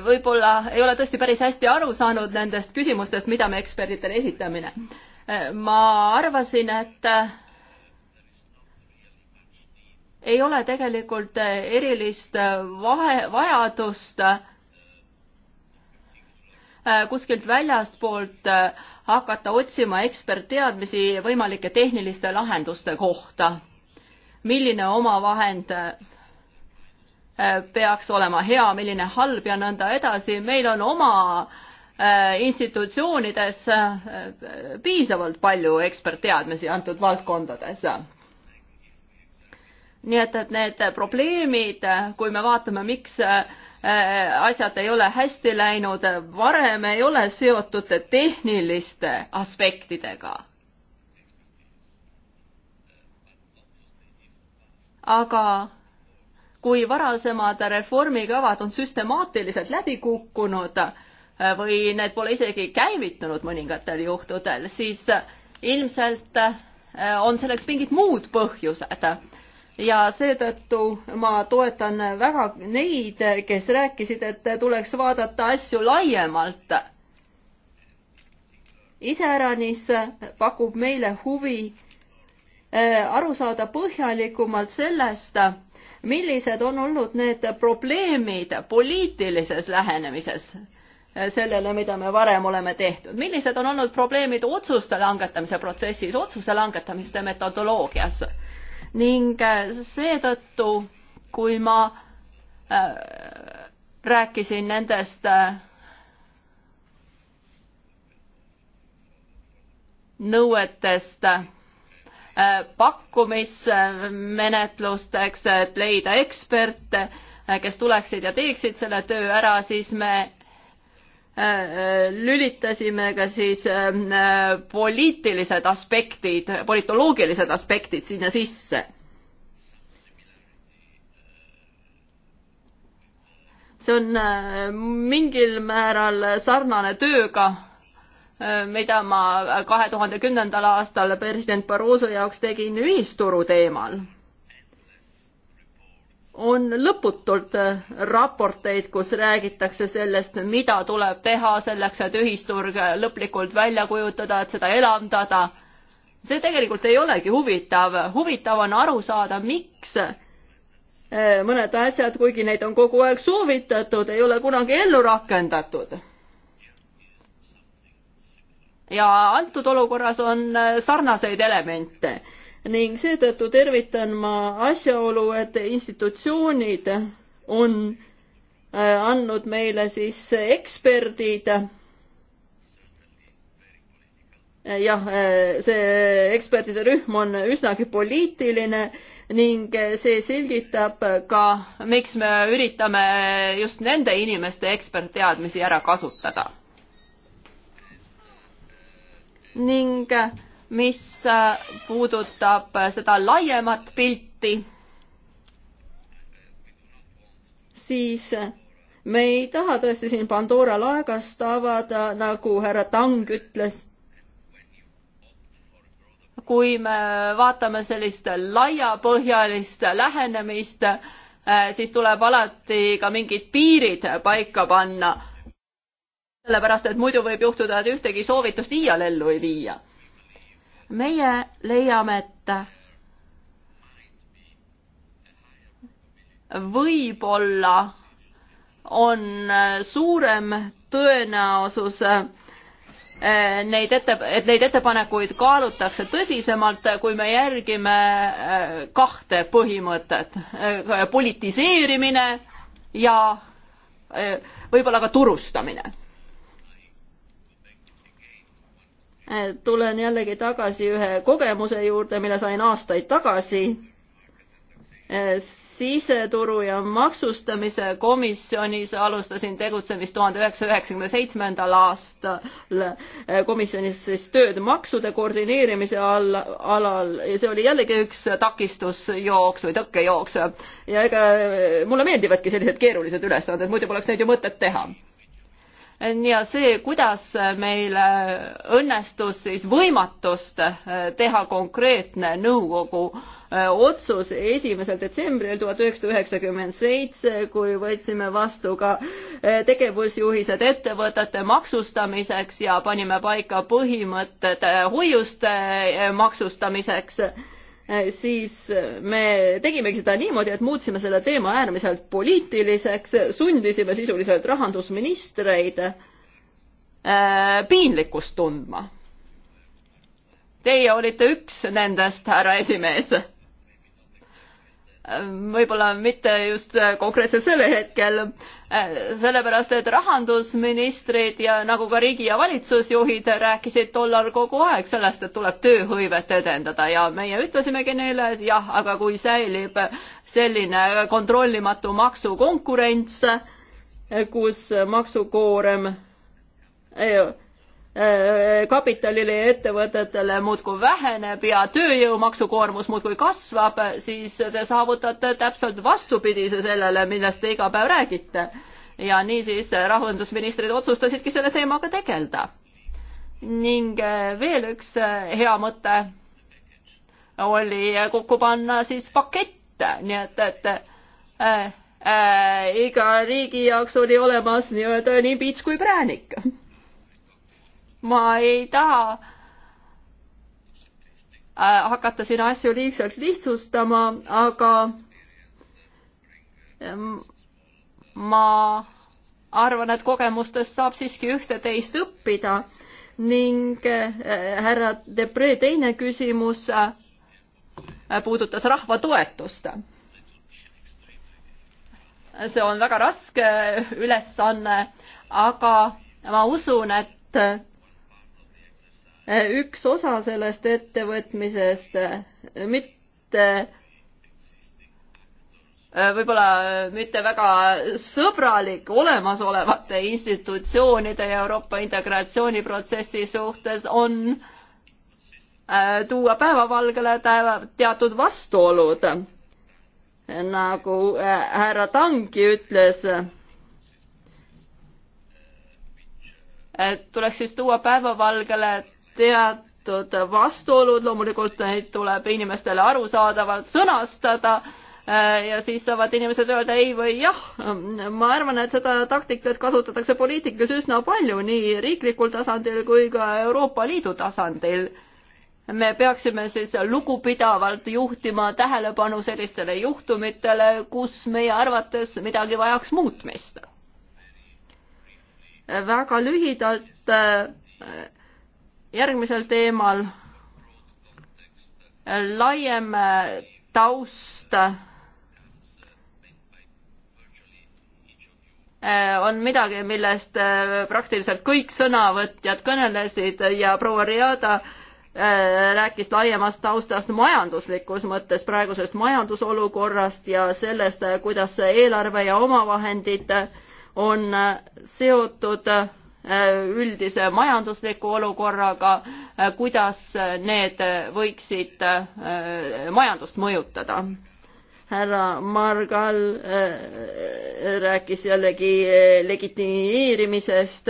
võib-olla ei ole tõesti päris hästi aru saanud nendest küsimustest, mida me ekspertidele esitamine. ma arvasin, et ei ole tegelikult erilist äh, vahe, vajadust äh, kuskilt väljastpoolt äh, hakata otsima ekspertteadmisi võimalike tehniliste lahenduste kohta. milline omavahend peaks olema hea, milline halb ja nõnda edasi, meil on oma institutsioonides piisavalt palju ekspertteadmisi antud valdkondades nii et, et need probleemid, kui me vaatame, miks äh, asjad ei ole hästi läinud, varem ei ole seotud tehniliste aspektidega. aga kui varasemad reformikavad on süstemaatiliselt läbi kukkunud äh, või need pole isegi käivitunud mõningatel juhtudel, siis äh, ilmselt on selleks mingid muud põhjused ja seetõttu ma toetan väga neid, kes rääkisid, et tuleks vaadata asju laiemalt. iseäranis pakub meile huvi äh, aru saada põhjalikumalt sellest, millised on olnud need probleemid poliitilises lähenemises äh, sellele, mida me varem oleme tehtud, millised on olnud probleemid otsuste langetamise protsessis, otsuse langetamiste metodoloogias ning äh, seetõttu, kui ma äh, rääkisin nendest äh, nõuetest pakkumismenetlusteks, et leida eksperte, kes tuleksid ja teeksid selle töö ära, siis me Äh, äh, lülitasime ka siis ähm, äh, poliitilised aspektid, politoloogilised aspektid sinna sisse. see on mingil määral sarnane tööga, mida ma kahe tuhande kümnendal aastal president Barroso jaoks tegin ühisturu teemal on lõputult äh, raporteid, kus räägitakse sellest, mida tuleb teha selleks, et ühisturg äh, lõplikult välja kujutada, et seda elavdada. see tegelikult ei olegi huvitav, huvitav on aru saada, miks äh, mõned asjad, kuigi neid on kogu aeg soovitatud, ei ole kunagi ellu rakendatud. ja antud olukorras on sarnaseid elemente ning seetõttu tervitan ma asjaolu, et institutsioonid on äh, andnud meile siis eksperdid. jah, äh, see ekspertide rühm on üsnagi poliitiline ning see selgitab ka, miks me üritame just nende inimeste ekspertteadmisi ära kasutada. ning äh, mis äh, puudutab äh, seda laiemat pilti, siis äh, me ei taha tõesti siin Pandora laegast avada, nagu härra Tang ütles. kui me vaatame sellist laiapõhjalist lähenemist, siis tuleb alati ka mingid piirid paika panna. sellepärast, et muidu võib juhtuda, et ühtegi soovitust iial ellu ei viia meie leiame, et võib-olla on suurem tõenäosus eh, neid ette, et neid ettepanekuid kaalutakse tõsisemalt, kui me järgime eh, kahte põhimõtet, eh, politiseerimine ja võib-olla ka turustamine Äh, tulen jällegi tagasi ühe kogemuse juurde, mille sain aastaid tagasi äh, siseturu ja maksustamise komisjonis alustasin tegutsemist tuhande üheksasaja üheksakümne seitsmendal aastal äh, komisjonis siis tööd maksude koordineerimise all, alal ja see oli jällegi üks takistusjooks või tõkkejooks ja ega mulle meeldivadki sellised keerulised ülesanded, muidu poleks neid ju mõtet teha ja see, kuidas meil äh, õnnestus siis võimatust äh, teha konkreetne nõukogu äh, otsus esimesel detsembril tuhat üheksasada üheksakümmend seitse, kui võtsime vastu ka tegevusjuhised ettevõtete maksustamiseks ja panime paika põhimõtted hoiuste maksustamiseks Eh, siis eh, me tegimegi seda niimoodi, et muutsime selle teema äärmiselt poliitiliseks, sundisime sisuliselt rahandusministreid eh, piinlikkust tundma. Teie olite üks nendest, härra esimees võib-olla mitte just konkreetselt sellel hetkel, äh, sellepärast et rahandusministrid ja nagu ka riigi- ja valitsusjuhid rääkisid tollal kogu aeg sellest, et tuleb tööhõivet edendada ja meie ütlesimegi neile, et jah, aga kui säilib selline kontrollimatu maksukonkurents, kus maksukoorem ei, Äh, kapitalile ja ettevõtetele muudkui väheneb ja tööjõu maksukoormus muudkui kasvab, siis te saavutate täpselt vastupidise sellele, millest te iga päev räägite. ja niisiis rahandusministrid otsustasidki selle teemaga tegeleda. ning äh, veel üks äh, hea mõte oli kokku panna siis pakett, nii et, et äh, äh, iga riigi jaoks oli olemas nii-öelda nii piits kui präänik ma ei taha äh, hakata siin asju liigselt lihtsustama, aga ähm, ma arvan, et kogemustest saab siiski ühte-teist õppida ning äh, härra Debre teine küsimus äh, puudutas rahva toetust. see on väga raske ülesanne, aga ma usun, et üks osa sellest ettevõtmisest, mitte võib-olla mitte väga sõbralik olemasolevate institutsioonide ja Euroopa integratsiooniprotsessi suhtes on äh, tuua päevavalgele teatud vastuolud. nagu äh, härra Tangi ütles, tuleks siis tuua päevavalgele teatud vastuolud, loomulikult neid tuleb inimestele arusaadavalt sõnastada äh, ja siis saavad inimesed öelda ei või jah. ma arvan, et seda taktikat kasutatakse poliitikas üsna palju nii riiklikul tasandil kui ka Euroopa Liidu tasandil. me peaksime siis lugupidavalt juhtima tähelepanu sellistele juhtumitele, kus meie arvates midagi vajaks muutmist. väga lühidalt äh, järgmisel teemal laiem taust eh, on midagi, millest eh, praktiliselt kõik sõnavõtjad kõnelesid ja proua Riada eh, rääkis laiemast taustast majanduslikus mõttes, praegusest majandusolukorrast ja sellest, kuidas eelarve ja omavahendid on seotud üldise majandusliku olukorraga, äh, kuidas need võiksid äh, majandust mõjutada härra Margal äh, rääkis jällegi legitimeerimisest.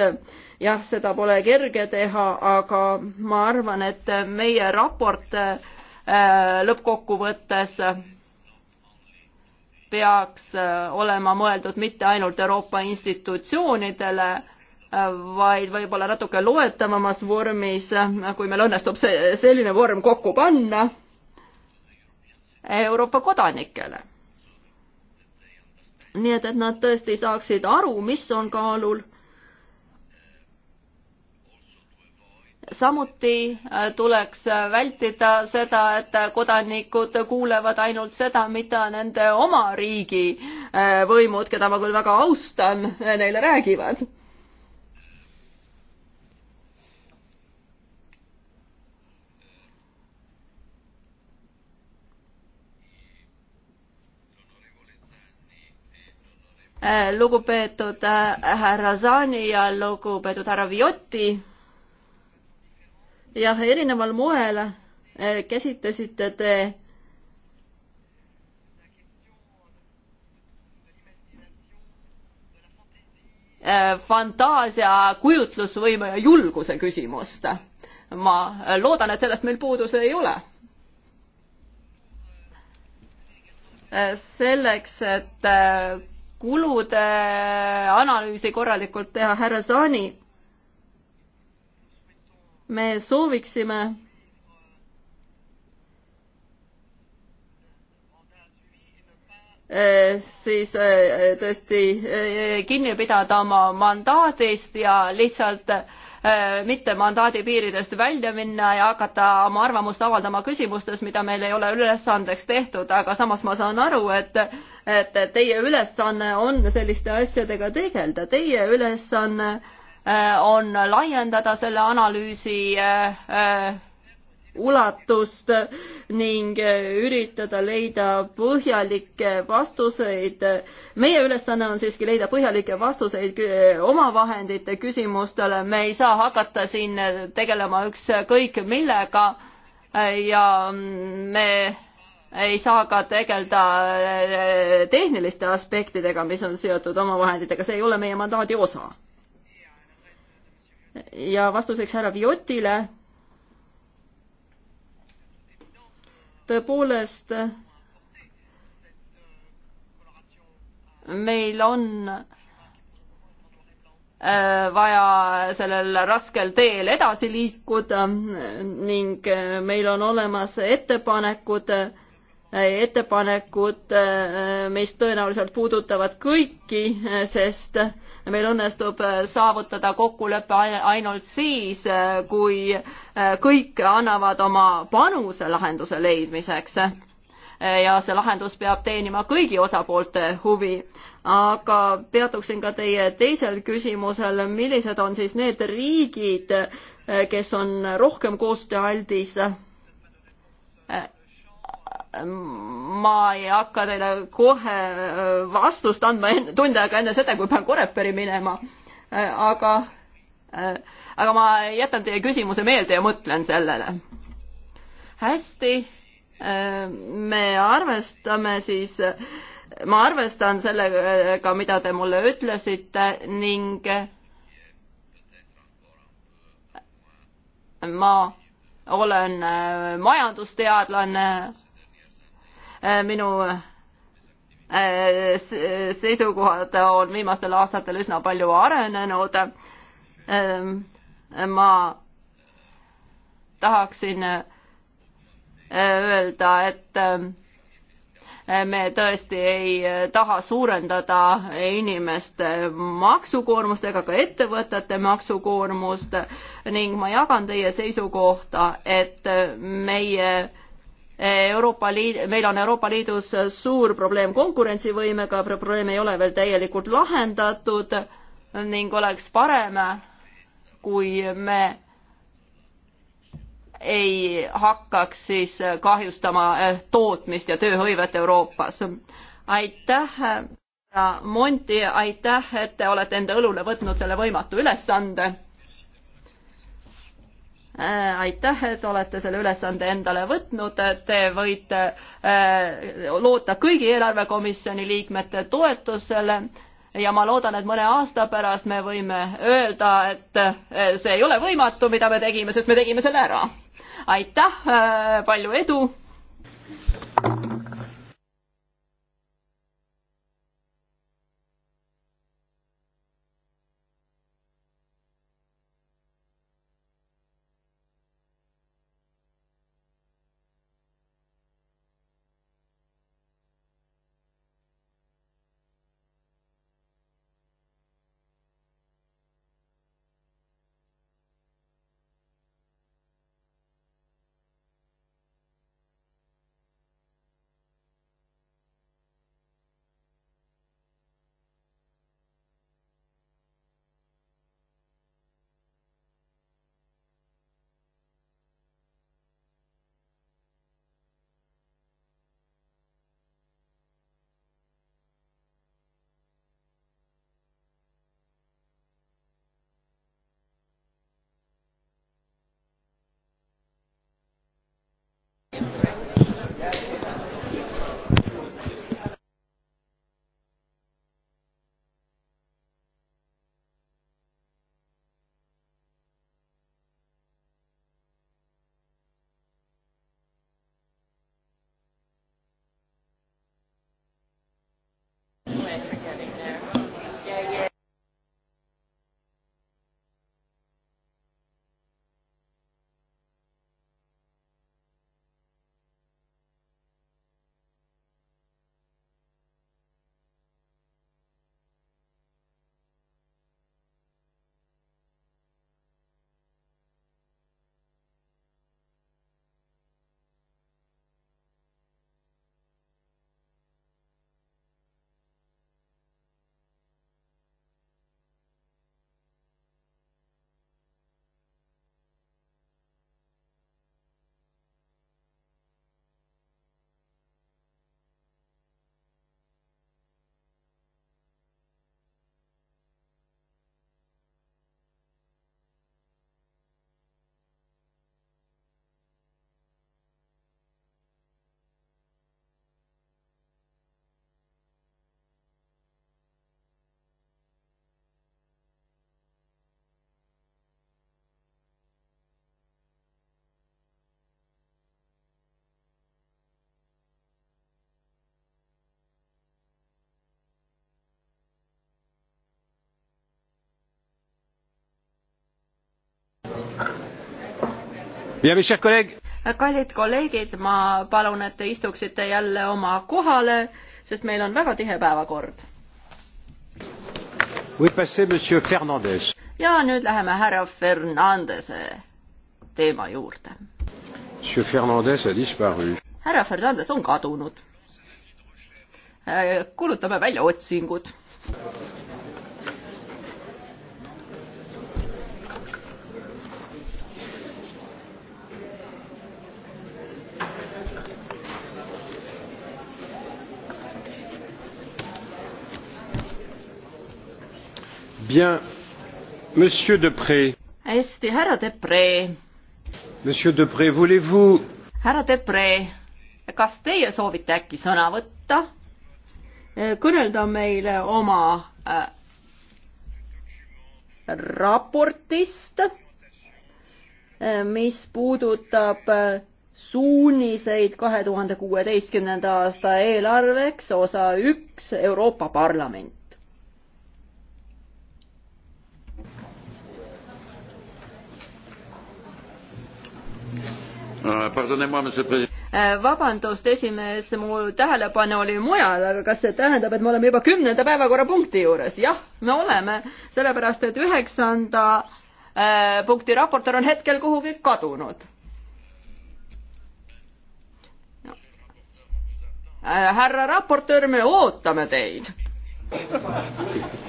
jah, seda pole kerge teha, aga ma arvan, et meie raport lõppkokkuvõttes peaks olema mõeldud mitte ainult Euroopa institutsioonidele vaid võib-olla natuke loetavamas vormis, kui meil õnnestub see, selline vorm kokku panna Euroopa kodanikele. nii et, et nad tõesti saaksid aru, mis on kaalul. samuti äh, tuleks vältida seda, et kodanikud kuulevad ainult seda, mida nende oma riigi äh, võimud, keda ma küll väga austan, neile räägivad Eh, lugupeetud eh, härra Zani ja lugupeetud härra Viotti. jah, erineval moel eh, käsitlesite te fantaasia, kujutlusvõime ja julguse küsimust. ma loodan, et sellest meil puuduse ei ole. selleks, et kulude äh, analüüsi korralikult teha, härra Zani. me sooviksime äh, siis äh, tõesti kinni pidada oma mandaadist ja lihtsalt äh, Äh, mitte mandaadi piiridest välja minna ja hakata oma arvamust avaldama küsimustes, mida meil ei ole ülesandeks tehtud, aga samas ma saan aru, et et teie ülesanne on selliste asjadega tegeleda, teie ülesanne äh, on laiendada selle analüüsi äh, ulatust ning üritada leida põhjalikke vastuseid. meie ülesanne on siiski leida põhjalikke vastuseid omavahendite küsimustele, me ei saa hakata siin tegelema ükskõik millega ja me ei saa ka tegeleda eh, tehniliste aspektidega, mis on seotud omavahenditega, see ei ole meie mandaadi osa. ja vastuseks härra Viotile tõepoolest meil on äh, vaja sellel raskel teel edasi liikuda ning äh, meil on olemas ettepanekud äh, ettepanekud, äh, mis tõenäoliselt puudutavad kõiki, äh, sest meil õnnestub äh, saavutada kokkulepe ainult siis, kui kõik annavad oma panuse lahenduse leidmiseks. ja see lahendus peab teenima kõigi osapoolte huvi. aga peatuksin ka teie teisel küsimusel, millised on siis need riigid, kes on rohkem koostööaldis ma ei hakka teile kohe äh, vastust andma enne, tund aega enne seda, kui pean Koreperi minema, äh, aga, äh, aga ma jätan teie küsimuse meelde ja mõtlen sellele. hästi, me arvestame siis, ma arvestan sellega, mida te mulle ütlesite ning ma olen majandusteadlane Äh, minu äh, seisukohad on viimastel aastatel üsna palju arenenud. Ähm, ma tahaksin äh, öelda, et me tõesti ei taha suurendada inimeste maksukoormust ega ka ettevõtete maksukoormust ning ma jagan teie seisukohta, et meie Euroopa Liid, meil on Euroopa Liidus suur probleem konkurentsivõimega, probleem ei ole veel täielikult lahendatud ning oleks parem, kui me ei hakkaks siis kahjustama eh, tootmist ja tööhõivet Euroopas. aitäh, härra Monti, aitäh, et te olete enda õlule võtnud selle võimatu ülesande Äh, aitäh, et olete selle ülesande endale võtnud, te võite äh, loota kõigi eelarvekomisjoni liikmete toetusele ja ma loodan, et mõne aasta pärast me võime öelda, et äh, see ei ole võimatu, mida me tegime, sest me tegime selle ära. aitäh, palju edu! kallid kolleegid, ma palun, et te istuksite jälle oma kohale, sest meil on väga tihe päevakord. ja nüüd läheme härra Fernandese teema juurde. härra Fernandes on kadunud. Äh, kuulutame välja otsingud. Bien, monsieur Depree. hästi, härra Depree. Monsieur Depree, voulez-vous? härra Depree, kas teie soovite äkki sõna võtta? Eh, kõnelda meile oma eh, raportist, eh, mis puudutab suuniseid kahe tuhande kuueteistkümnenda aasta eelarveks, osa üks, Euroopa Parlament. Euh, äh, vabandust, esimees, mu tähelepanu oli mujal, aga kas see tähendab, et me oleme juba kümnenda päevakorrapunkti juures? jah, me oleme, sellepärast et üheksanda äh, punkti raportöör on hetkel kuhugi kadunud no.. Äh, härra raportöör, me ootame teid.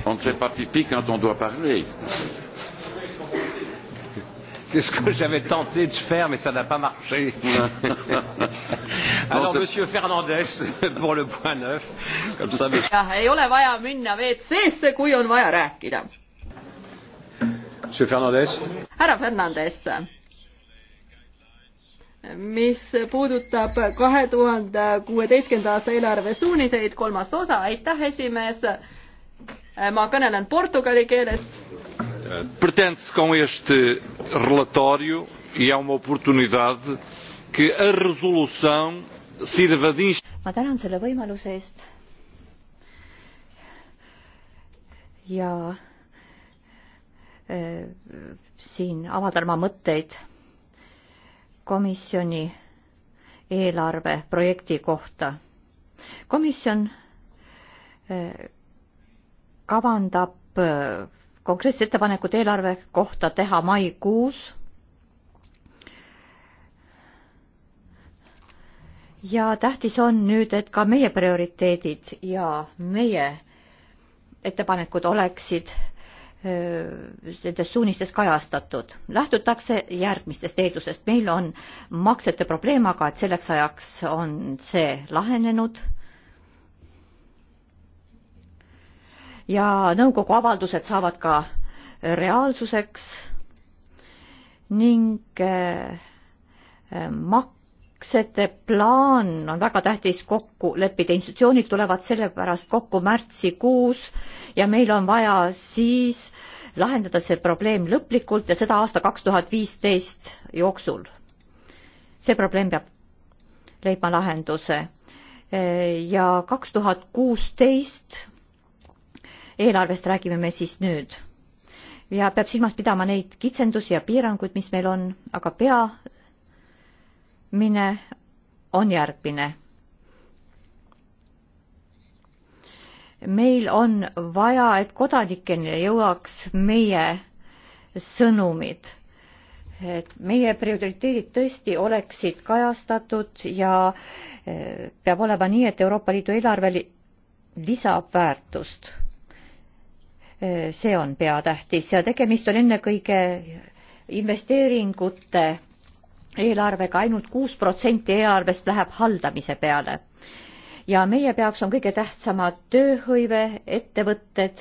on ne fait pas pipi quand on doit parler C'est ce que j'avais tenté de faire, mais ça n'a pas marché. Alors, non, Monsieur Fernandez, pour le point neuf, comme ça. jah, ei ole vaja minna WC-sse, kui on vaja rääkida. Monsieur Fernandez. härra Fernandez mis puudutab kahe tuhande kuueteistkümnenda aasta eelarve suuniseid, kolmas osa, aitäh, esimees. ma kõnelen portugali keeles. Pretende-se com este relatório, e é uma oportunidade, que a resolução sirva de ma tänan selle võimaluse eest. ja äh, siin avaldan ma mõtteid komisjoni eelarve projekti kohta. komisjon äh, kavandab äh, konkreetsed ettepanekud eelarve kohta teha maikuus. ja tähtis on nüüd, et ka meie prioriteedid ja meie ettepanekud oleksid äh, nendes suunistes kajastatud. lähtutakse järgmistest eeldusest. meil on maksete probleem, aga et selleks ajaks on see lahenenud ja nõukogu avaldused saavad ka reaalsuseks ning eh, maksete plaan on väga tähtis kokku leppida, institutsioonid tulevad sellepärast kokku märtsikuus ja meil on vaja siis lahendada see probleem lõplikult ja seda aasta kaks tuhat viisteist jooksul. see probleem peab leidma lahenduse eh, ja kaks tuhat kuusteist eelarvest räägime me siis nüüd? ja peab silmas pidama neid kitsendusi ja piiranguid, mis meil on, aga peamine on järgmine. meil on vaja, et kodanikeni jõuaks meie sõnumid, et meie prioriteedid tõesti oleksid kajastatud ja eh, peab olema nii, et Euroopa Liidu eelarve lisab väärtust see on peatähtis ja tegemist on ennekõike investeeringute eelarvega ainult, ainult kuus protsenti eelarvest läheb haldamise peale. ja meie peaks on kõige tähtsamad tööhõive, ettevõtted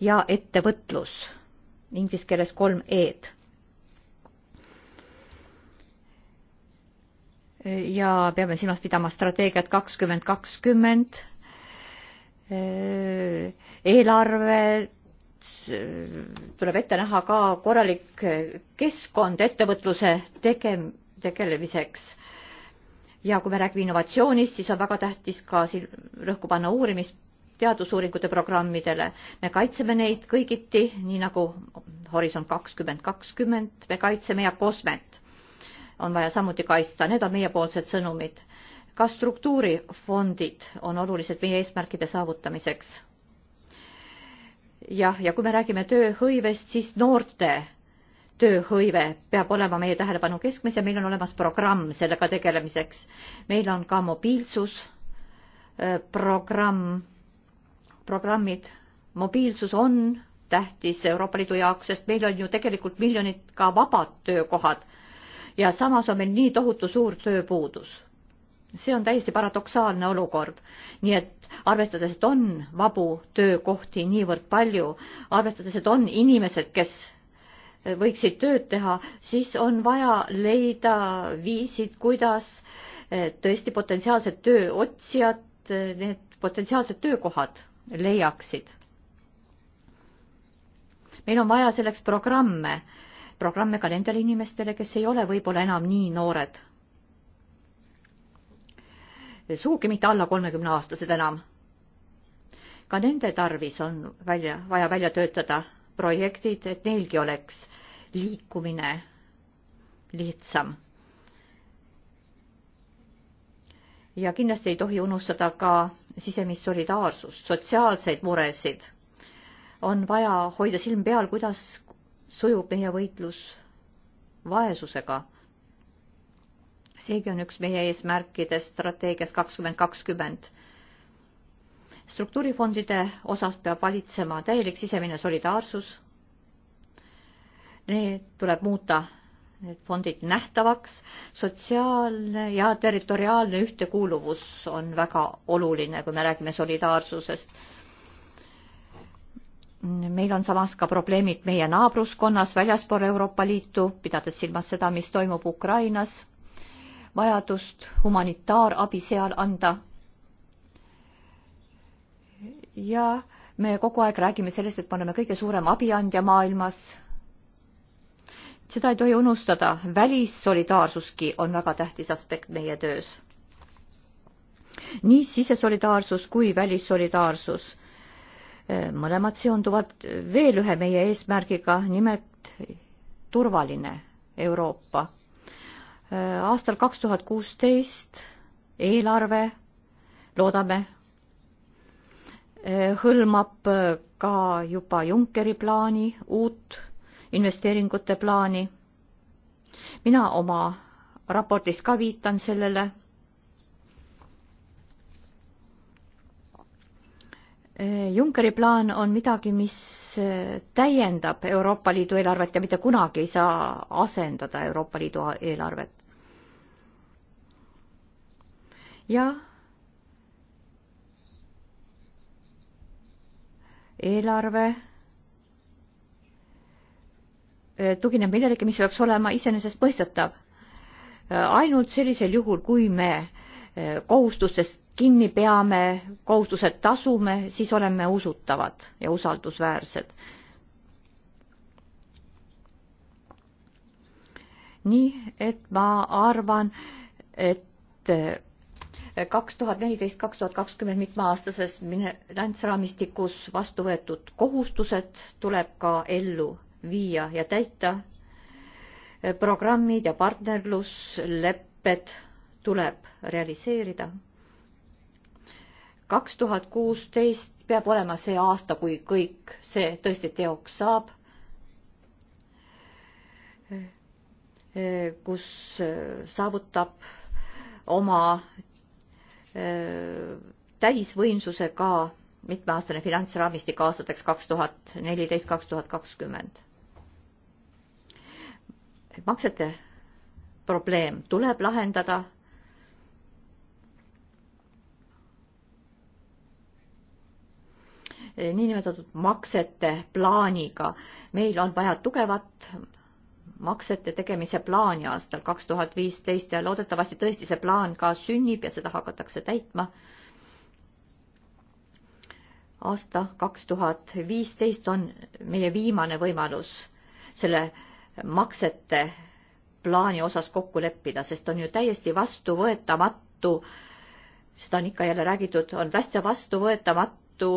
ja ettevõtlus, inglise keeles kolm E-d ja peame silmas pidama strateegiat kakskümmend kakskümmend, eelarve Äh, tuleb ette näha ka korralik äh, keskkond ettevõtluse tege-, tegelemiseks. ja kui me räägime innovatsioonist, siis on väga tähtis ka siin rõhku panna uurimist teadusuuringute programmidele. me kaitseme neid kõigiti, nii nagu Horisont kakskümmend kakskümmend, me kaitseme ja kosmet on vaja samuti kaitsta, need on meiepoolsed sõnumid. ka struktuurifondid on olulised meie eesmärkide saavutamiseks jah, ja kui me räägime tööhõivest, siis noorte tööhõive peab olema meie tähelepanu keskmes ja meil on olemas programm sellega tegelemiseks. meil on ka mobiilsusprogramm, äh, programmid. mobiilsus on tähtis Euroopa Liidu jaoks, sest meil on ju tegelikult miljonid ka vabad töökohad ja samas on meil nii tohutu suur tööpuudus see on täiesti paradoksaalne olukord. nii et arvestades, et on vabu töökohti niivõrd palju, arvestades, et on inimesed, kes võiksid tööd teha, siis on vaja leida viisid, kuidas eh, tõesti potentsiaalsed tööotsijad, eh, need potentsiaalsed töökohad leiaksid. meil on vaja selleks programme, programme ka nendele inimestele, kes ei ole võib-olla enam nii noored sugugi mitte alla kolmekümne aastased enam. ka nende tarvis on välja, vaja välja töötada projektid, et neilgi oleks liikumine lihtsam. ja kindlasti ei tohi unustada ka sisemist solidaarsust, sotsiaalseid muresid. on vaja hoida silm peal, kuidas sujub meie võitlus vaesusega seegi on üks meie eesmärkidest strateegias kakskümmend kakskümmend. struktuurifondide osas peab valitsema täielik sisemine solidaarsus. Need tuleb muuta, need fondid nähtavaks, sotsiaalne ja territoriaalne ühtekuuluvus on väga oluline, kui me räägime solidaarsusest meil on samas ka probleemid meie naabruskonnas väljaspool Euroopa Liitu, pidades silmas seda, mis toimub Ukrainas vajadust humanitaarabi seal anda. ja me kogu aeg räägime sellest, et me oleme kõige suurem abiandja maailmas. seda ei tohi unustada, välissolidaarsuski on väga tähtis aspekt meie töös. nii sisesolidaarsus kui välissolidaarsus, eh, mõlemad seonduvad veel ühe meie eesmärgiga, nimelt turvaline Euroopa aastal kaks tuhat kuusteist eelarve, loodame, eh, hõlmab eh, ka juba Junckeri plaani, uut investeeringute plaani. mina oma raportis ka viitan sellele Junckeri plaan on midagi, mis täiendab Euroopa Liidu eelarvet ja mitte kunagi ei saa asendada Euroopa Liidu eelarvet. ja eelarve eh, tugineb millelegi, mis peaks olema iseenesestmõistetav. Eh, ainult sellisel juhul, kui me kohustustest kinni peame, kohustused tasume, siis oleme usutavad ja usaldusväärsed. nii et ma arvan, et kaks tuhat neliteist, kaks tuhat kakskümmend mitmeaastases finantsraamistikus vastu võetud kohustused tuleb ka ellu viia ja täita. programmid ja partnerluslepped tuleb realiseerida. kaks tuhat kuusteist peab olema see aasta, kui kõik see tõesti teoks saab, kus saavutab oma täisvõimsuse ka mitmeaastane finantsraamistik aastateks kaks tuhat neliteist, kaks tuhat kakskümmend. maksete probleem tuleb lahendada niinimetatud maksete plaaniga. meil on vaja tugevat maksete tegemise plaani aastal kaks tuhat viisteist ja loodetavasti tõesti see plaan ka sünnib ja seda hakatakse täitma. aasta kaks tuhat viisteist on meie viimane võimalus selle maksete plaani osas kokku leppida, sest on ju täiesti vastuvõetamatu, seda on ikka jälle räägitud, on täiesti vastuvõetamatu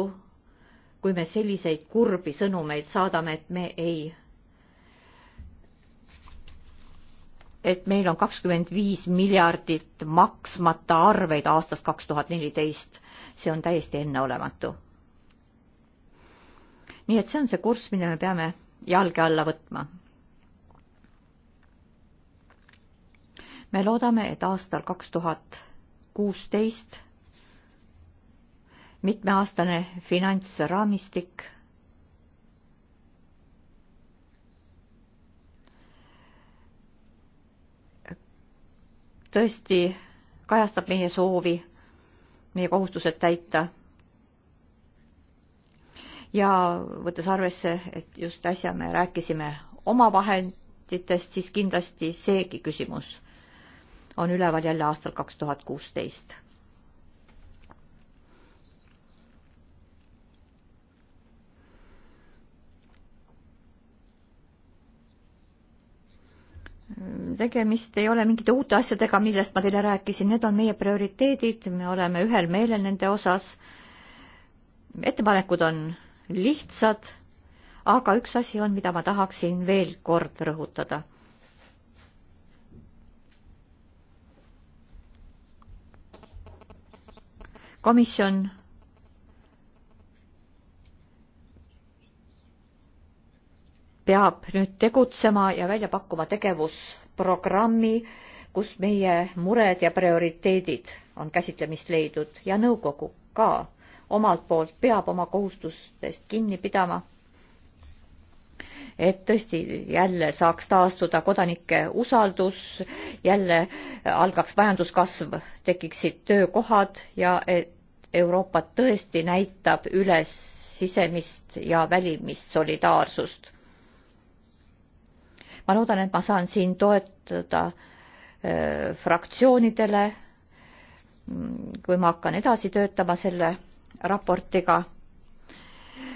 kui me selliseid kurbi sõnumeid saadame, et me ei, et meil on kakskümmend viis miljardit maksmata arveid aastast kaks tuhat neliteist, see on täiesti enneolematu. nii et see on see kurss, mille me peame jalge alla võtma. me loodame, et aastal kaks tuhat kuusteist mitmeaastane finantsraamistik. tõesti kajastab meie soovi meie kohustused täita. ja võttes arvesse, et just äsja me rääkisime omavahenditest, siis kindlasti seegi küsimus on üleval jälle aastal kaks tuhat kuusteist tegemist ei ole mingite uute asjadega, millest ma teile rääkisin, need on meie prioriteedid, me oleme ühel meelel nende osas. ettepanekud on lihtsad, aga üks asi on, mida ma tahaksin veel kord rõhutada. komisjon peab nüüd tegutsema ja välja pakkuma tegevus programmi, kus meie mured ja prioriteedid on käsitlemist leidnud ja nõukogu ka omalt poolt peab oma kohustustest kinni pidama. et tõesti jälle saaks taastuda kodanike usaldus, jälle algaks majanduskasv, tekiksid töökohad ja et Euroopa tõesti näitab üles sisemist ja välimist solidaarsust ma loodan, et ma saan siin toetada äh, fraktsioonidele, mm, kui ma hakkan edasi töötama selle raportiga.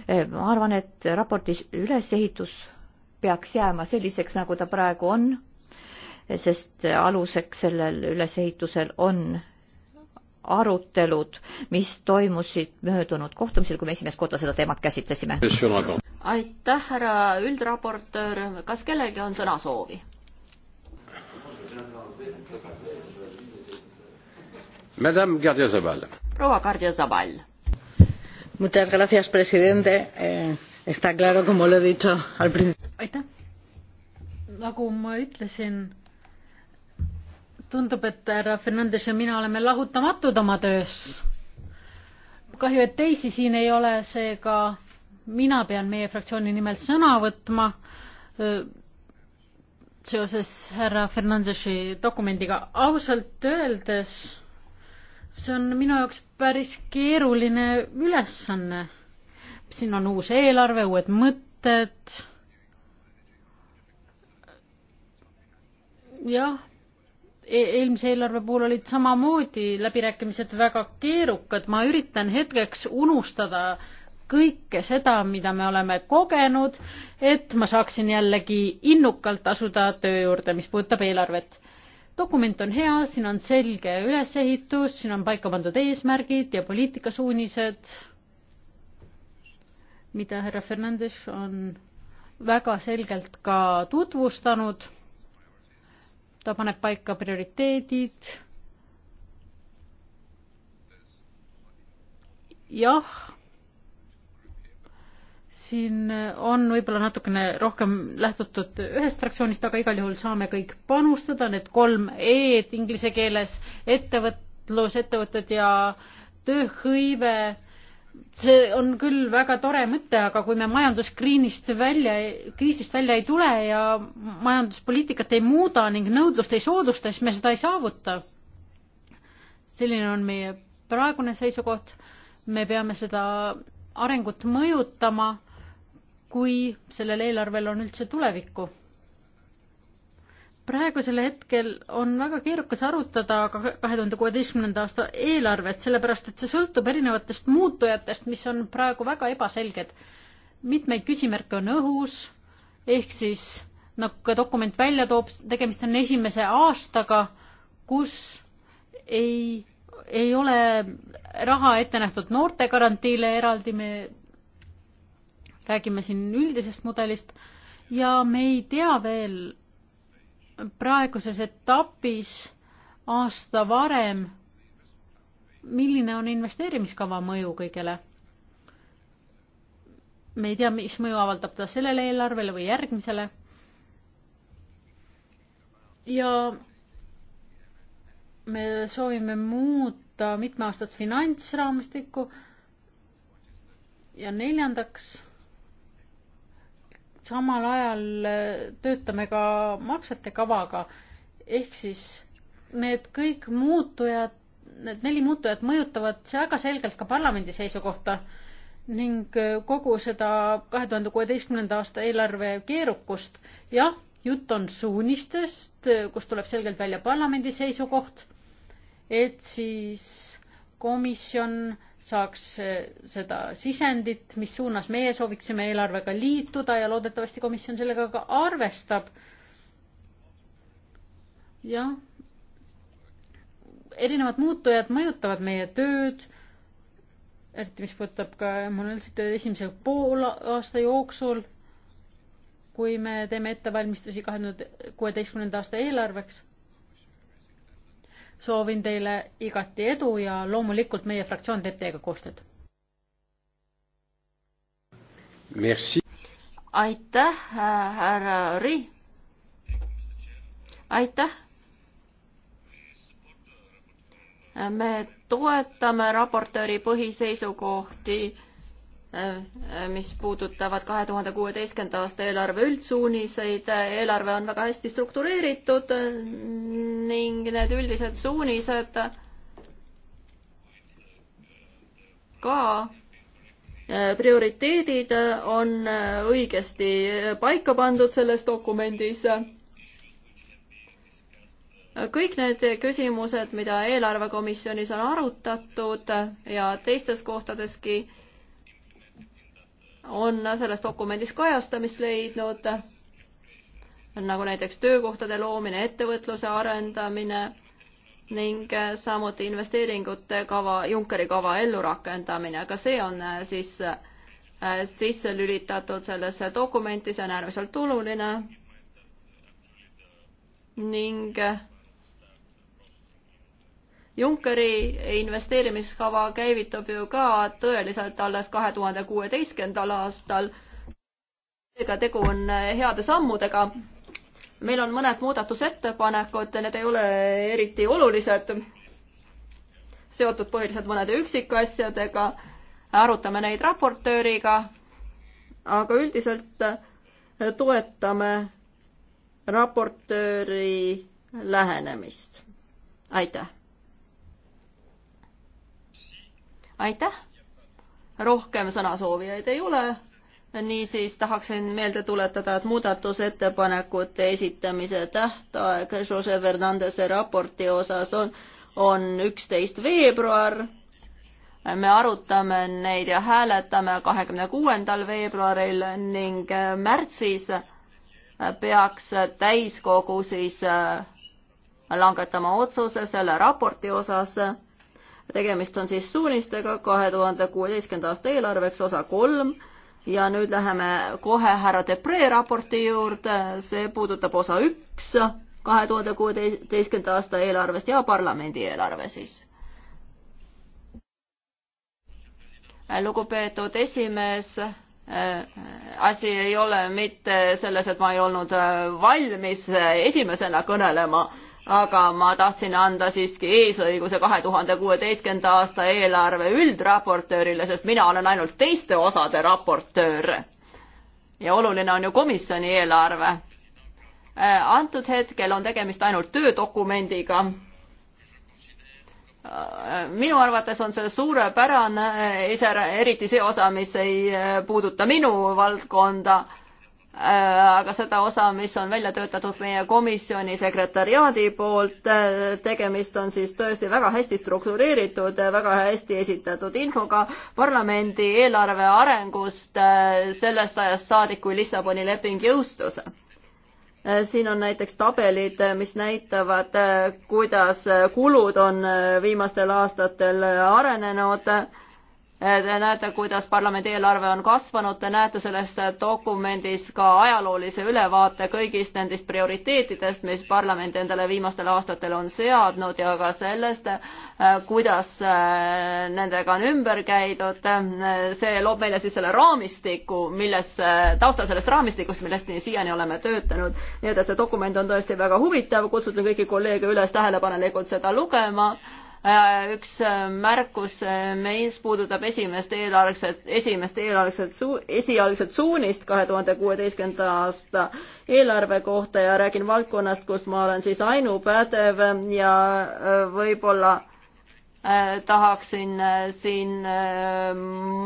Äh, ma arvan, et raporti ülesehitus peaks jääma selliseks, nagu ta praegu on, sest aluseks sellel ülesehitusel on arutelud, mis toimusid möödunud kohtumisel, kui me esimest korda seda teemat käsitlesime. aitäh, härra üldraportöör, kas kellelgi on sõnasoovi? proua Gardia Zabal. Muchas gracias, presidente eh,. Está claro, como lo he dicho al principio. aitäh. nagu ma ütlesin tundub, et härra Fernandes ja mina oleme lahutamatud oma töös. kahju, et teisi siin ei ole, seega mina pean meie fraktsiooni nimel sõna võtma seoses härra Fernandesi dokumendiga. ausalt öeldes see on minu jaoks päris keeruline ülesanne. siin on uus eelarve, uued mõtted. jah E-, eelmise eelarve puhul olid samamoodi läbirääkimised väga keerukad, ma üritan hetkeks unustada kõike seda, mida me oleme kogenud, et ma saaksin jällegi innukalt asuda töö juurde, mis puudutab eelarvet. dokument on hea, siin on selge ülesehitus, siin on paika pandud eesmärgid ja poliitikasuunised, mida härra Fernandes on väga selgelt ka tutvustanud ta paneb paika prioriteedid. jah, siin on võib-olla natukene rohkem lähtutud ühest fraktsioonist, aga igal juhul saame kõik panustada, need kolm E-d inglise keeles, ettevõtlus, ettevõtted ja tööhõive see on küll väga tore mõte, aga kui me majanduskriinist välja, kriisist välja ei tule ja majanduspoliitikat ei muuda ning nõudlust ei soodusta, siis me seda ei saavuta. selline on meie praegune seisukoht. me peame seda arengut mõjutama, kui sellel eelarvel on üldse tulevikku praegusel hetkel on väga keerukas arutada kahe tuhande kuueteistkümnenda aasta eelarvet, sellepärast et see sõltub erinevatest muutujatest, mis on praegu väga ebaselged. mitmeid küsimärke on õhus, ehk siis nagu ka dokument välja toob, tegemist on esimese aastaga, kus ei, ei ole raha ette nähtud noortegarantiile eraldi, me räägime siin üldisest mudelist ja me ei tea veel praeguses etapis aasta varem, milline on investeerimiskava mõju kõigele? me ei tea, mis mõju avaldab ta sellele eelarvele või järgmisele. ja me soovime muuta mitmeaastast finantsraamistikku. ja neljandaks samal ajal eh, töötame ka maksete kavaga ehk siis need kõik muutujad, need neli muutujat mõjutavad väga selgelt ka parlamendi seisukohta ning eh, kogu seda kahe tuhande kuueteistkümnenda aasta eelarve keerukust. jah, jutt on suunistest, eh, kus tuleb selgelt välja parlamendi seisukoht, et siis komisjon saaks eh, seda sisendit, mis suunas meie sooviksime eelarvega liituda ja loodetavasti komisjon sellega ka arvestab. jah, erinevad muutujad mõjutavad meie tööd, eriti mis puudutab ka emanailset tööd esimese poole aasta jooksul, kui me teeme ettevalmistusi kahe tuhande kuueteistkümnenda aasta eelarveks soovin teile igati edu ja loomulikult meie fraktsioon teeb teiega koostööd. aitäh, härra Ri. aitäh. me toetame raportööri põhiseisukohti Äh, mis puudutavad kahe tuhande kuueteistkümnenda aasta eelarve üldsuuniseid. eelarve on väga hästi struktureeritud äh, ning need üldised suunised ka äh, prioriteedid on õigesti paika pandud selles dokumendis. kõik need küsimused, mida eelarvekomisjonis on arutatud ja teistes kohtadeski, on selles dokumendis kajastamist leidnud, nagu näiteks töökohtade loomine, ettevõtluse arendamine ning samuti investeeringute kava, Junckeri kava ellurakendamine, aga see on äh, siis äh, sisse lülitatud sellesse dokumenti, see on äärmiselt oluline ning äh, Junckeri investeerimiskava käivitub ju ka tõeliselt alles kahe tuhande kuueteistkümnendal aastal. seega tegu on eh, heade sammudega. meil on mõned muudatusettepanekud, need ei ole eriti olulised, seotud põhiliselt mõnede üksikasjadega, arutame neid raportööriga, aga üldiselt eh, toetame raportööri lähenemist. aitäh! aitäh! rohkem sõnasoovijaid ei ole, niisiis tahaksin meelde tuletada, et muudatusettepanekute esitamise tähtaeg Jose Fernandese raporti osas on, on üksteist veebruar. me arutame neid ja hääletame kahekümne kuuendal veebruaril ning märtsis peaks täiskogu siis langetama otsuse selle raporti osas tegemist on siis suunistega kahe tuhande kuueteistkümnenda aasta eelarveks osa kolm ja nüüd läheme kohe härra Depree raporti juurde, see puudutab osa üks kahe tuhande kuueteistkümnenda aasta eelarvest ja parlamendi eelarve siis. lugupeetud esimees äh, asi ei ole mitte selles, et ma ei olnud äh, valmis äh, esimesena kõnelema aga ma tahtsin anda siiski eesõiguse kahe tuhande kuueteistkümnenda aasta eelarve üldraportöörile, sest mina olen ainult teiste osade raportöör. ja oluline on ju komisjoni eelarve. Äh, antud hetkel on tegemist ainult töödokumendiga. Äh, minu arvates on see suurepärane, eriti see osa, mis ei äh, puuduta minu valdkonda Äh, aga seda osa, mis on välja töötatud meie komisjoni sekretäriaadi poolt, äh, tegemist on siis tõesti väga hästi struktureeritud, äh, väga hästi esitatud infoga parlamendi eelarve arengust sellest ajast saadik, kui Lissaboni leping jõustus siin on näiteks tabelid, mis näitavad, kuidas kulud on viimastel aastatel arenenud Te näete, kuidas parlamendi eelarve on kasvanud, te näete selles dokumendis ka ajaloolise ülevaate kõigist nendest prioriteetidest, mis parlament endale viimastel aastatel on seadnud ja ka sellest, eh, kuidas eh, nendega on ümber käidud. see loob meile siis selle raamistiku, milles, eh, tausta sellest raamistikust, millest nii siiani oleme töötanud. nii et see dokument on tõesti väga huvitav, kutsutan kõiki kolleege üles tähelepanelikult seda lugema Äh, üks äh, märkus, äh, mis puudutab esimest eelarvset, esimest eelarvset suu-, esialgset suunist kahe tuhande kuueteistkümnenda aasta eelarve kohta ja räägin valdkonnast, kus ma olen siis ainupädev ja võib-olla tahaksin siin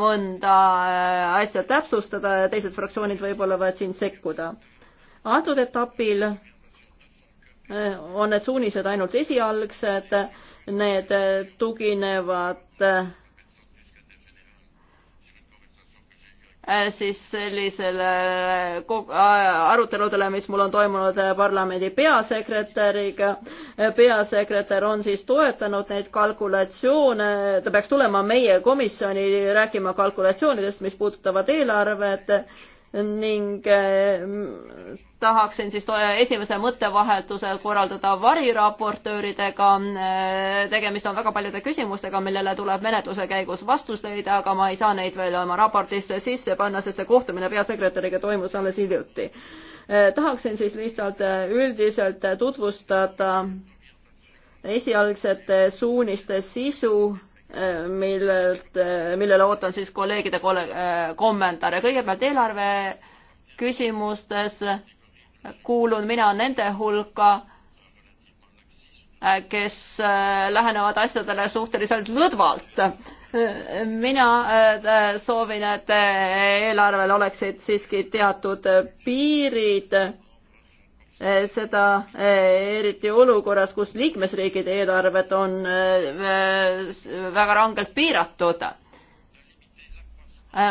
mõnda asja täpsustada ja teised fraktsioonid võib-olla võivad siin sekkuda. antud etapil on need suunised ainult esialgsed need äh, tuginevad äh, siis sellisele äh, aruteludele, mis mul on toimunud parlamendi peasekretäriga. peasekretär on siis toetanud neid kalkulatsioone, ta peaks tulema meie komisjoni rääkima kalkulatsioonidest, mis puudutavad eelarvet ning eh, tahaksin siis esimese mõttevahetuse korraldada variraportööridega. Eh, tegemist on väga paljude küsimustega, millele tuleb menetluse käigus vastus leida, aga ma ei saa neid veel oma raportisse sisse panna, sest see kohtumine peasekretäriga toimus alles hiljuti. Eh, tahaksin siis lihtsalt üldiselt tutvustada esialgsete suuniste sisu millelt, millele ootan siis kolleegide kommentaare. kõigepealt eelarve küsimustes kuulun mina nende hulka, kes äh, lähenevad asjadele suhteliselt lõdvalt. mina äh, soovin, et äh, eelarvel oleksid siiski teatud piirid Eh, seda eh, eriti olukorras, kus liikmesriikide eelarved on eh, väga rangelt piiratud.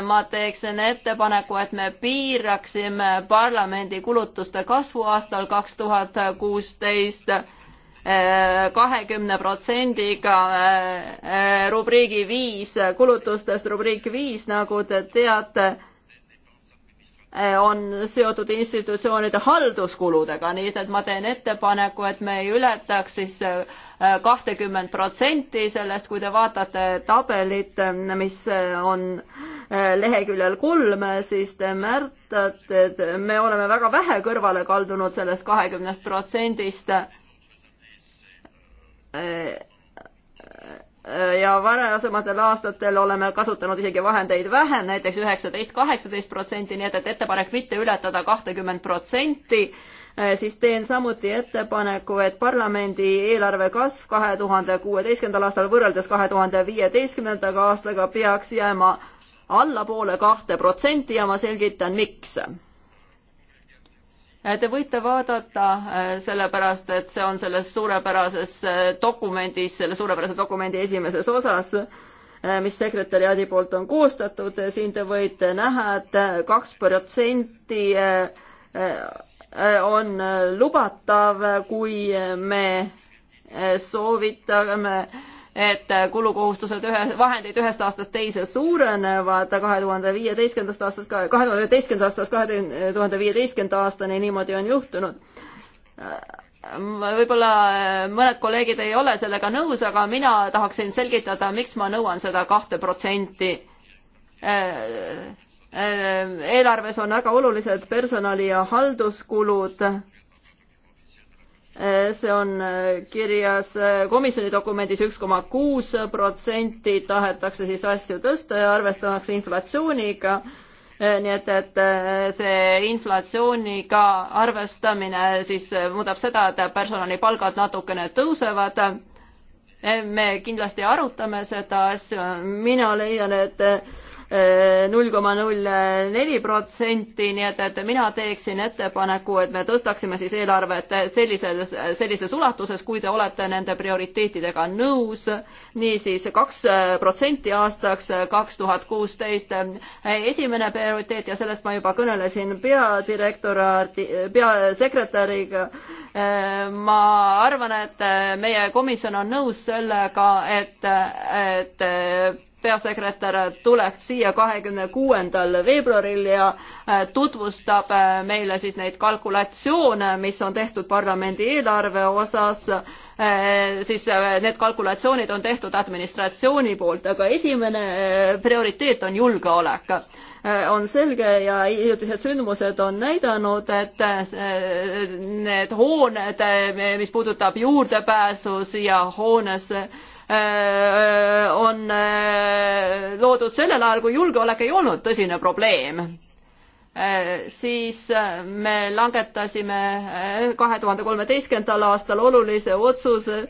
ma teeksin ettepaneku, et me piiraksime parlamendi kulutuste kasvu aastal kaks tuhat kuusteist kahekümne protsendiga rubriigi viis kulutustest, rubriik viis, nagu te teate on seotud institutsioonide halduskuludega, nii et, et ma teen ettepaneku, et me ei ületaks siis äh, kahtekümmend protsenti sellest, kui te vaatate tabelit, mis on äh, leheküljel kolm, siis te märkate, et me oleme väga vähe kõrvale kaldunud sellest kahekümnest protsendist äh, Äh, ja varasematel aastatel oleme kasutanud isegi vahendeid vähem näiteks, näiteks üheksateist, kaheksateist protsenti, nii et, et ettepanek mitte ületada kahtekümmend protsenti, äh, siis teen samuti ettepaneku, et parlamendi eelarve kasv kahe tuhande kuueteistkümnendal aastal võrreldes kahe tuhande viieteistkümnendaga aastaga peaks jääma allapoole kahte protsenti ja ma selgitan, miks Äh, te võite vaadata, äh, sellepärast et see on selles suurepärases äh, dokumendis, selle suurepärase dokumendi esimeses osas, mis sekretäriaadi poolt on koostatud, siin te võite näha, et kaks protsenti on lubatav, kui me soovitame et kulukohustused ühe, vahendid ühest aastast teise suurenevad kahe tuhande viieteistkümnendast aastast, kahe tuhande üheteistkümnendast aastast kahe tuhande viieteistkümnenda aastani, niimoodi on juhtunud. võib-olla äh, mõned kolleegid ei ole sellega nõus, aga mina tahaksin selgitada, miks ma nõuan seda kahte protsenti äh, äh, eelarves on väga olulised personali ja halduskulud see on äh, kirjas äh, komisjoni dokumendis üks koma kuus protsenti tahetakse siis asju tõsta ja arvestatakse inflatsiooniga. Äh, nii et, et see inflatsiooniga arvestamine siis muudab seda, et personalipalgad natukene tõusevad me kindlasti arutame seda asja, mina leian, et null koma null neli protsenti, nii et, et mina teeksin ettepaneku, et me tõstaksime siis eelarvet sellises, sellises ulatuses, kui te olete nende prioriteetidega nõus nii, niisiis kaks protsenti aastaks kaks tuhat kuusteist. esimene prioriteet ja sellest ma juba kõnelesin peadirektoraadi, peasekretäriga. ma arvan, et meie komisjon on nõus sellega, et, et peasekretär tuleb siia kahekümne kuuendal veebruaril ja äh, tutvustab äh, meile siis neid kalkulatsioone, mis on tehtud parlamendi eelarve osas, äh, siis need kalkulatsioonid on tehtud administratsiooni poolt, aga esimene prioriteet on julgeolek on selge ja hiljutised sündmused on näidanud, et need hooned, mis puudutab juurdepääsu siia hoonesse, Äh, on äh, loodud sellel ajal, kui julgeolek ei olnud tõsine probleem äh, siis me langetasime kahe tuhande kolmeteistkümnendal aastal olulise otsuse.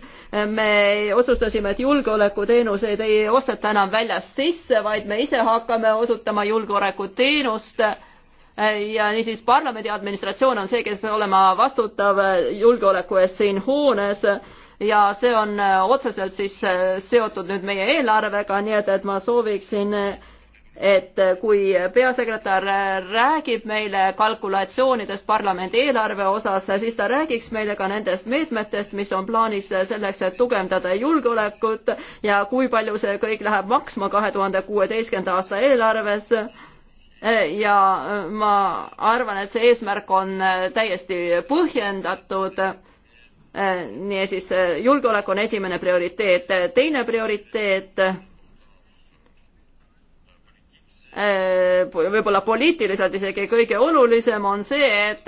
me otsustasime, et julgeolekuteenuseid ei osteta enam väljast sisse, vaid me ise hakkame osutama julgeolekuteenust. ja niisiis parlamendi administratsioon on see, kes peab olema vastutav julgeoleku eest siin hoones ja see on äh, otseselt siis äh, seotud nüüd meie eelarvega, nii et, et ma sooviksin et äh, kui peasekretär räägib meile kalkulatsioonidest parlamendi eelarve osas, siis ta räägiks meile ka nendest meetmetest, mis on plaanis selleks, et tugevdada julgeolekut ja kui palju see kõik läheb maksma kahe tuhande kuueteistkümnenda aasta eelarves. ja ma arvan, et see eesmärk on täiesti põhjendatud Äh, niisiis, äh, julgeolek on esimene prioriteet, äh, teine prioriteet võib-olla poliitiliselt isegi kõige olulisem on see, et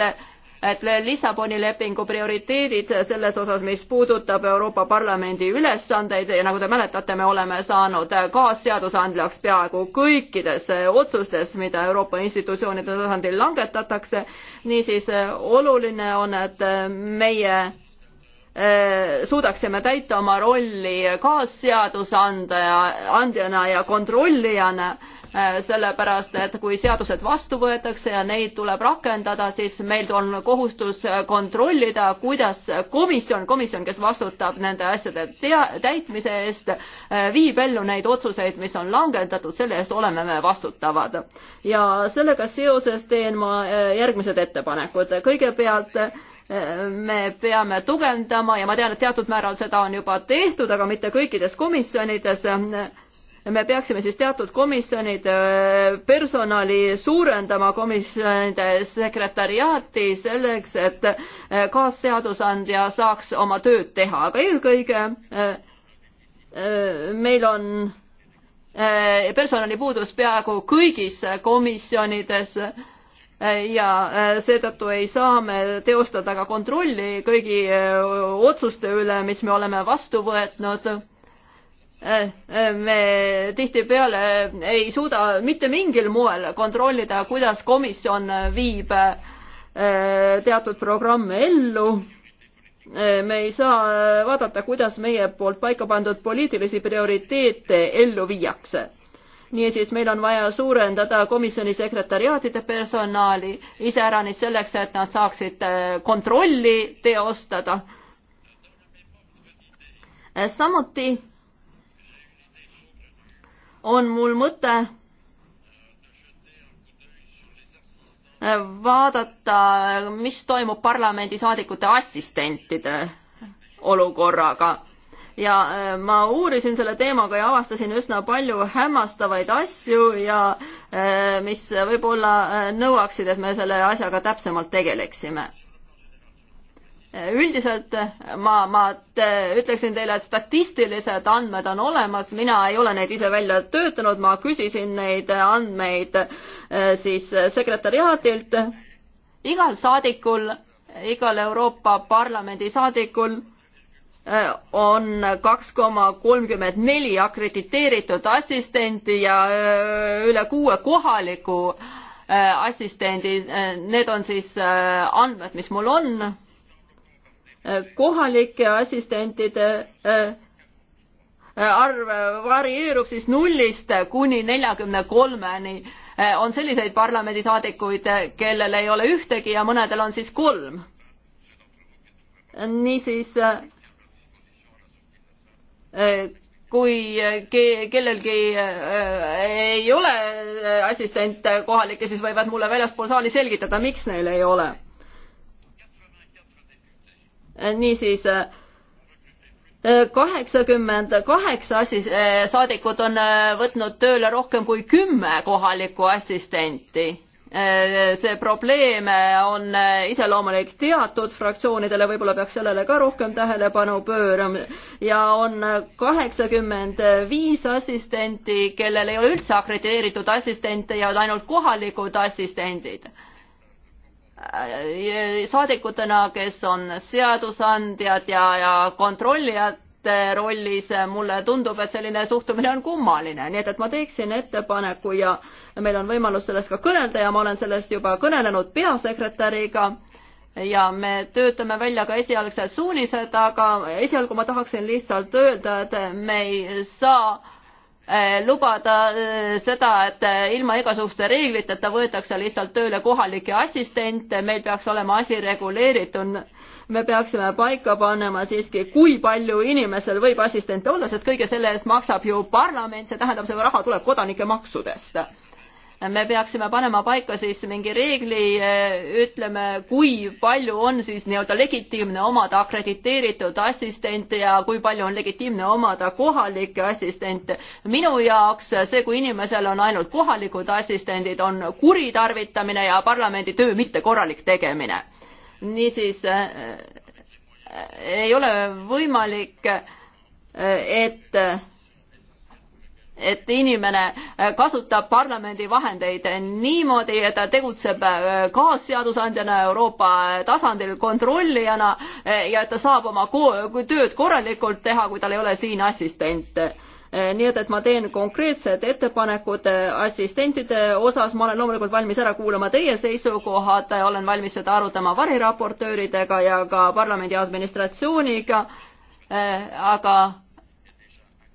et Lissaboni lepingu prioriteedid selles osas, mis puudutab Euroopa Parlamendi ülesandeid ja nagu te mäletate, me oleme saanud kaasseadusandjaks peaaegu kõikides otsustes, mida Euroopa institutsioonide tasandil langetatakse. niisiis oluline on, et meie Äh, suudaksime täita oma rolli kaasseadusandja, andjana ja kontrollijana, äh, sellepärast et kui seadused vastu võetakse ja neid tuleb rakendada, siis meil on kohustus kontrollida, kuidas komisjon, komisjon, kes vastutab nende asjade tea-, täitmise eest, äh, viib ellu neid otsuseid, mis on langetatud, selle eest oleme me vastutavad. ja sellega seoses teen ma järgmised ettepanekud. kõigepealt me peame tugevdama ja ma tean, et teatud määral seda on juba tehtud, aga mitte kõikides komisjonides. me peaksime siis teatud komisjonide äh, personali suurendama komisjonide sekretariaati selleks, et äh, kaasseadusandja saaks oma tööd teha, aga eelkõige äh, meil on personalipuudus peaaegu kõigis komisjonides ja äh, seetõttu ei saa me teostada ka kontrolli kõigi äh, otsuste üle, mis me oleme vastu võetnud. Äh, me tihtipeale ei suuda mitte mingil moel kontrollida, kuidas komisjon viib teatud programme ellu me ei saa vaadata, kuidas meie poolt paika pandud poliitilisi prioriteete ellu viiakse niisiis meil on vaja suurendada komisjoni sekretariaatide personali iseäranis selleks, et nad saaksid äh, kontrolli teostada. Äh, samuti on mul mõte äh, vaadata, mis toimub parlamendisaadikute assistentide olukorraga ja äh, ma uurisin selle teemaga ja avastasin üsna palju hämmastavaid asju ja äh, mis võib-olla äh, nõuaksid, et me selle asjaga täpsemalt tegeleksime. üldiselt ma, ma te, ütleksin teile, et statistilised andmed on olemas, mina ei ole neid ise välja töötanud, ma küsisin neid andmeid siis sekretäriaadilt. igal saadikul, igal Euroopa Parlamendi saadikul Äh, on kaks koma kolmkümmend neli akrediteeritud assistenti ja äh, üle kuue kohaliku äh, assistendi, need on siis andmed, mis mul on. kohalike assistentide arv varieerub siis nullist kuni neljakümne kolmeni. on selliseid parlamendisaadikuid, kellel ei ole ühtegi ja mõnedel on siis kolm. niisiis kui ke-, kellelgi äh, ei ole äh, assistente kohalikke, siis võivad mulle väljaspool saali selgitada, miks neil ei ole. niisiis äh, kaheksakümmend kaheksa assis-, saadikut on võtnud tööle rohkem kui kümme kohalikku assistenti Eh, see probleem eh, on eh, iseloomulik teatud fraktsioonidele, võib-olla peaks sellele ka rohkem tähelepanu pöörama ja on kaheksakümmend viis assistenti, kellel ei ole üldse akrediteeritud assistente ja ainult kohalikud assistendid. saadikutena, kes on seadusandjad ja, ja kontrollijad, rollis, eh, mulle tundub, et selline suhtumine on kummaline, nii et, et ma teeksin ettepaneku ja meil on võimalus sellest ka kõnelda ja ma olen sellest juba kõnelenud peasekretäriga ja me töötame välja ka esialgsed suunised, aga esialgu ma tahaksin lihtsalt öelda, et me ei saa Äh, lubada äh, seda, et äh, ilma igasuguste reegliteta võetakse lihtsalt tööle kohalikke assistente, meil peaks olema asi reguleeritud, me peaksime paika panema siiski, kui palju inimesel võib assistente olla, sest kõige selle eest maksab ju parlament, see tähendab, see raha tuleb kodanike maksudest me peaksime panema paika siis mingi reegli, eh, ütleme, kui palju on siis nii-öelda legitiimne omada akrediteeritud assistente ja kui palju on legitiimne omada kohalikke assistente. minu jaoks see, kui inimesel on ainult kohalikud assistendid, on kuritarvitamine ja parlamendi töö mittekorralik tegemine. niisiis äh, ei ole võimalik, et äh, et inimene äh, kasutab parlamendi vahendeid niimoodi, et ta tegutseb äh, kaasseadusandjana Euroopa tasandil kontrollijana äh, ja et ta saab oma tööd korralikult teha, kui tal ei ole siin assistente nii et, et ma teen konkreetsed ettepanekud assistentide osas, ma olen loomulikult valmis ära kuulama teie seisukohad, olen valmis seda arutama variraportööridega ja ka parlamendi administratsiooniga, aga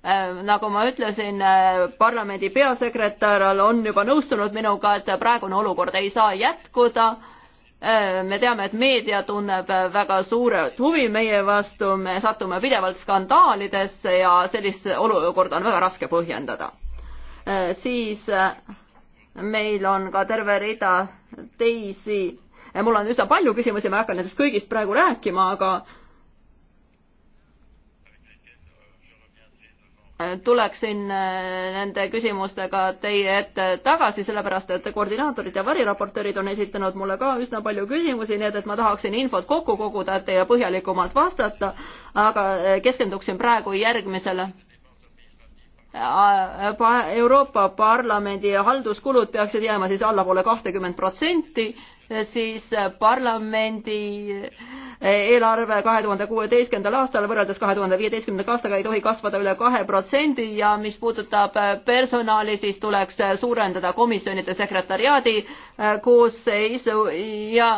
Äh, nagu ma ütlesin, äh, parlamendi peasekretär on juba nõustunud minuga, et praegune olukord ei saa jätkuda. Äh, me teame, et meedia tunneb väga suurelt huvi meie vastu, me satume pidevalt skandaalidesse ja sellist olukorda on väga raske põhjendada. siis meil on ka terve rida teisi, mul on üsna palju küsimusi, ma ei hakka nendest kõigist praegu rääkima, aga tuleksin äh, nende küsimustega teie ette tagasi, sellepärast et koordinaatorid ja variraportöörid on esitanud mulle ka üsna palju küsimusi, nii et, et ma tahaksin infot kokku koguda, et teie põhjalikumalt vastata, aga äh, keskenduksin praegu järgmisele. Äh, Euroopa Parlamendi halduskulud peaksid jääma siis allapoole kahtekümmend protsenti, siis parlamendi äh, eelarve kahe tuhande kuueteistkümnendal aastal võrreldes kahe tuhande viieteistkümnenda aastaga ei tohi kasvada üle kahe protsendi ja mis puudutab äh, personali, siis tuleks äh, suurendada komisjonide sekretariaadi äh, koosseisu ja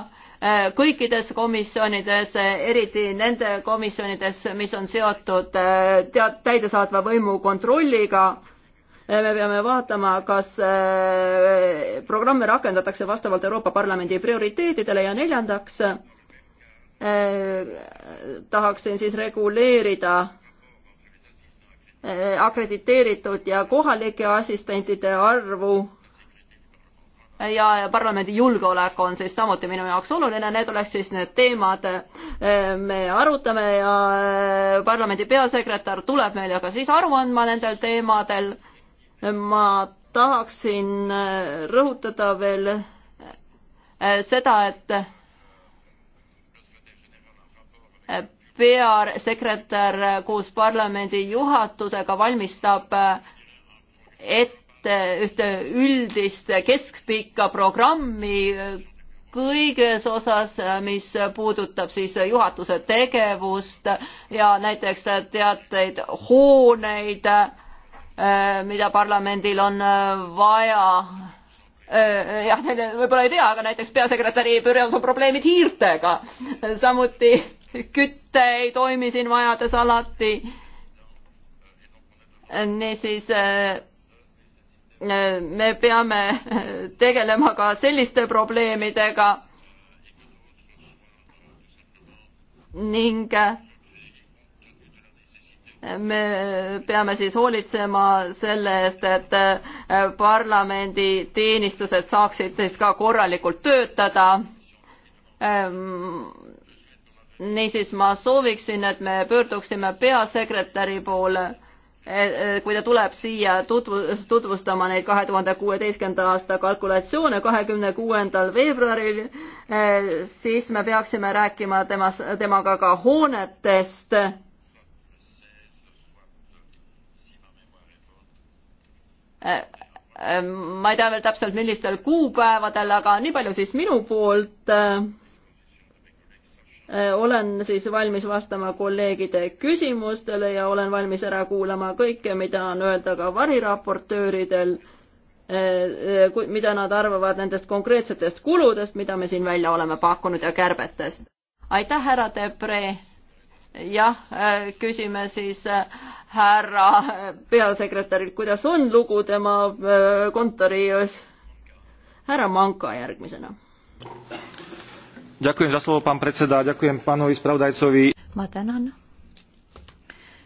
kõikides komisjonides, eriti nende komisjonides, mis on seotud tead-, täidesaatva võimu kontrolliga, me peame vaatama, kas programme rakendatakse vastavalt Euroopa Parlamendi prioriteedidele ja neljandaks, Äh, tahaksin siis reguleerida äh, akrediteeritud ja kohalike assistentide arvu ja parlamendi julgeolek on siis samuti minu jaoks oluline, need oleks siis need teemad, äh, me arutame ja parlamendi peasekretär tuleb meile ka siis aru andma nendel teemadel. ma tahaksin rõhutada veel seda, et peasekretär koos parlamendi juhatusega valmistab ette ühte üldist keskpikka programmi kõiges osas, mis puudutab siis juhatuse tegevust ja näiteks teateid hooneid, mida parlamendil on vaja jah, võib-olla ei tea, aga näiteks peasekretäri büroos on probleemid hiirtega. samuti küte ei toimi siin majades alati. niisiis äh, äh, me peame äh, tegelema ka selliste probleemidega ning me peame siis hoolitsema selle eest, et parlamendi teenistused saaksid siis ka korralikult töötada. Ähm, niisiis ma sooviksin, et me pöörduksime peasekretäri poole, e, e, kui ta tuleb siia tutvu-, tutvustama neid kahe tuhande kuueteistkümnenda aasta kalkulatsioone kahekümne kuuendal veebruaril, e, siis me peaksime rääkima temas, temaga ka hoonetest ma ei tea veel täpselt, millistel kuupäevadel, aga nii palju siis minu poolt äh, Äh, olen siis valmis vastama kolleegide küsimustele ja olen valmis ära kuulama kõike, mida on öelda ka variraportööridel, äh, äh, mida nad arvavad nendest konkreetsetest kuludest, mida me siin välja oleme pakkunud ja kärbetest. aitäh, härra Debre. jah, küsime siis härra peasekretärilt, kuidas on lugu tema kontori öös. härra Manka järgmisena Ďakujem za slovo, pán predseda. Ďakujem pánovi spravodajcovi. Ma tänan.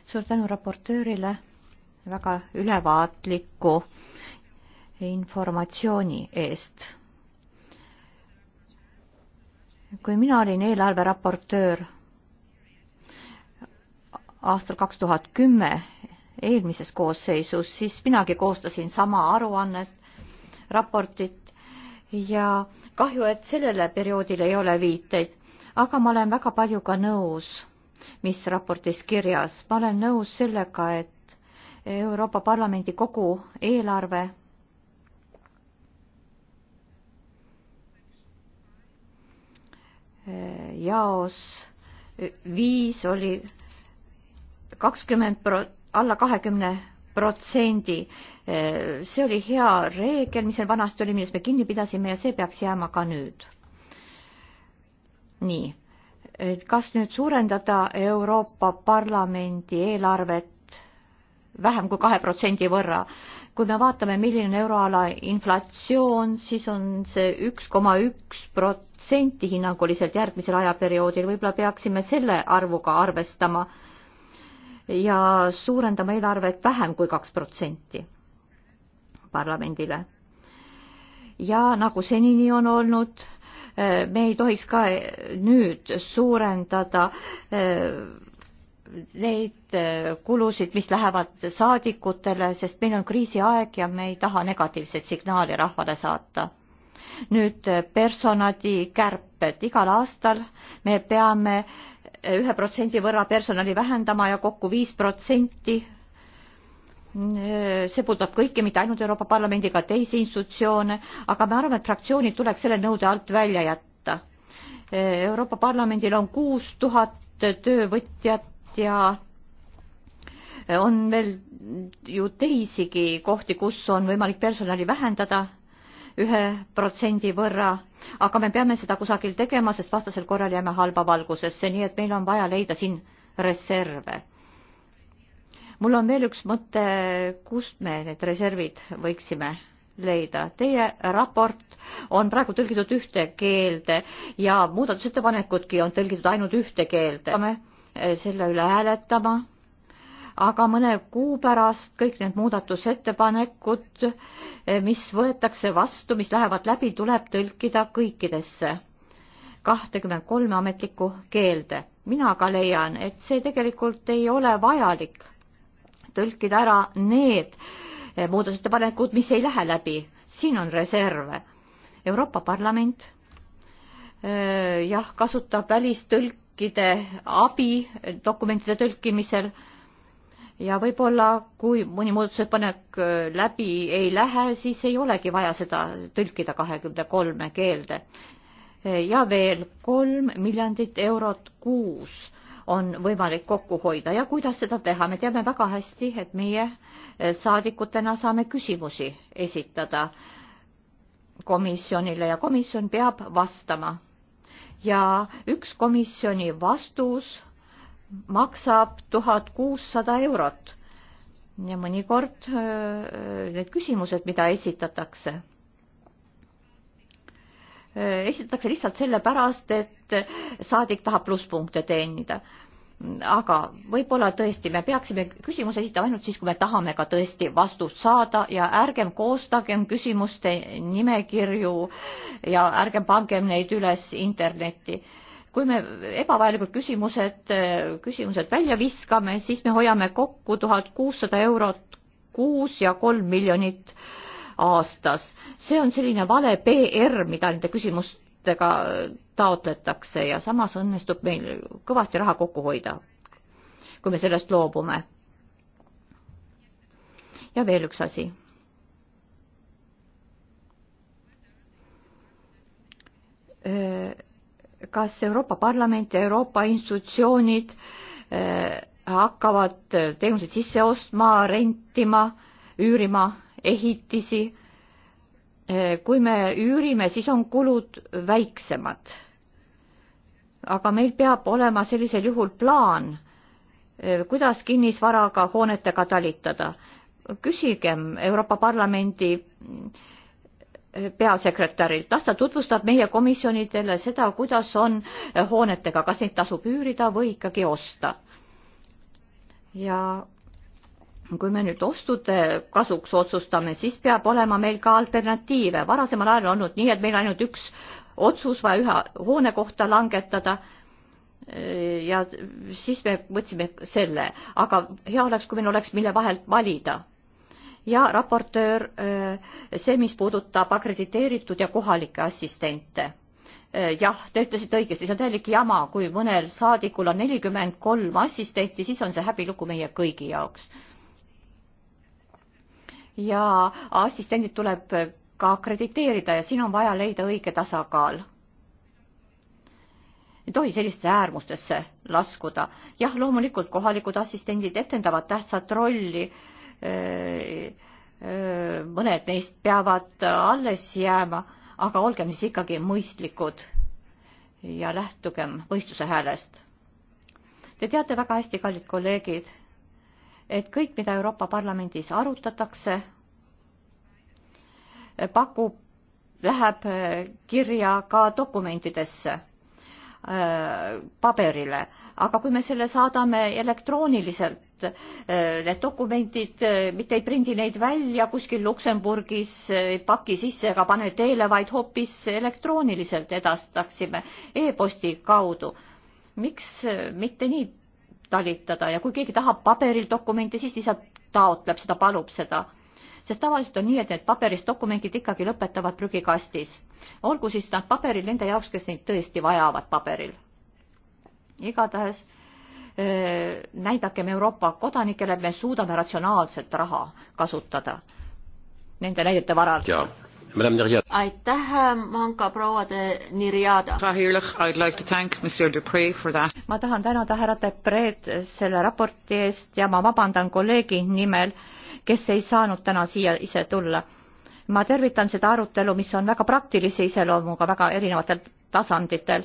Suur tänu raportöörile väga ülevaatliku informatsiooni eest. kui mina olin eelarveraportöör aastal kaks tuhat kümme eelmises koosseisus, siis minagi koostasin sama aruannet, raportit ja äh, kahju, et sellele perioodile ei ole viiteid, aga ma olen väga paljuga nõus, mis raportis kirjas. ma olen nõus sellega, et Euroopa Parlamendi kogu eelarve jaos viis oli kakskümmend pro-, alla kahekümne protsendi. see oli hea reegel, mis meil vanasti oli, millest me kinni pidasime ja see peaks jääma ka nüüd. nii, et kas nüüd suurendada Euroopa Parlamendi eelarvet vähem kui kahe protsendi võrra? kui me vaatame, milline on euroala inflatsioon, siis on see üks koma üks protsenti hinnanguliselt järgmisel ajaperioodil, võib-olla peaksime selle arvuga arvestama ja suurendama eelarvet vähem kui kaks protsenti parlamendile. ja nagu senini on olnud, eh, me ei tohiks ka nüüd suurendada eh, neid eh, kulusid, mis lähevad saadikutele, sest meil on kriisiaeg ja me ei taha negatiivset signaali rahvale saata. nüüd personali kärped, igal aastal me peame ühe protsendi võrra personali vähendama ja kokku viis protsenti. see puudutab kõiki, mitte ainult Euroopa Parlamendi, ka teisi institutsioone, aga me arvame, et fraktsioonid tuleks selle nõude alt välja jätta. Euroopa Parlamendil on kuus tuhat töövõtjat ja on veel ju teisigi kohti, kus on võimalik personali vähendada ühe protsendi võrra, aga me peame seda kusagil tegema, sest vastasel korral jääme halba valgusesse, nii et meil on vaja leida siin reserve. mul on veel üks mõte, kust me need reservid võiksime leida. Teie raport on praegu tõlgitud ühte keelde ja muudatusettepanekudki on tõlgitud ainult ühte keelde. peame selle üle hääletama aga mõne kuu pärast kõik need muudatusettepanekud, eh, mis võetakse vastu, mis lähevad läbi, tuleb tõlkida kõikidesse kahtekümmend kolme ametlikku keelde. mina aga leian, et see tegelikult ei ole vajalik tõlkida ära need eh, muudatusettepanekud, mis ei lähe läbi. siin on reserve. Euroopa Parlament eh, jah, kasutab välistõlkide abi dokumentide tõlkimisel ja võib-olla, kui mõni muudatusettepanek äh, läbi ei lähe, siis ei olegi vaja seda tõlkida kahekümne kolme keelde. Äh, ja veel kolm miljardit eurot kuus on võimalik kokku hoida ja kuidas seda teha, me teame väga hästi, et meie äh, saadikutena saame küsimusi esitada komisjonile ja komisjon peab vastama. ja üks komisjoni vastus maksab tuhat kuussada eurot. ja mõnikord äh, need küsimused, mida esitatakse, äh, esitatakse lihtsalt sellepärast, et saadik tahab plusspunkte teenida. aga võib-olla tõesti me peaksime küsimuse esitama ainult siis, kui me tahame ka tõesti vastust saada ja ärgem koostagem küsimuste nimekirju ja ärgem pangem neid üles internetti kui me ebavajalikud küsimused, küsimused välja viskame, siis me hoiame kokku tuhat kuussada eurot kuus ja kolm miljonit aastas. see on selline vale PR, mida nende küsimustega taotletakse ja samas õnnestub meil kõvasti raha kokku hoida, kui me sellest loobume. ja veel üks asi öö kas Euroopa Parlament ja Euroopa institutsioonid eh, hakkavad eh, teenuseid sisse ostma, rentima, üürima ehitisi. Eh, kui me üürime, siis on kulud väiksemad. aga meil peab olema sellisel juhul plaan, kuidas kinnisvaraga hoonetega talitada. küsigem Euroopa Parlamendi mm, peasekretärilt, las ta tutvustab meie komisjonidele seda, kuidas on hoonetega, kas neid tasub üürida või ikkagi osta. ja kui me nüüd ostude kasuks otsustame, siis peab olema meil ka alternatiive. varasemal ajal on olnud nii, et meil ainult üks otsus vaja ühe hoone kohta langetada ja siis me võtsime selle, aga hea oleks, kui meil oleks, mille vahelt valida ja raportöör äh, see, mis puudutab akrediteeritud ja kohalikke assistente. Äh, jah, te ütlesite õigesti, see on täielik jama, kui mõnel saadikul on nelikümmend kolm assistenti, siis on see häbilugu meie kõigi jaoks. ja assistendid tuleb ka akrediteerida ja siin on vaja leida õige tasakaal ei tohi selliste äärmustesse laskuda. jah, loomulikult kohalikud assistendid etendavad tähtsat rolli äh, Äh, äh, mõned neist peavad alles jääma, aga olgem siis ikkagi mõistlikud ja lähtugem mõistuse häälest. Te teate väga hästi, kallid kolleegid, et kõik, mida Euroopa Parlamendis arutatakse, pakub, läheb kirja ka dokumentidesse Äh, paberile, aga kui me selle saadame elektrooniliselt, äh, need dokumendid, äh, mitte ei prindi neid välja kuskil Luksemburgis, ei paki sisse ega pane teele, vaid hoopis elektrooniliselt edastaksime e-posti kaudu. miks mitte nii talitada ja kui keegi tahab paberil dokumenti, siis lihtsalt taotleb seda, palub seda sest tavaliselt on nii, et need paberist dokumendid ikkagi lõpetavad prügikastis. olgu siis nad paberil nende jaoks, kes neid tõesti vajavad paberil. igatahes näidakem Euroopa kodanikele, me suudame ratsionaalselt raha kasutada nende näidete varal. aitäh, Manka proua de Nirjada. Like ma tahan tänada härra Depreed selle raporti eest ja ma vabandan kolleegi nimel kes ei saanud täna siia ise tulla. ma tervitan seda arutelu, mis on väga praktilise iseloomuga väga erinevatel tasanditel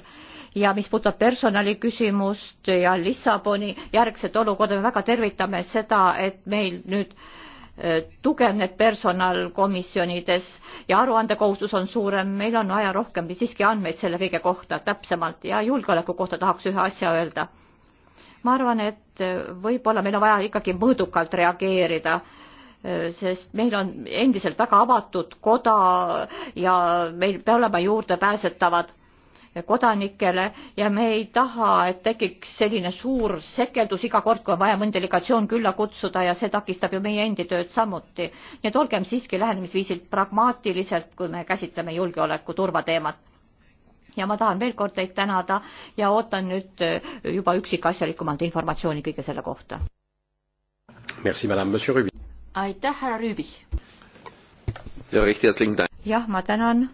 ja mis puudutab personaliküsimust ja Lissaboni järgset olukorda, me väga tervitame seda, et meil nüüd äh, tugevneb personal komisjonides ja aruandekohustus on suurem, meil on vaja rohkem siiski andmeid selle kõige kohta täpsemalt ja julgeoleku kohta tahaks ühe asja öelda. ma arvan, et äh, võib-olla meil on vaja ikkagi mõõdukalt reageerida sest meil on endiselt väga avatud koda ja meil peab olema juurdepääsetavad kodanikele ja me ei taha, et tekiks selline suur sekeldus iga kord, kui on vaja mõni delegatsioon külla kutsuda ja see takistab ju meie endi tööd samuti. nii et olgem siiski lähenemisviisilt pragmaatiliselt, kui me käsitleme julgeoleku turvateemat ja ma tahan veel kord teid tänada ja ootan nüüd äh, juba üksikasjalikumalt informatsiooni kõige selle kohta. Merci, madame, monsieur Rubik aitäh, härra Rüübich! jah, ma tänan,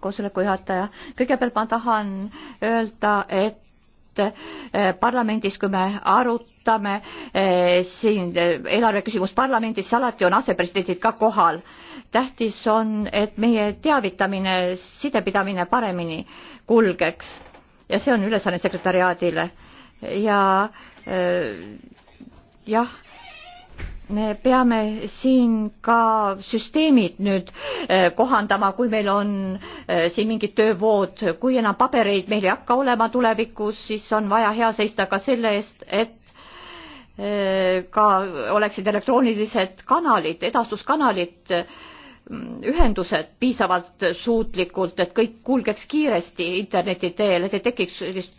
koosoleku juhataja. kõigepealt ma tahan öelda, et eh, parlamendis, kui me arutame eh, siin eh, eelarve küsimust parlamendis, siis alati on asepresidendid ka kohal. tähtis on, et meie teavitamine, sidepidamine paremini kulgeks ja see on ülesanne sekretäriaadile ja jah me peame siin ka süsteemid nüüd eh, kohandama, kui meil on eh, siin mingid töövood, kui enam pabereid meil ei hakka olema tulevikus, siis on vaja hea seista ka selle eest, et eh, ka oleksid elektroonilised kanalid, edastuskanalid, mm, ühendused piisavalt suutlikult, et kõik kulgeks kiiresti interneti teel, et ei tekiks sellist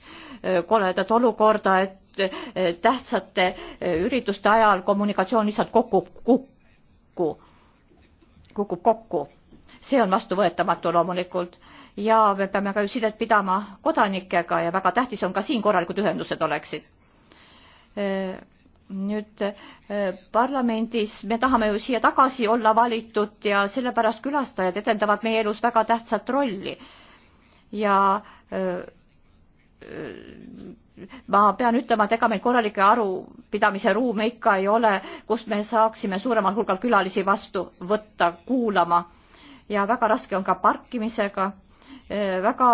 koledat olukorda, et Eh, tähtsate eh, ürituste ajal kommunikatsioon lihtsalt kukub kokku, kukub kokku. see on vastuvõetamatu loomulikult ja me peame ka ju sidet pidama kodanikega ja väga tähtis on ka siin korralikud ühendused oleksid. Eh, nüüd parlamendis me tahame ju siia tagasi olla valitud ja sellepärast külastajad etendavad meie elus väga tähtsat rolli ja öö, ma pean ütlema, et ega meil korralikke arupidamise ruume ikka ei ole, kus me saaksime suuremal hulgal külalisi vastu võtta kuulama. ja väga raske on ka parkimisega. väga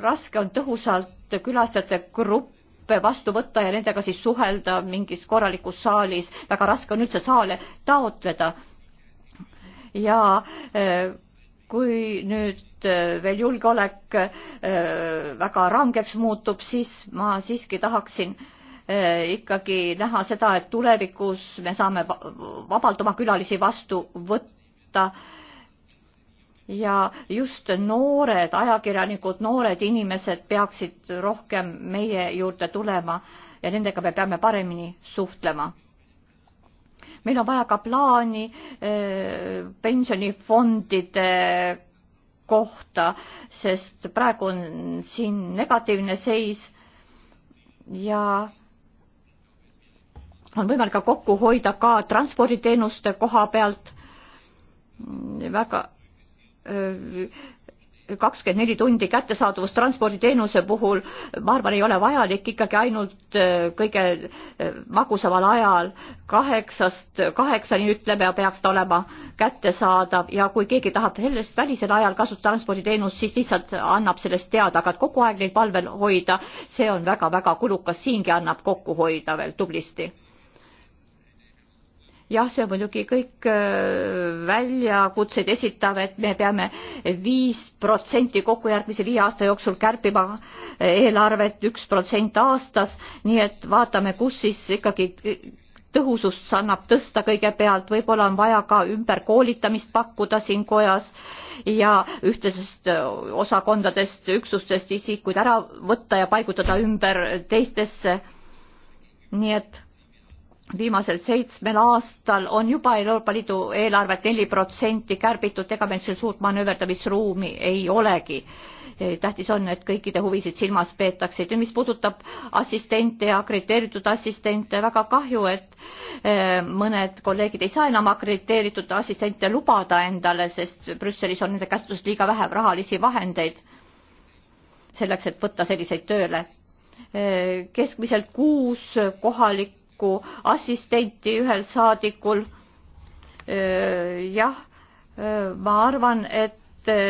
raske on tõhusalt külastajate gruppe vastu võtta ja nendega siis suhelda mingis korralikus saalis. väga raske on üldse saale taotleda. ja eh, kui nüüd äh, veel julgeolek äh, väga rangeks muutub, siis ma siiski tahaksin äh, ikkagi näha seda, et tulevikus me saame vabalt oma külalisi vastu võtta. ja just noored ajakirjanikud, noored inimesed peaksid rohkem meie juurde tulema ja nendega me peame paremini suhtlema meil on vaja ka plaani äh, pensionifondide kohta, sest praegu on siin negatiivne seis ja on võimalik ka kokku hoida ka transporditeenuste koha pealt väga öö, äh, kakskümmend neli tundi kättesaadavus transporditeenuse puhul, ma arvan, ei ole vajalik, ikkagi ainult äh, kõige äh, magusamal ajal, kaheksast kaheksani ütleme, peaks ta olema kättesaadav ja kui keegi tahab sellest välisel ajal kasutada transporditeenust, siis lihtsalt annab sellest teada, aga et kogu aeg neid palvel hoida, see on väga-väga kulukas, siingi annab kokku hoida veel tublisti jah, see on muidugi kõik äh, väljakutseid esitav, et me peame viis protsenti kokku järgmise viie aasta jooksul kärpima äh, eelarvet üks protsent aastas, nii et vaatame, kus siis ikkagi äh, tõhusust annab tõsta kõigepealt, võib-olla on vaja ka ümberkoolitamist pakkuda siin kojas ja ühtedest osakondadest, üksustest isikuid ära võtta ja paigutada ümber teistesse. nii et viimasel seitsmel aastal on juba Euroopa Liidu eelarvet neli protsenti kärbitud, ega meil siin suurt manööverdamisruumi ei olegi. tähtis on, et kõikide huvisid silmas peetakse. nüüd, mis puudutab assistente ja akrediteeritud assistente, väga kahju, et eh, mõned kolleegid ei saa enam akrediteeritud assistente lubada endale, sest Brüsselis on nende käsutuses liiga vähe rahalisi vahendeid selleks, et võtta selliseid tööle. Eh, keskmiselt kuus kohalikku saadiku nagu assistenti ühel saadikul. jah, ma arvan, et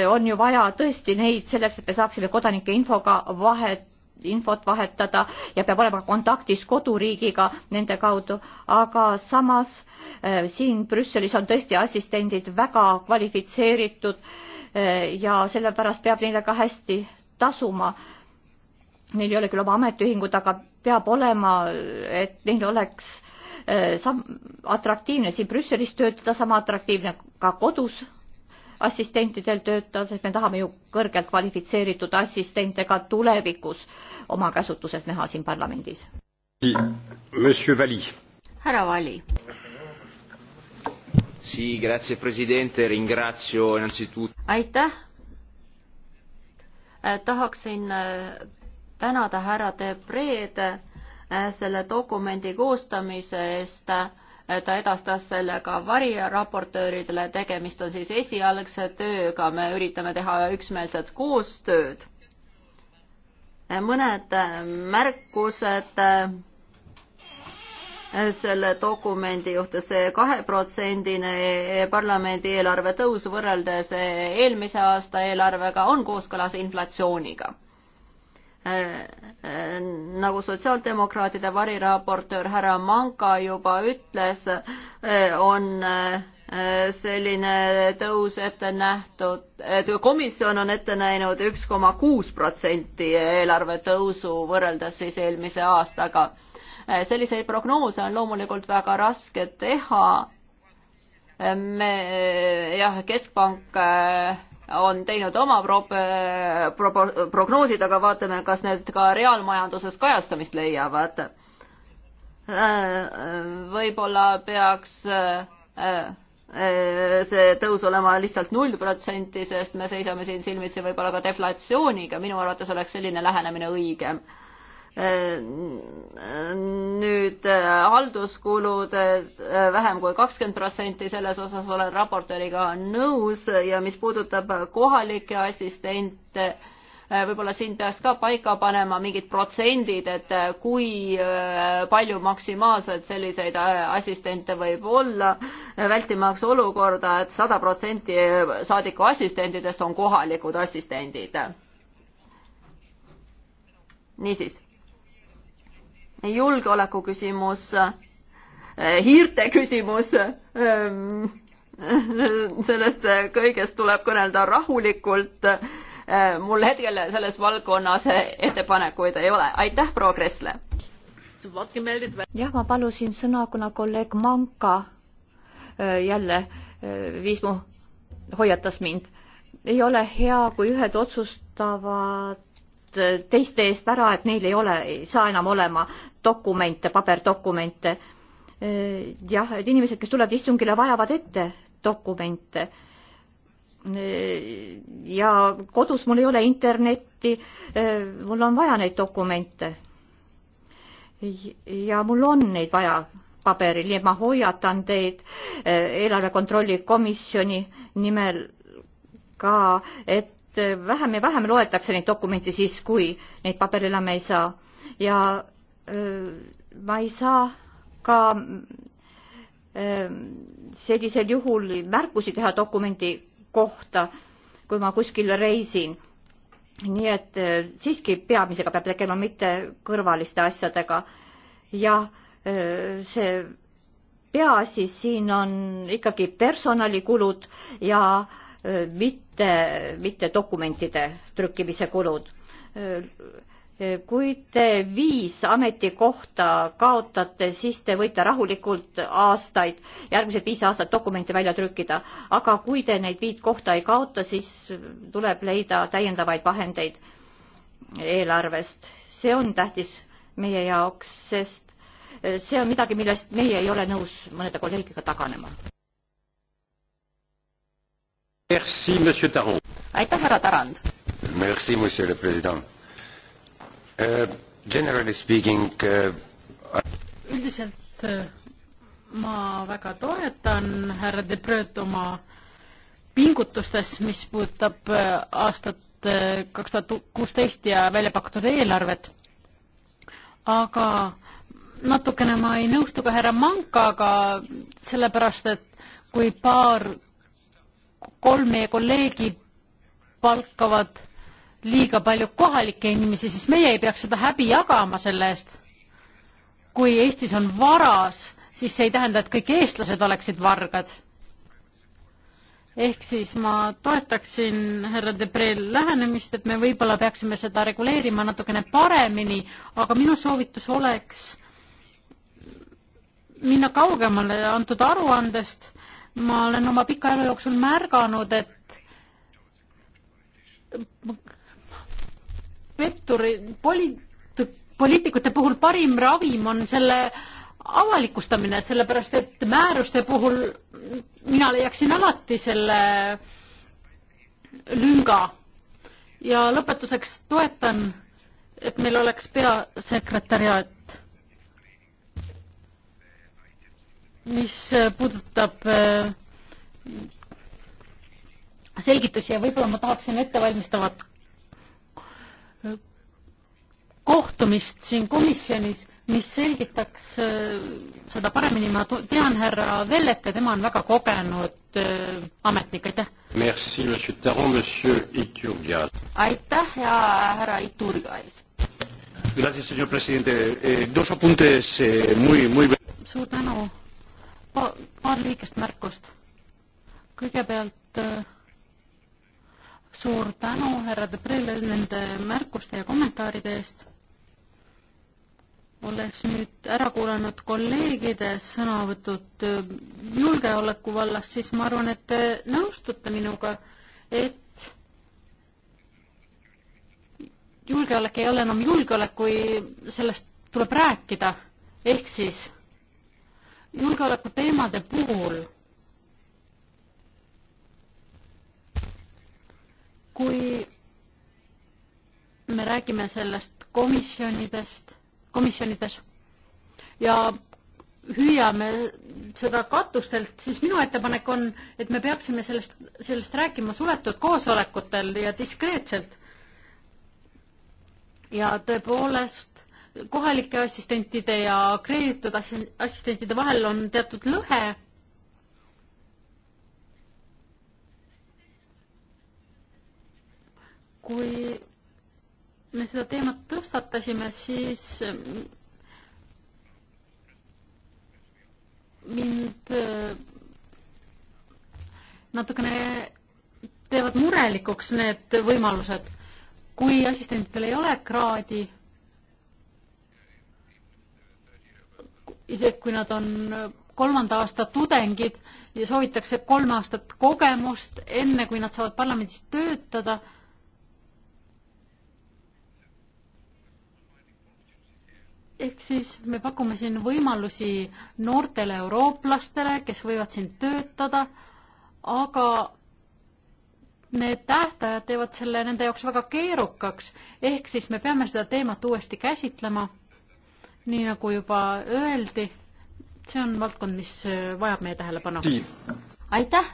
on ju vaja tõesti neid selleks, et me saaksime kodanike infoga vahet infot vahetada ja peab olema kontaktis koduriigiga nende kaudu, aga samas äh, siin Brüsselis on tõesti assistendid väga kvalifitseeritud äh, ja sellepärast peab neile ka hästi tasuma. Neil ei ole küll oma ametiühingud, aga peab olema, et neil oleks äh, sam-, atraktiivne siin Brüsselis töötada, sama atraktiivne ka kodus assistentidel töötada, sest me tahame ju kõrgelt kvalifitseeritud assistente ka tulevikus oma käsutuses näha siin parlamendis. härra Vali. aitäh. Äh, tahaksin äh, tänada härra Debreed äh, selle dokumendi koostamise eest. Äh, ta edastas selle ka variraportööridele, tegemist on siis esialgse tööga, me üritame teha üksmeelset koostööd. Äh, mõned märkused selle dokumendi juhtus see kaheprotsendine e-, parlamendi eelarve tõus võrreldes e-, eelmise aasta eelarvega on kooskõlas inflatsiooniga nagu sotsiaaldemokraatide variraportöör härra Manka juba ütles, on eh, selline tõus ette nähtud, et komisjon on ette näinud üks koma kuus protsenti eelarve tõusu võrreldes siis eelmise aastaga. Eh, selliseid prognoose on loomulikult väga raske teha. Eh, me jah, Keskpank on teinud oma pro-, pro-, prognoosid, aga vaatame, kas need ka reaalmajanduses kajastamist leiavad. võib-olla peaks see tõus olema lihtsalt null protsenti, sest me seisame siin silmitsi võib-olla ka deflatsiooniga, minu arvates oleks selline lähenemine õigem nüüd äh, halduskulud äh, vähem kui kakskümmend protsenti, selles osas olen raportööriga nõus ja mis puudutab kohalikke assistente, äh, võib-olla siin peaks ka paika panema mingid protsendid, et kui palju maksimaalselt selliseid assistente võib olla, vältimaks olukorda et, et sada protsenti saadiku assistentidest on kohalikud assistendid. niisiis julgeoleku küsimus, hiirte küsimus, ehm, sellest kõigest tuleb kõnelda rahulikult. mul hetkel selles valdkonnas ettepanekuid ei ole. aitäh, proua Kressle! jah, ma palusin sõna, kuna kolleeg Manka jälle viis mu, hoiatas mind. ei ole hea, kui ühed otsustavad Äh, teiste eest ära, et neil ei ole, ei saa enam olema dokumente, paberdokumente. Äh, jah, et inimesed, kes tulevad istungile, vajavad ette dokumente. Äh, ja kodus mul ei ole internetti, mul on vaja neid dokumente. ja mul on neid vaja paberil, nii et ma hoiatan teid eelarve kontrolli komisjoni nimel ka, et vähem ja vähem loetakse neid dokumente siis, kui neid paberil enam ei saa. ja öö, ma ei saa ka öö, sellisel juhul märkusi teha dokumendi kohta, kui ma kuskil reisin. nii et öö, siiski peamisega peab tegema, mitte kõrvaliste asjadega. ja öö, see peaasi siin on ikkagi personalikulud ja öö, mitte, mitte dokumentide trükkimise kulud. kui te viis ametikohta kaotate, siis te võite rahulikult aastaid, järgmised viis aastat dokumente välja trükkida, aga kui te neid viit kohta ei kaota, siis tuleb leida täiendavaid vahendeid eelarvest. see on tähtis meie jaoks, sest see on midagi, millest meie ei ole nõus mõnede kolleegiga taganema. Merci, monsieur Tarand. aitäh, härra Tarand. Merci, monsieur le president uh,. Generally speaking uh, I.... üldiselt äh, ma väga toetan härra Debrööt oma pingutustes, mis puudutab äh, aastat äh, kaks tuhat kuusteist ja välja pakutud eelarvet. aga natukene ma ei nõustu ka härra Mankaga, sellepärast et kui paar kolm meie kolleegi palkavad liiga palju kohalikke inimesi, siis meie ei peaks seda häbi jagama selle eest. kui Eestis on varas, siis see ei tähenda, et kõik eestlased oleksid vargad. ehk siis ma toetaksin härra Debrel lähenemist, et me võib-olla peaksime seda reguleerima natukene paremini, aga minu soovitus oleks minna kaugemale antud aruandest ma olen oma pika elu jooksul märganud, et petturi, poli-, poliitikute puhul parim ravim on selle avalikustamine, sellepärast et määruste puhul mina leiaksin alati selle lünga. ja lõpetuseks toetan, et meil oleks peasekretäriaat mis äh, puudutab äh, selgitusi ja võib-olla ma tahaksin ettevalmistavat äh, kohtumist siin komisjonis, mis selgitaks seda paremini, ma tean härra Vellet ja tema on väga kogenud ametnik, aitäh. Merci, monsieur Taron, monsieur Iturgaz. aitäh ja härra Iturgaz. Gracias, señor presidente eh,. Dos apuntes eh, muy, muy. suur tänu pa paar lühikest märkust. kõigepealt äh, suur tänu härra Debrele nende märkuste ja kommentaaride eest. olles nüüd ära kuulanud kolleegide sõnavõtud äh, julgeoleku vallas, siis ma arvan, et te nõustute minuga, et julgeolek ei ole enam julgeolek, kui sellest tuleb rääkida, ehk siis julgeolekuteemade puhul, kui me räägime sellest komisjonidest, komisjonides ja hüüame seda katustelt, siis minu ettepanek on, et me peaksime sellest, sellest rääkima suletud koosolekutel ja diskreetselt. ja tõepoolest kohalike assistentide ja akrediteeritud assistentide vahel on teatud lõhe. kui me seda teemat tõstatasime, siis mind äh, natukene teevad murelikuks need võimalused. kui assistentidel ei ole kraadi isegi kui nad on äh, kolmanda aasta tudengid ja soovitakse kolm aastat kogemust, enne kui nad saavad parlamendis töötada. ehk siis me pakume siin võimalusi noortele eurooplastele, kes võivad siin töötada, aga need tähtajad teevad selle nende jaoks väga keerukaks, ehk siis me peame seda teemat uuesti käsitlema nii nagu juba öeldi, see on valdkond, mis äh, vajab meie tähelepanu. aitäh!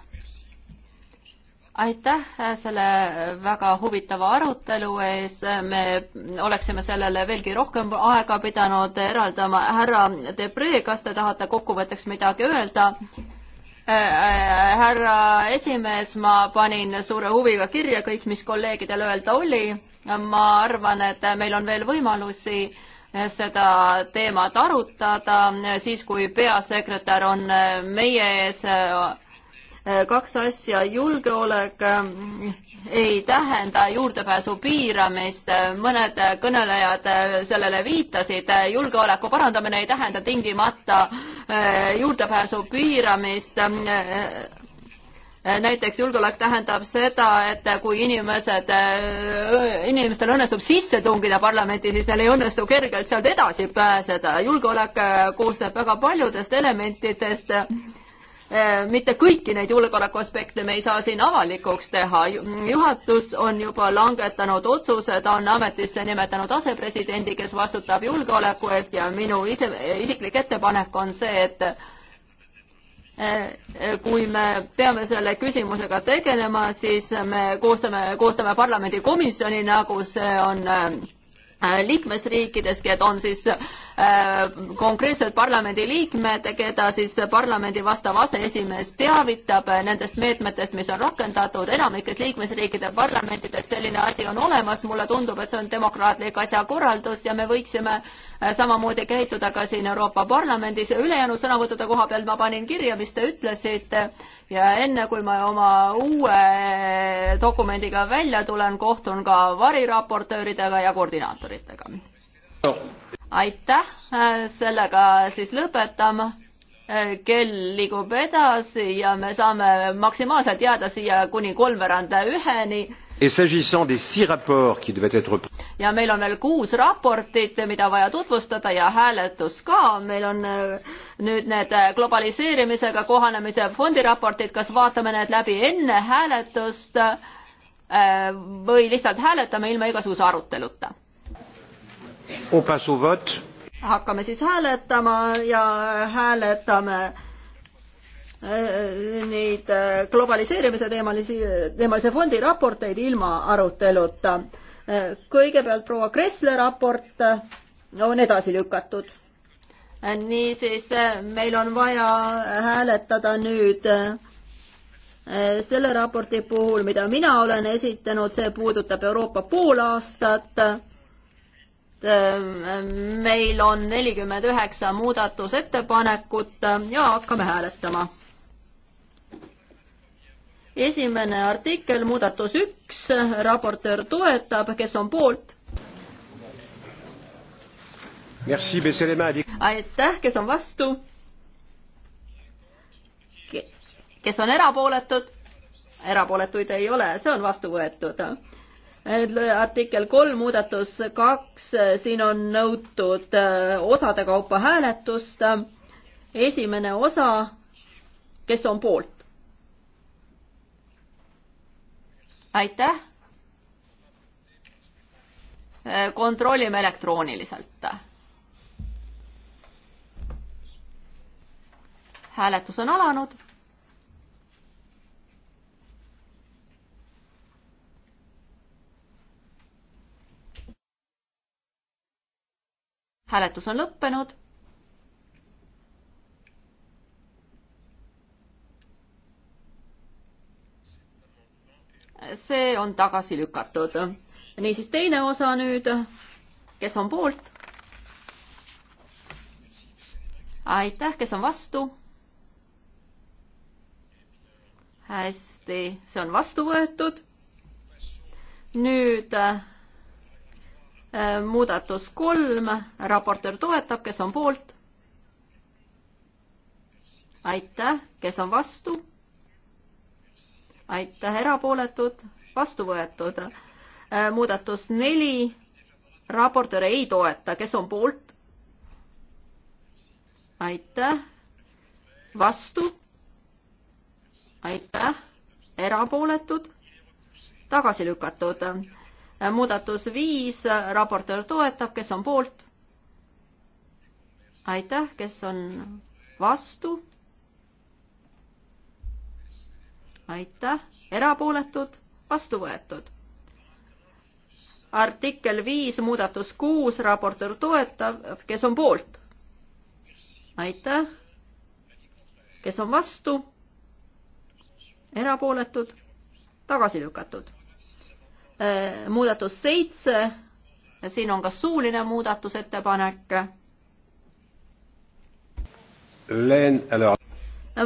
aitäh äh, selle äh, väga huvitava arutelu ees, me oleksime sellele veelgi rohkem aega pidanud eraldama. härra Debre, kas te tahate kokkuvõtteks midagi öelda? härra esimees, ma panin suure huviga kirja kõik, mis kolleegidel öelda oli. ma arvan, et meil on veel võimalusi äh, seda teemat arutada, siis kui peasekretär on meie ees. kaks asja, julgeolek ei tähenda juurdepääsu piiramist, mõned kõnelejad sellele viitasid, julgeoleku parandamine ei tähenda tingimata juurdepääsu piiramist Eh, näiteks julgeolek tähendab seda, et kui inimesed, eh, inimestel õnnestub sisse tungida parlamenti, siis neil ei õnnestu kergelt sealt edasi pääseda. julgeolek eh, koosneb väga paljudest elementidest mitte kõiki neid julgeolekuaspekte me ei saa siin avalikuks teha. juhatus on juba langetanud otsuse, ta on ametisse nimetanud asepresidendi, kes vastutab julgeoleku eest ja minu ise, isiklik ettepanek on see, et Eh, kui me peame selle küsimusega tegelema, siis me koostame, koostame parlamendikomisjoni, nagu see on eh, liikmesriikideski, et on siis Äh, konkreetsed parlamendiliikmed, keda siis parlamendi vastav aseesimees teavitab äh, nendest meetmetest, mis on rakendatud. enamikes liikmesriikide parlamentides selline asi on olemas, mulle tundub, et see on demokraatlik asjakorraldus ja me võiksime äh, samamoodi käituda ka siin Euroopa Parlamendis ja ülejäänud sõnavõttude koha pealt ma panin kirja, mis te ütlesite ja enne kui ma oma uue dokumendiga välja tulen, kohtun ka variraportööridega ja koordinaatoritega no aitäh, äh, sellega siis lõpetame. Äh, kell liigub edasi ja me saame maksimaalselt jääda siia kuni kolmveerand üheni et s'agissant des six rapports qui devaient être ja meil on veel kuus raportit, mida vaja tutvustada ja hääletus ka, meil on äh, nüüd need globaliseerimisega kohanemise fondi raportid, kas vaatame need läbi enne hääletust või lihtsalt hääletame ilma igasuguse aruteluta hakkame siis hääletama ja hääletame äh, neid äh, globaliseerimise teemalisi, teemalise fondi raporteid ilma aruteluta. Äh, kõigepealt proua Kressle raport on edasi lükatud. niisiis, meil on vaja hääletada nüüd selle raporti puhul, mida mina olen esitanud, see puudutab Euroopa poolaastat Ähm, meil on nelikümmend üheksa muudatusettepanekut ähm, ja hakkame hääletama. esimene artikkel, muudatus üks, raportöör toetab, kes on poolt? aitäh, kes on vastu? kes on erapooletud? erapooletuid ei ole, see on vastu võetud artikkel kolm muudatus kaks, siin on nõutud äh, osade kaupa hääletust. esimene osa, kes on poolt? aitäh. Äh, kontrollime elektrooniliselt. hääletus on alanud hääletus on lõppenud. see on tagasi lükatud. niisiis teine osa nüüd, kes on poolt? aitäh, kes on vastu? hästi, see on vastu võetud. nüüd Äh, muudatus kolm, raportöör toetab, kes on poolt? aitäh, kes on vastu? aitäh, erapooletud, vastu võetud. Äh, muudatus neli, raportöör ei toeta, kes on poolt? aitäh, vastu? aitäh, erapooletud, tagasi lükatud muudatus viis, raportöör toetab, kes on poolt? aitäh, kes on vastu? aitäh, erapooletud, vastu võetud. artikkel viis, muudatus kuus, raportöör toetab, kes on poolt? aitäh, kes on vastu? erapooletud, tagasi lükatud Äh, muudatus seitse, siin on ka suuline muudatusettepanek.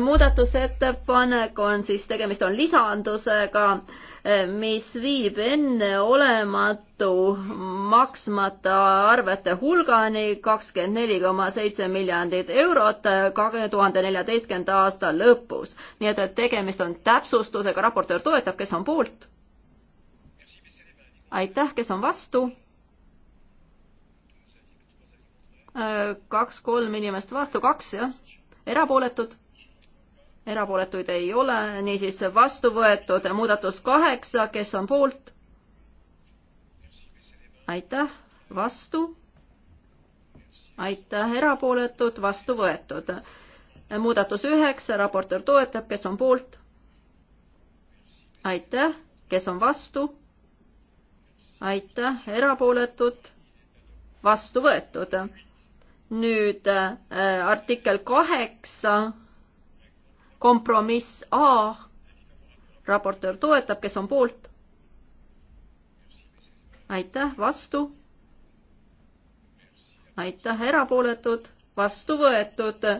muudatusettepanek on siis, tegemist on lisandusega, äh, mis viib enneolematu maksmata arvete hulgani kakskümmend neli koma seitse miljardit eurot äh, kahe tuhande neljateistkümnenda aasta lõpus. nii et, et tegemist on täpsustusega, raportöör toetab, kes on poolt aitäh, kes on vastu? Äh, kaks-kolm inimest vastu, kaks jah, erapooletud? erapooletuid ei ole, niisiis vastu võetud muudatus kaheksa, kes on poolt? aitäh, vastu? aitäh, erapooletud, vastu võetud. muudatus üheksa, raportöör toetab, kes on poolt? aitäh, kes on vastu? aitäh, erapooletud, vastu võetud. nüüd äh, artikkel kaheksa, kompromiss A, raportöör toetab, kes on poolt? aitäh, vastu. aitäh, erapooletud, vastu võetud.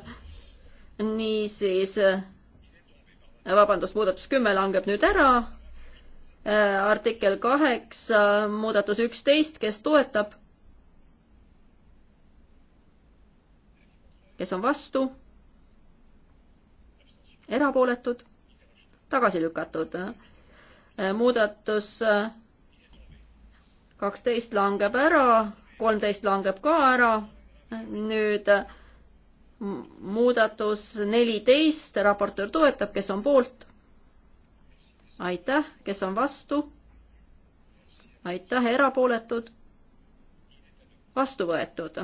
niisiis, äh, vabandust, muudatus kümme langeb nüüd ära Äh, artikkel kaheksa, muudatus üksteist, kes toetab? kes on vastu? erapooletud? tagasi lükatud. Äh, muudatus äh, kaksteist langeb ära, kolmteist langeb ka ära. nüüd muudatus neliteist, raportöör toetab, kes on poolt aitäh, kes on vastu? aitäh, erapooletud? vastu võetud.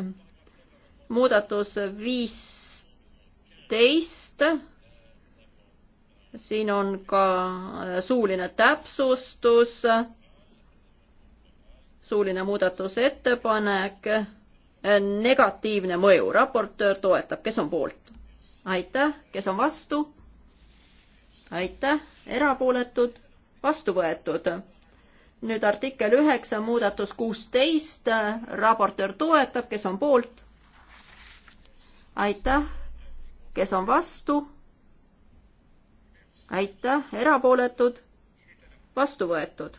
muudatus viisteist. siin on ka suuline täpsustus, suuline muudatusettepanek, negatiivne mõju, raportöör toetab, kes on poolt? aitäh, kes on vastu? aitäh, erapooletud, vastu võetud. nüüd artikkel üheksa, muudatus kuusteist, raportöör toetab, kes on poolt? aitäh, kes on vastu? aitäh, erapooletud, vastu võetud.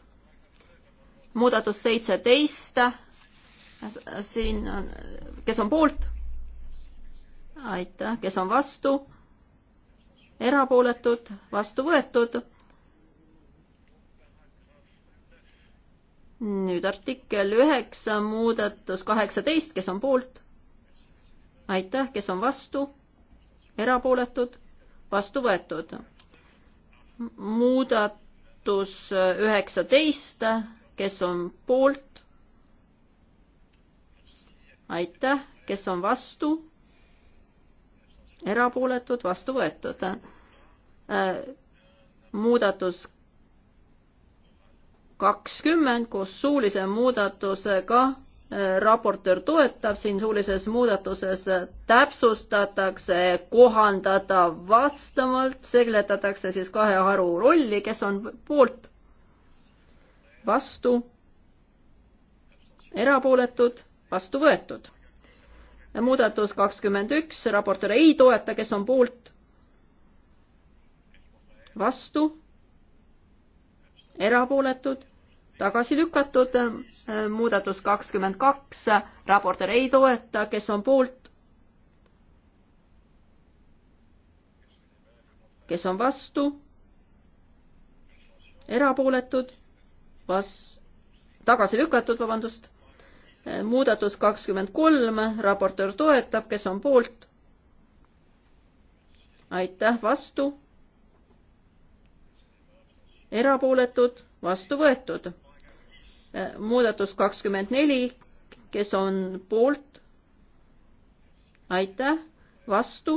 muudatus seitseteist, siin on, kes on poolt? aitäh, kes on vastu? erapooletud, vastu võetud. nüüd artikkel üheksa, muudatus kaheksateist, kes on poolt? aitäh, kes on vastu? erapooletud, vastu võetud. muudatus üheksateist, kes on poolt? aitäh, kes on vastu? erapooletud, vastu võetud. Äh, muudatus kakskümmend koos suulise muudatusega äh, raportöör toetab, siin suulises muudatuses täpsustatakse, kohandada vastavalt, segletatakse siis kahe haru rolli, kes on poolt, vastu, erapooletud, vastu võetud muudatus kakskümmend üks, raportöör ei toeta, kes on poolt? vastu? erapooletud? tagasi lükatud, muudatus kakskümmend kaks, raportöör ei toeta, kes on poolt? kes on vastu? erapooletud? Vas-, tagasi lükatud, vabandust muudatus kakskümmend kolm, raportöör toetab, kes on poolt? aitäh, vastu? erapooletud, vastu võetud. muudatus kakskümmend neli, kes on poolt? aitäh, vastu?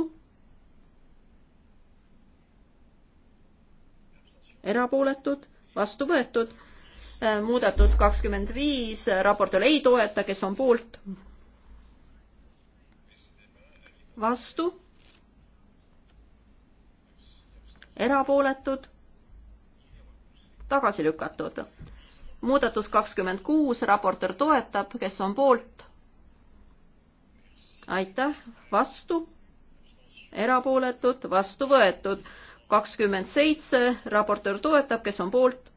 erapooletud, vastu võetud Äh, muudatus kakskümmend viis, raportöör ei toeta, kes on poolt? vastu? erapooletud? tagasi lükatud. muudatus kakskümmend kuus, raportöör toetab, kes on poolt? aitäh, vastu? erapooletud, vastu võetud. kakskümmend seitse, raportöör toetab, kes on poolt?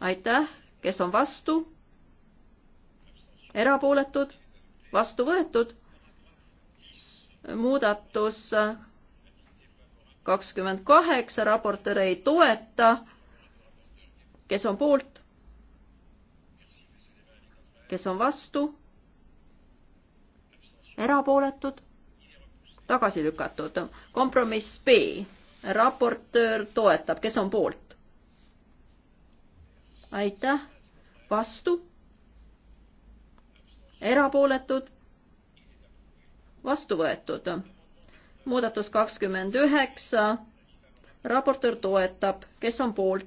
aitäh, kes on vastu? erapooletud, vastu võetud. muudatus kakskümmend kaheksa, raportöör ei toeta. kes on poolt? kes on vastu? erapooletud, tagasi lükatud. kompromiss B, raportöör toetab, kes on poolt? aitäh, vastu, erapooletud, vastu võetud. muudatus kakskümmend üheksa, raportöör toetab, kes on poolt?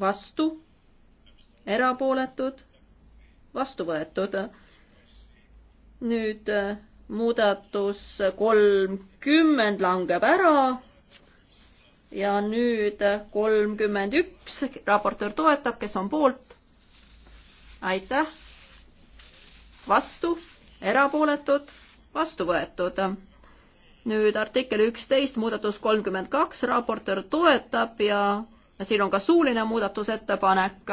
vastu, erapooletud, vastu võetud. nüüd eh, muudatus kolmkümmend langeb ära ja nüüd kolmkümmend üks, raportöör toetab, kes on poolt? aitäh. vastu, erapooletud, vastu võetud. nüüd artikkel üksteist, muudatus kolmkümmend kaks, raportöör toetab ja siin on ka suuline muudatusettepanek.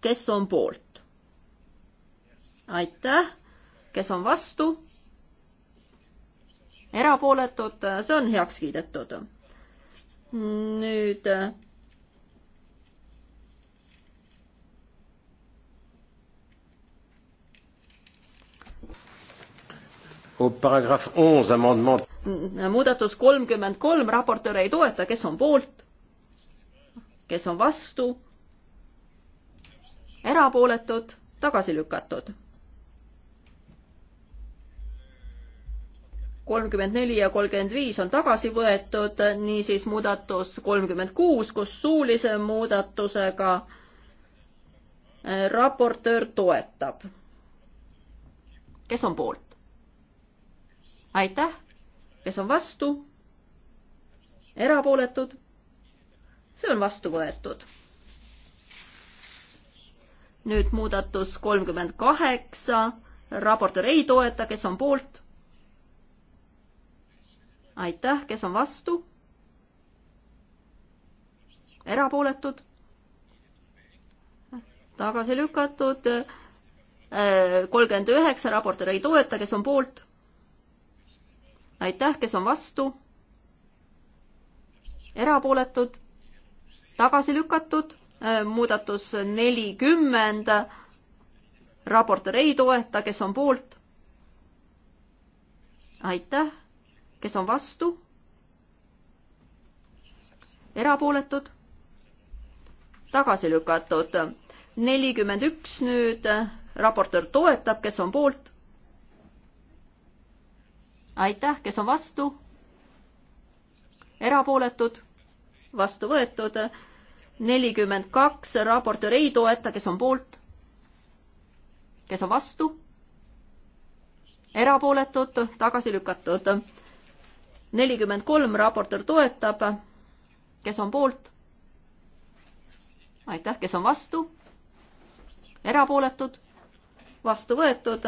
kes on poolt? aitäh. kes on vastu? erapooletud, see on heaks kiidetud. nüüd muudatus kolmkümmend kolm, raportöör ei toeta, kes on poolt, kes on vastu, erapooletud, tagasi lükatud kolmkümmend neli ja kolmkümmend viis on tagasi võetud, niisiis muudatus kolmkümmend kuus, kus suulise muudatusega äh, raportöör toetab. kes on poolt? aitäh. kes on vastu? erapooletud? see on vastu võetud. nüüd muudatus kolmkümmend kaheksa, raportöör ei toeta, kes on poolt? aitäh, kes on vastu? erapooletud? tagasi lükatud. Äh, kolmkümmend üheksa, raportöör ei toeta, kes on poolt? aitäh, kes on vastu? erapooletud? tagasi lükatud? Äh, muudatus nelikümmend. raportöör ei toeta, kes on poolt? aitäh kes on vastu? erapooletud? tagasi lükatud. nelikümmend üks nüüd, raportöör toetab, kes on poolt? aitäh, kes on vastu? erapooletud? vastu võetud. nelikümmend kaks, raportöör ei toeta, kes on poolt? kes on vastu? erapooletud, tagasi lükatud nelikümmend kolm raportöör toetab. kes on poolt? aitäh, kes on vastu? erapooletud? vastu võetud.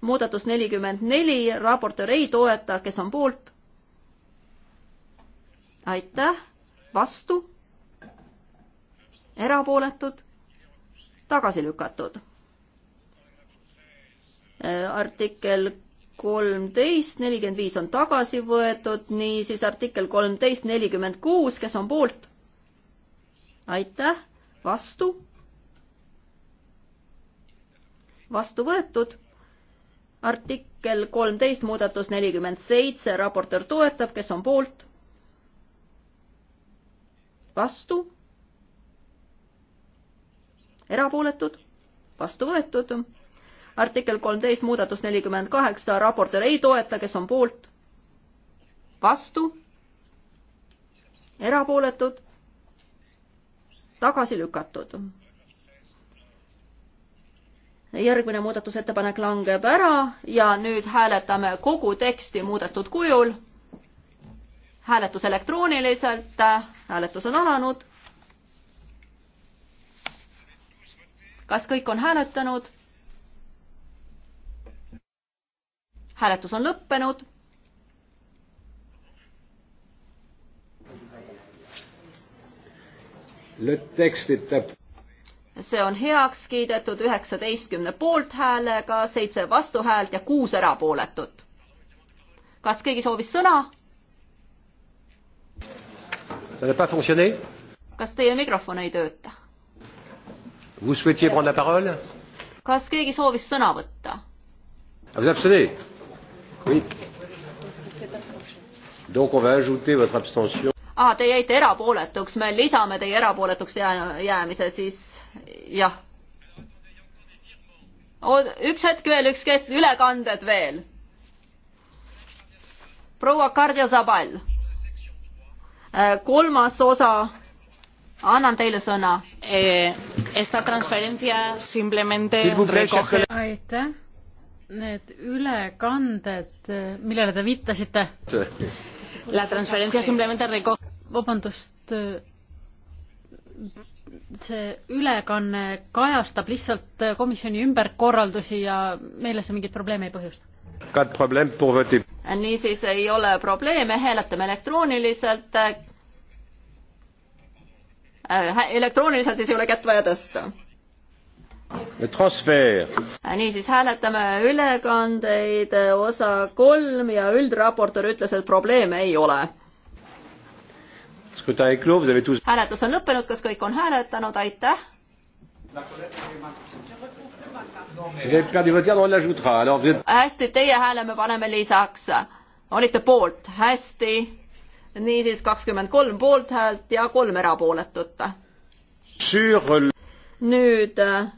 muudatus nelikümmend neli, raportöör ei toeta, kes on poolt? aitäh, vastu? erapooletud? tagasi lükatud. artikkel kolmteist, nelikümmend viis on tagasi võetud, niisiis artikkel kolmteist, nelikümmend kuus, kes on poolt? aitäh, vastu? vastu võetud. artikkel kolmteist, muudatus nelikümmend seitse, raportöör toetab, kes on poolt? vastu? erapooletud? vastu võetud artikkel kolmteist, muudatus nelikümmend kaheksa, raportöör ei toeta, kes on poolt? vastu? erapooletud? tagasi lükatud? järgmine muudatusettepanek langeb ära ja nüüd hääletame kogu teksti muudetud kujul. hääletus elektrooniliselt, hääletus on alanud. kas kõik on hääletanud? hääletus on lõppenud. see on heaks kiidetud üheksateistkümne poolthäälega, seitse vastuhäält ja kuus erapooletut. kas keegi soovis sõna? kas teie mikrofon ei tööta? kas keegi soovis sõna võtta? Ah, Oui. Donc on va ajouter votre abstention. Ah, te jäite erapooletuks, me lisame teie erapooletuks jää, jäämise, siis jah. üks hetk veel, üks kest-, ülekanded veel. proua Kardia Zabal. Äh, kolmas osa. annan teile sõna. Eh, esta transferencia simplemente recoge. aitäh need ülekanded, millele te viitasite? vabandust, see ülekanne kajastab lihtsalt komisjoni ümberkorraldusi ja meile see mingit probleemi ei põhjusta. niisiis ei ole probleeme, hääletame elektrooniliselt. Äh, elektrooniliselt siis ei ole kätt vaja tõsta Äh, niisiis hääletame ülekandeid äh, osa kolm ja üldraportöör ütles, et probleeme ei ole. hääletus on lõppenud, kas kõik on hääletanud, aitäh. hästi, teie hääle me paneme lisaks. olite poolt, hästi. niisiis kakskümmend kolm poolthäält ja kolm erapooletut. nüüd äh,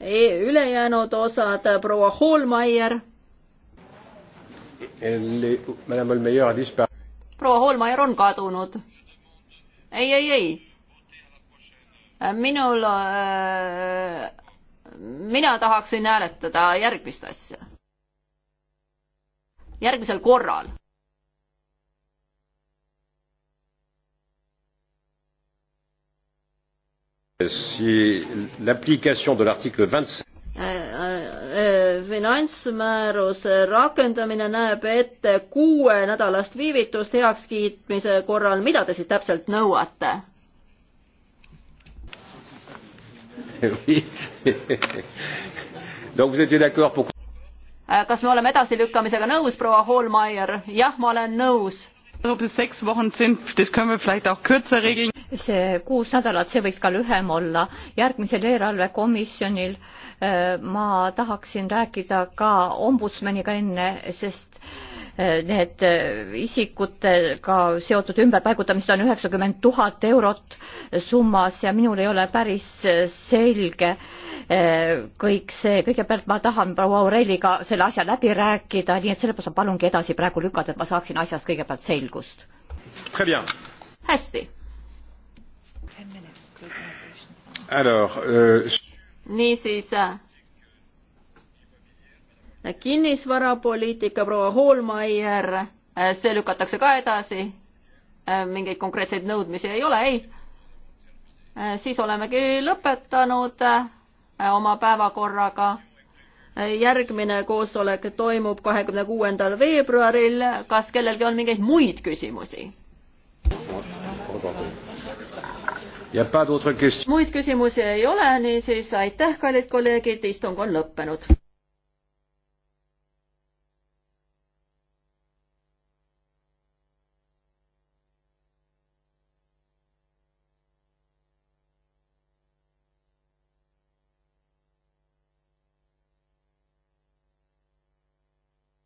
E, ülejäänud osad, proua Hoolmeier. proua Hoolmeier on kadunud. ei, ei, ei. minul äh,, mina tahaksin hääletada järgmist asja. järgmisel korral Äh, äh, äh, finantsmääruse rakendamine näeb ette kuuenädalast viivitust heakskiitmise korral, mida te siis täpselt nõuate? kas me oleme edasilükkamisega nõus, proua Hallmeier? jah, ma olen nõus ob es sechs wochen sind das können wir vielleicht auch kürzer regeln see kuus nädalat, see võiks ka lühem olla. järgmisel eelarvekomisjonil äh, ma tahaksin rääkida ka ombudsmaniga enne, sest äh, need äh, isikutega seotud ümberpaigutamised on üheksakümmend tuhat eurot summas ja minul ei ole päris selge kõik see. kõigepealt ma tahan proua Aureliga selle asja läbi rääkida, nii et sellepärast ma palungi edasi praegu lükata, et ma saaksin asjas kõigepealt selgust. hästi Euh, niisiis äh, kinnisvarapoliitika proua Hoolmeier, äh, see lükatakse ka edasi. Äh, mingeid konkreetseid nõudmisi ei ole, ei. siis olemegi lõpetanud oma päevakorraga. järgmine koosolek toimub kahekümne kuuendal veebruaril. kas kellelgi on mingeid muid küsimusi? muid küsimusi ei ole, niisiis aitäh, kallid kolleegid, istung on lõppenud.